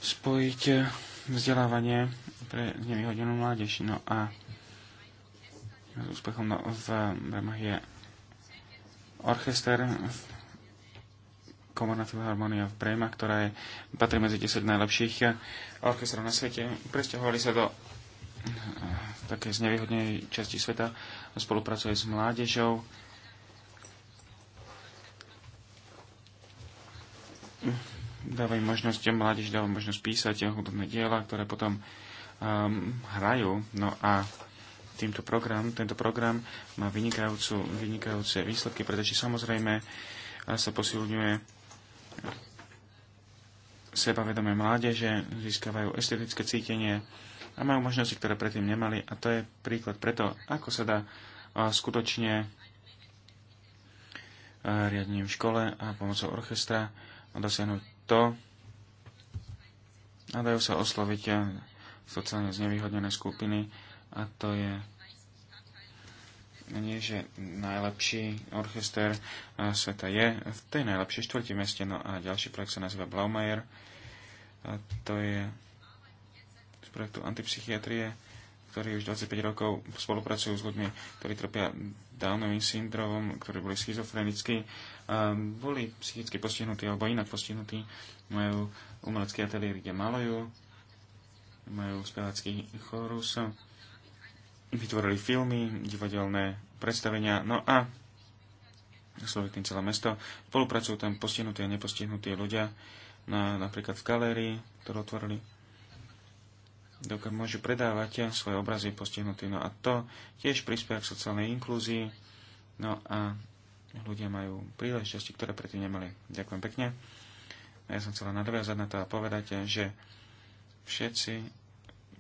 spojiť eh, vzdelávanie pre nevyhodenú mládež. No a z úspechom. No, v Bramach je orchester komorná filharmonia v Brema, ktorá je, patrí medzi 10 najlepších orchestrov na svete. Presťahovali sa do eh, také z nevýhodnej časti sveta a spolupracuje s mládežou. Dávajú možnosť, mládež dávajú možnosť písať hudobné diela, ktoré potom um, hrajú. No a týmto program, tento program má vynikajúcu, vynikajúce výsledky, pretože samozrejme sa posilňuje sebavedomé mládeže, získavajú estetické cítenie a majú možnosti, ktoré predtým nemali. A to je príklad preto, ako sa dá skutočne riadním v škole a pomocou orchestra dosiahnuť to a dajú sa osloviť sociálne znevýhodnené skupiny a to je nie, že najlepší orchester sveta je v tej najlepšej štvrti meste. No a ďalší projekt sa nazýva Blaumeier. A to je z projektu antipsychiatrie, ktorí už 25 rokov spolupracujú s ľuďmi, ktorí trpia Downovým syndromom, ktorí boli schizofrenickí, boli psychicky postihnutí alebo inak postihnutí, majú umelecké ateliéry, kde malujú, majú spevácky chorus, vytvorili filmy, divadelné predstavenia, no a osloviť tým celé mesto. Spolupracujú tam postihnutí a nepostihnutí ľudia, na, napríklad v galérii, ktorú otvorili. Dokiaľ môžu predávať svoje obrazy postihnutí. No a to tiež prispieva k sociálnej inklúzii. No a ľudia majú príležitosti, ktoré predtým nemali. Ďakujem pekne. Ja som chcela nadviazať na to a povedať, že všetci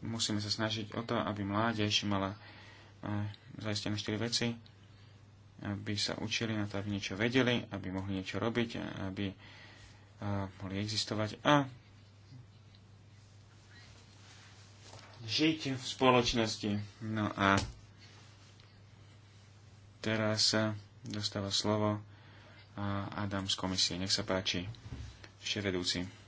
musíme sa snažiť o to, aby mládež mala e, zaistené 4 veci, aby sa učili na to, aby niečo vedeli, aby mohli niečo robiť, aby e, mohli existovať a žiť v spoločnosti. No a teraz sa dostáva slovo e, Adam z komisie. Nech sa páči, vševedúci.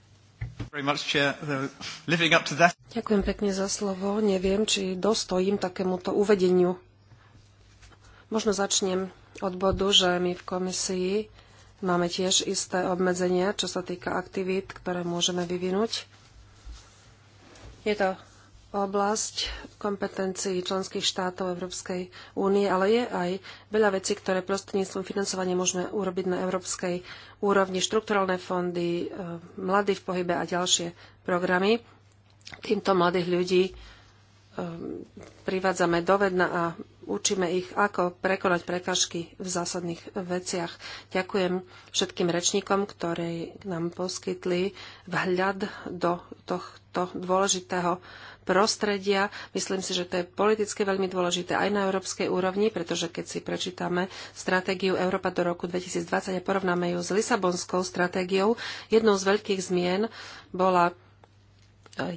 Ďakujem pekne za slovo. Neviem, či dostojím takémuto uvedeniu. Možno začnem od bodu, že my v komisii máme tiež isté obmedzenia, čo sa týka aktivít, ktoré môžeme vyvinúť. Je to oblasť kompetencií členských štátov Európskej únie, ale je aj veľa vecí, ktoré prostredníctvom financovania môžeme urobiť na európskej úrovni, štrukturálne fondy, e, mladí v pohybe a ďalšie programy. Týmto mladých ľudí e, privádzame do vedna a učíme ich, ako prekonať prekažky v zásadných veciach. Ďakujem všetkým rečníkom, ktorí nám poskytli vhľad do tohto dôležitého prostredia. Myslím si, že to je politicky veľmi dôležité aj na európskej úrovni, pretože keď si prečítame stratégiu Európa do roku 2020 a porovnáme ju s Lisabonskou stratégiou, jednou z veľkých zmien bola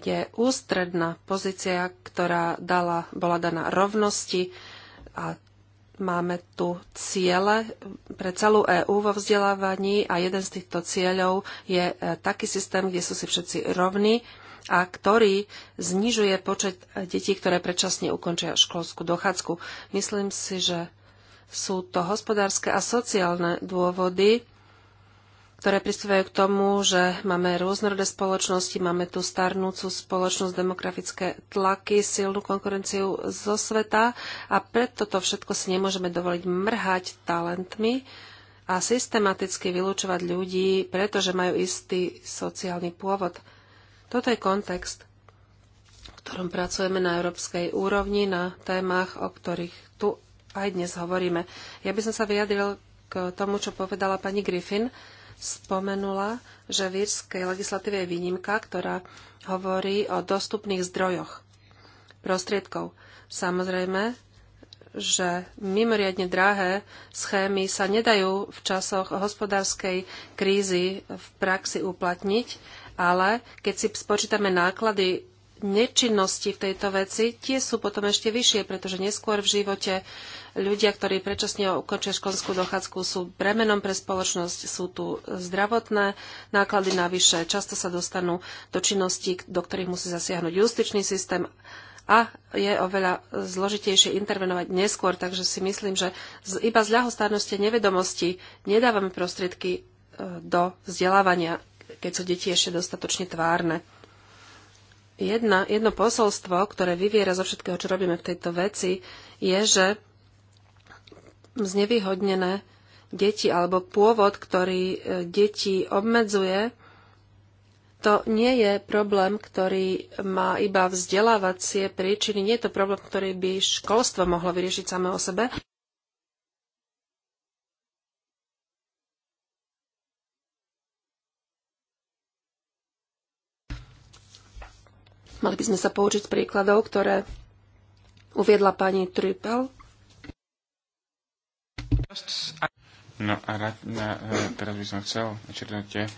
je ústredná pozícia, ktorá dala, bola daná rovnosti a máme tu ciele pre celú EÚ vo vzdelávaní a jeden z týchto cieľov je e, taký systém, kde sú si všetci rovní a ktorý znižuje počet detí, ktoré predčasne ukončia školskú dochádzku. Myslím si, že sú to hospodárske a sociálne dôvody, ktoré prispievajú k tomu, že máme rôznorodé spoločnosti, máme tu starnúcu spoločnosť, demografické tlaky, silnú konkurenciu zo sveta a preto to všetko si nemôžeme dovoliť mrhať talentmi a systematicky vylúčovať ľudí, pretože majú istý sociálny pôvod. Toto je kontext, v ktorom pracujeme na európskej úrovni, na témach, o ktorých tu aj dnes hovoríme. Ja by som sa vyjadril k tomu, čo povedala pani Griffin. Spomenula, že v írskej legislatíve je výnimka, ktorá hovorí o dostupných zdrojoch prostriedkov. Samozrejme, že mimoriadne drahé schémy sa nedajú v časoch hospodárskej krízy v praxi uplatniť ale keď si spočítame náklady nečinnosti v tejto veci, tie sú potom ešte vyššie, pretože neskôr v živote ľudia, ktorí predčasne ukončia školskú dochádzku, sú bremenom pre spoločnosť, sú tu zdravotné náklady navyše, často sa dostanú do činností, do ktorých musí zasiahnuť justičný systém a je oveľa zložitejšie intervenovať neskôr, takže si myslím, že iba z ľahostárnosti nevedomosti nedávame prostriedky e, do vzdelávania keď sú deti ešte dostatočne tvárne. Jedna, jedno posolstvo, ktoré vyviera zo všetkého, čo robíme v tejto veci, je, že znevýhodnené deti alebo pôvod, ktorý e, deti obmedzuje, to nie je problém, ktorý má iba vzdelávacie príčiny, nie je to problém, ktorý by školstvo mohlo vyriešiť samé o sebe, Mali by sme sa poučiť príkladov, ktoré uviedla pani Trypel. No a na, na, e, teraz by som chcel načrtnúť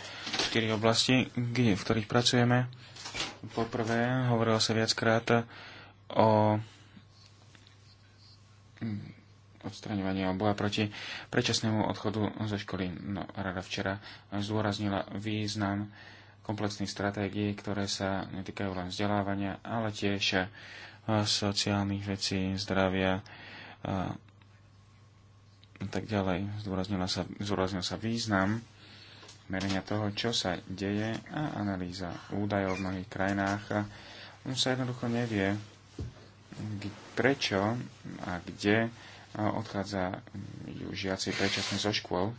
štyri oblasti, kde, v ktorých pracujeme. Poprvé, hovorilo sa viackrát o alebo boja proti predčasnému odchodu zo školy. No, rada včera zdôraznila význam komplexných stratégií, ktoré sa netýkajú len vzdelávania, ale tiež eh, sociálnych vecí, zdravia eh, a tak ďalej. Zdôraznila sa, zdôraznil sa význam merenia toho, čo sa deje a analýza údajov v mnohých krajinách. On sa jednoducho nevie, prečo a kde eh, odchádza žiaci predčasne zo škôl.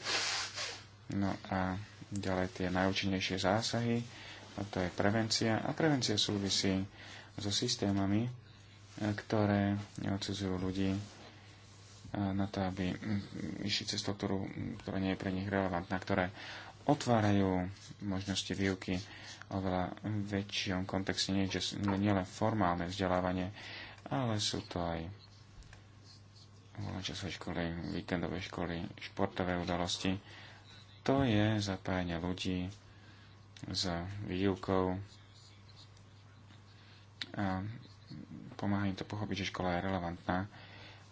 No a Ďalej tie najúčinnejšie zásahy, a to je prevencia. A prevencia súvisí so systémami, e, ktoré neodsudzujú ľudí e, na to, aby išli cestou, ktorú, ktorá nie je pre nich relevantná, ktoré otvárajú možnosti výuky oveľa väčšom kontexte, nie, formálne vzdelávanie, ale sú to aj voľačasové školy, víkendové školy, športové udalosti, to je zapájanie ľudí za výukou a pomáha im to pochopiť, že škola je relevantná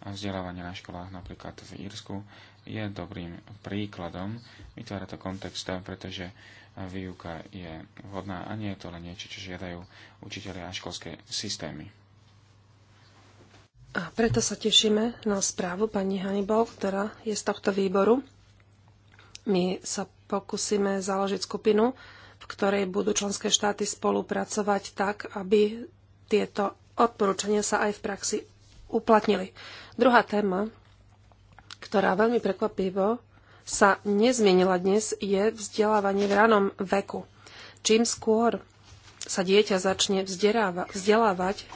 a vzdelávanie na školách napríklad v Írsku je dobrým príkladom. Vytvára to kontext, pretože výuka je vhodná a nie je to len niečo, čo žiadajú učiteľia a školské systémy. A preto sa tešíme na správu pani Hannibal, ktorá je z tohto výboru. My sa pokúsime založiť skupinu, v ktorej budú členské štáty spolupracovať tak, aby tieto odporúčania sa aj v praxi uplatnili. Druhá téma, ktorá veľmi prekvapivo sa nezmienila dnes, je vzdelávanie v ranom veku. Čím skôr sa dieťa začne vzdelávať,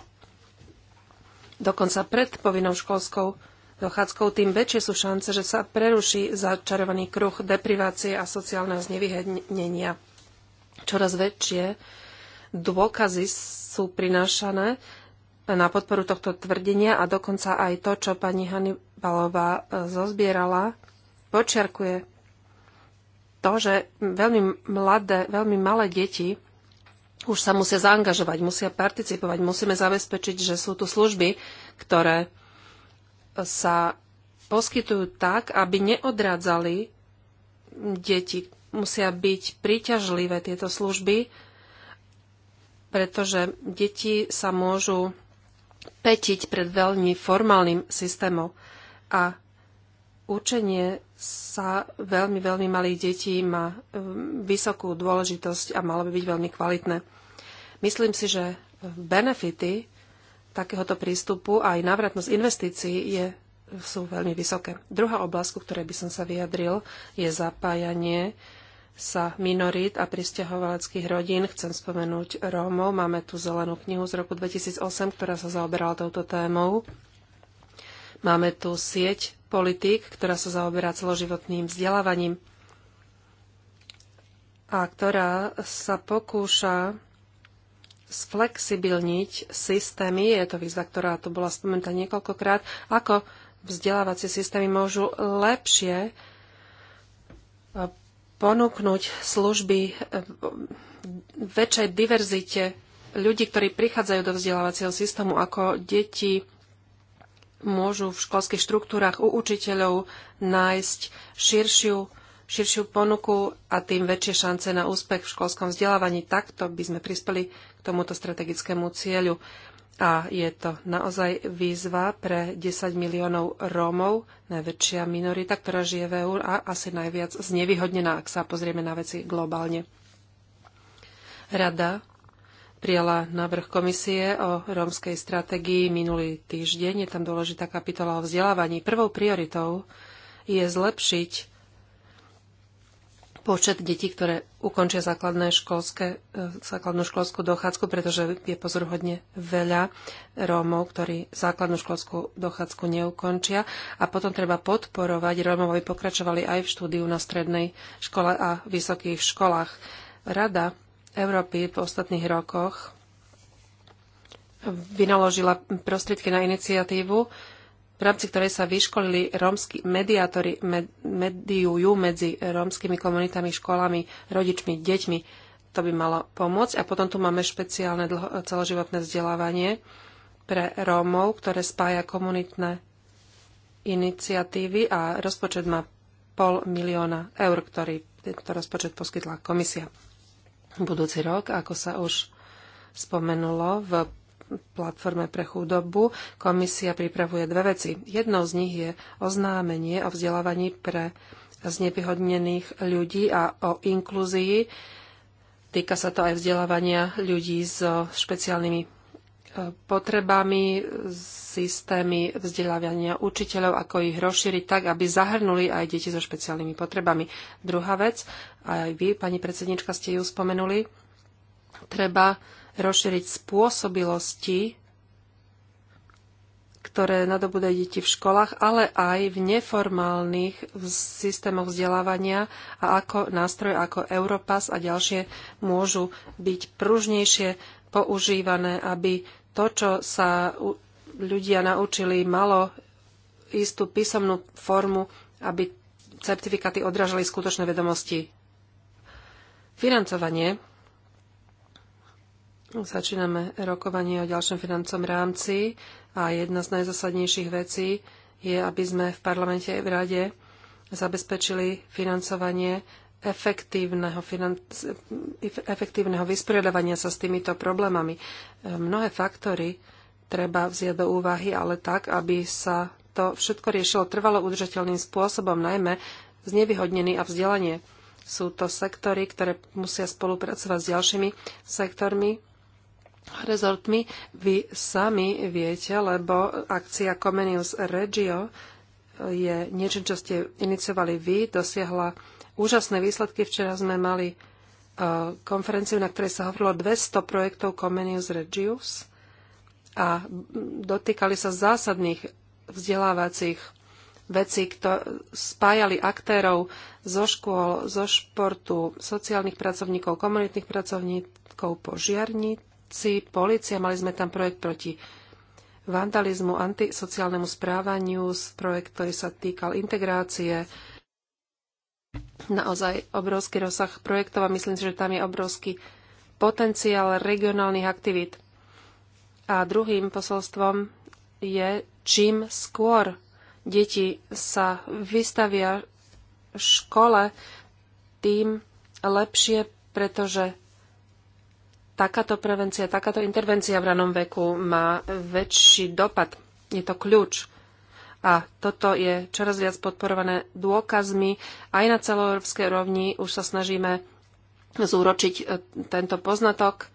dokonca pred povinnou školskou dochádzkou, tým väčšie sú šance, že sa preruší začarovaný kruh deprivácie a sociálneho znevýhodnenia. Čoraz väčšie dôkazy sú prinášané na podporu tohto tvrdenia a dokonca aj to, čo pani Hannibalová e, zozbierala, počiarkuje to, že veľmi mladé, veľmi malé deti už sa musia zaangažovať, musia participovať, musíme zabezpečiť, že sú tu služby, ktoré sa poskytujú tak, aby neodradzali deti. Musia byť príťažlivé tieto služby, pretože deti sa môžu petiť pred veľmi formálnym systémom. A učenie sa veľmi, veľmi malých detí má um, vysokú dôležitosť a malo by byť veľmi kvalitné. Myslím si, že benefity takéhoto prístupu aj návratnosť investícií je, sú veľmi vysoké. Druhá oblasť, ku ktorej by som sa vyjadril, je zapájanie sa minorít a pristahovaleckých rodín. Chcem spomenúť Rómov. Máme tu zelenú knihu z roku 2008, ktorá sa zaoberala touto témou. Máme tu sieť politik, ktorá sa zaoberá celoživotným vzdelávaním a ktorá sa pokúša sflexibilniť systémy, je to výzva, ktorá tu bola spomenutá niekoľkokrát, ako vzdelávacie systémy môžu lepšie e, ponúknuť služby e, väčšej diverzite ľudí, ktorí prichádzajú do vzdelávacieho systému, ako deti môžu v školských štruktúrach u učiteľov nájsť širšiu širšiu ponuku a tým väčšie šance na úspech v školskom vzdelávaní. Takto by sme prispeli k tomuto strategickému cieľu. A je to naozaj výzva pre 10 miliónov Rómov, najväčšia minorita, ktorá žije v EU a asi najviac znevýhodnená, ak sa pozrieme na veci globálne. Rada prijala návrh komisie o rómskej stratégii minulý týždeň. Je tam dôležitá kapitola o vzdelávaní. Prvou prioritou je zlepšiť počet detí, ktoré ukončia základné školské, e, základnú školskú dochádzku, pretože je pozoruhodne veľa Rómov, ktorí základnú školskú dochádzku neukončia. A potom treba podporovať Rómov, aby pokračovali aj v štúdiu na strednej škole a vysokých školách. Rada Európy v ostatných rokoch vynaložila prostriedky na iniciatívu, v rámci ktorej sa vyškolili rómsky mediátori, med, mediujú medzi rómskymi komunitami, školami, rodičmi, deťmi. To by malo pomôcť. A potom tu máme špeciálne dlho, celoživotné vzdelávanie pre Rómov, ktoré spája komunitné iniciatívy a rozpočet má pol milióna eur, ktorý tento rozpočet poskytla komisia. Budúci rok, ako sa už spomenulo v platforme pre chudobu komisia pripravuje dve veci. Jednou z nich je oznámenie o vzdelávaní pre znevýhodnených ľudí a o inklúzii. Týka sa to aj vzdelávania ľudí so špeciálnymi e, potrebami, systémy vzdelávania učiteľov, ako ich rozšíriť tak, aby zahrnuli aj deti so špeciálnymi potrebami. Druhá vec, aj vy, pani predsednička, ste ju spomenuli, treba rozšíriť spôsobilosti, ktoré nadobúdajú deti v školách, ale aj v neformálnych systémoch vzdelávania a ako nástroje ako Europass a ďalšie môžu byť pružnejšie používané, aby to, čo sa ľudia naučili, malo istú písomnú formu, aby certifikáty odrážali skutočné vedomosti. Financovanie Začíname rokovanie o ďalšom financom rámci a jedna z najzasadnejších vecí je, aby sme v parlamente aj v rade zabezpečili financovanie efektívneho, financ- efektívneho vysporiadavania sa s týmito problémami. Mnohé faktory treba vziať do úvahy, ale tak, aby sa to všetko riešilo trvalo udržateľným spôsobom, najmä znevýhodnený a vzdelanie. Sú to sektory, ktoré musia spolupracovať s ďalšími sektormi rezortmi. Vy sami viete, lebo akcia Comenius Regio je niečo, čo ste iniciovali vy, dosiahla úžasné výsledky. Včera sme mali e, konferenciu, na ktorej sa hovorilo 200 projektov Comenius Regius a dotýkali sa zásadných vzdelávacích vecí, ktoré spájali aktérov zo škôl, zo športu, sociálnych pracovníkov, komunitných pracovníkov, požiarníc, vojaci, policia, mali sme tam projekt proti vandalizmu, antisociálnemu správaniu, projekt, ktorý sa týkal integrácie, naozaj obrovský rozsah projektov a myslím si, že tam je obrovský potenciál regionálnych aktivít. A druhým posolstvom je, čím skôr deti sa vystavia škole, tým lepšie, pretože takáto prevencia, takáto intervencia v ranom veku má väčší dopad. Je to kľúč. A toto je čoraz viac podporované dôkazmi. Aj na celoeurópskej rovni už sa snažíme zúročiť e, tento poznatok.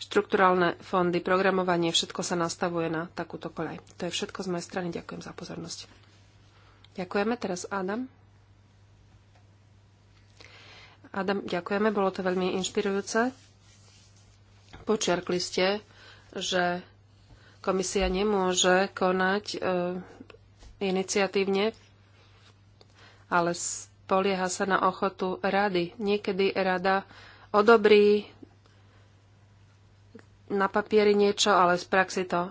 Štrukturálne fondy, programovanie, všetko sa nastavuje na takúto koľaj. To je všetko z mojej strany. Ďakujem za pozornosť. Ďakujeme. Teraz Adam. Adam, ďakujeme. Bolo to veľmi inšpirujúce. Počiarkli ste, že komisia nemôže konať e, iniciatívne, ale spolieha sa na ochotu rady. Niekedy rada odobrí na papieri niečo, ale z praxi to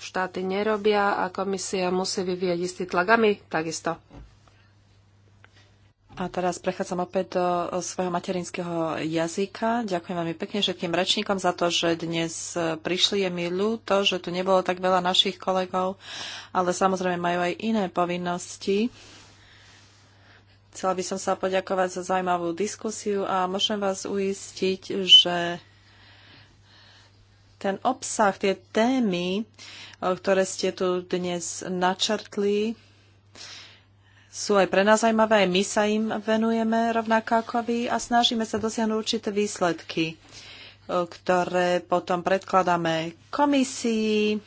štáty nerobia a komisia musí vyvieť istý tlak a my takisto. A teraz prechádzam opäť do e, svojho materinského jazyka. Ďakujem veľmi pekne všetkým rečníkom za to, že dnes e, prišli. Je mi ľúto, že tu nebolo tak veľa našich kolegov, ale samozrejme majú aj iné povinnosti. Chcela by som sa poďakovať za zaujímavú diskusiu a môžem vás uistiť, že ten obsah, tie témy, ktoré ste tu dnes načrtli, sú aj pre nás zaujímavé, aj my sa im venujeme rovnako ako vy a snažíme sa dosiahnuť určité výsledky, e, ktoré potom predkladáme komisii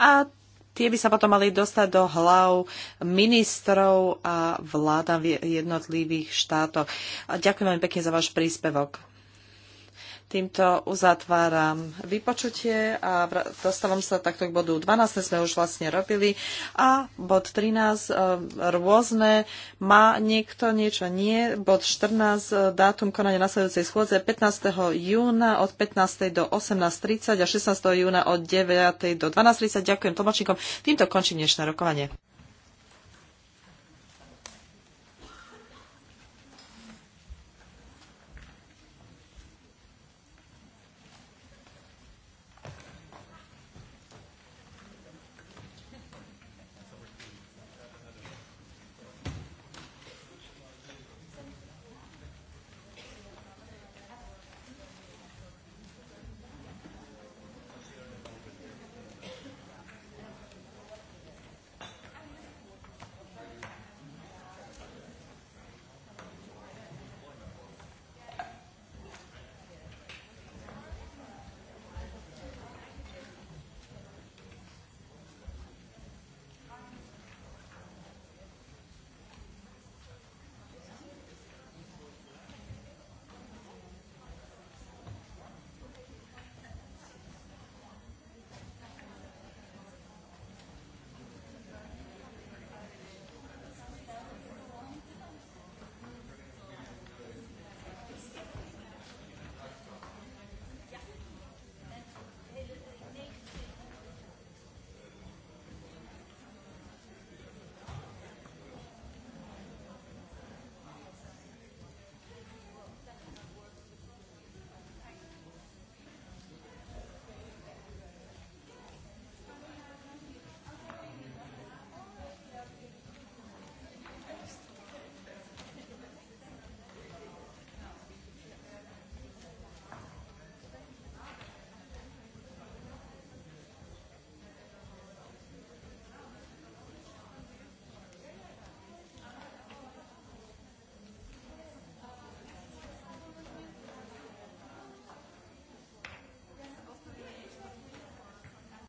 a tie by sa potom mali dostať do hlav ministrov a vláda v jednotlivých štátoch. A ďakujem veľmi pekne za váš príspevok. Týmto uzatváram vypočutie a dostávam sa takto k bodu 12, sme už vlastne robili. A bod 13 e, rôzne, má niekto niečo, nie. Bod 14 e, dátum konania nasledujúcej schôdze 15. júna od 15. do 18.30 a 16. júna od 9. do 12.30. Ďakujem tlmočníkom. Týmto končím dnešné rokovanie.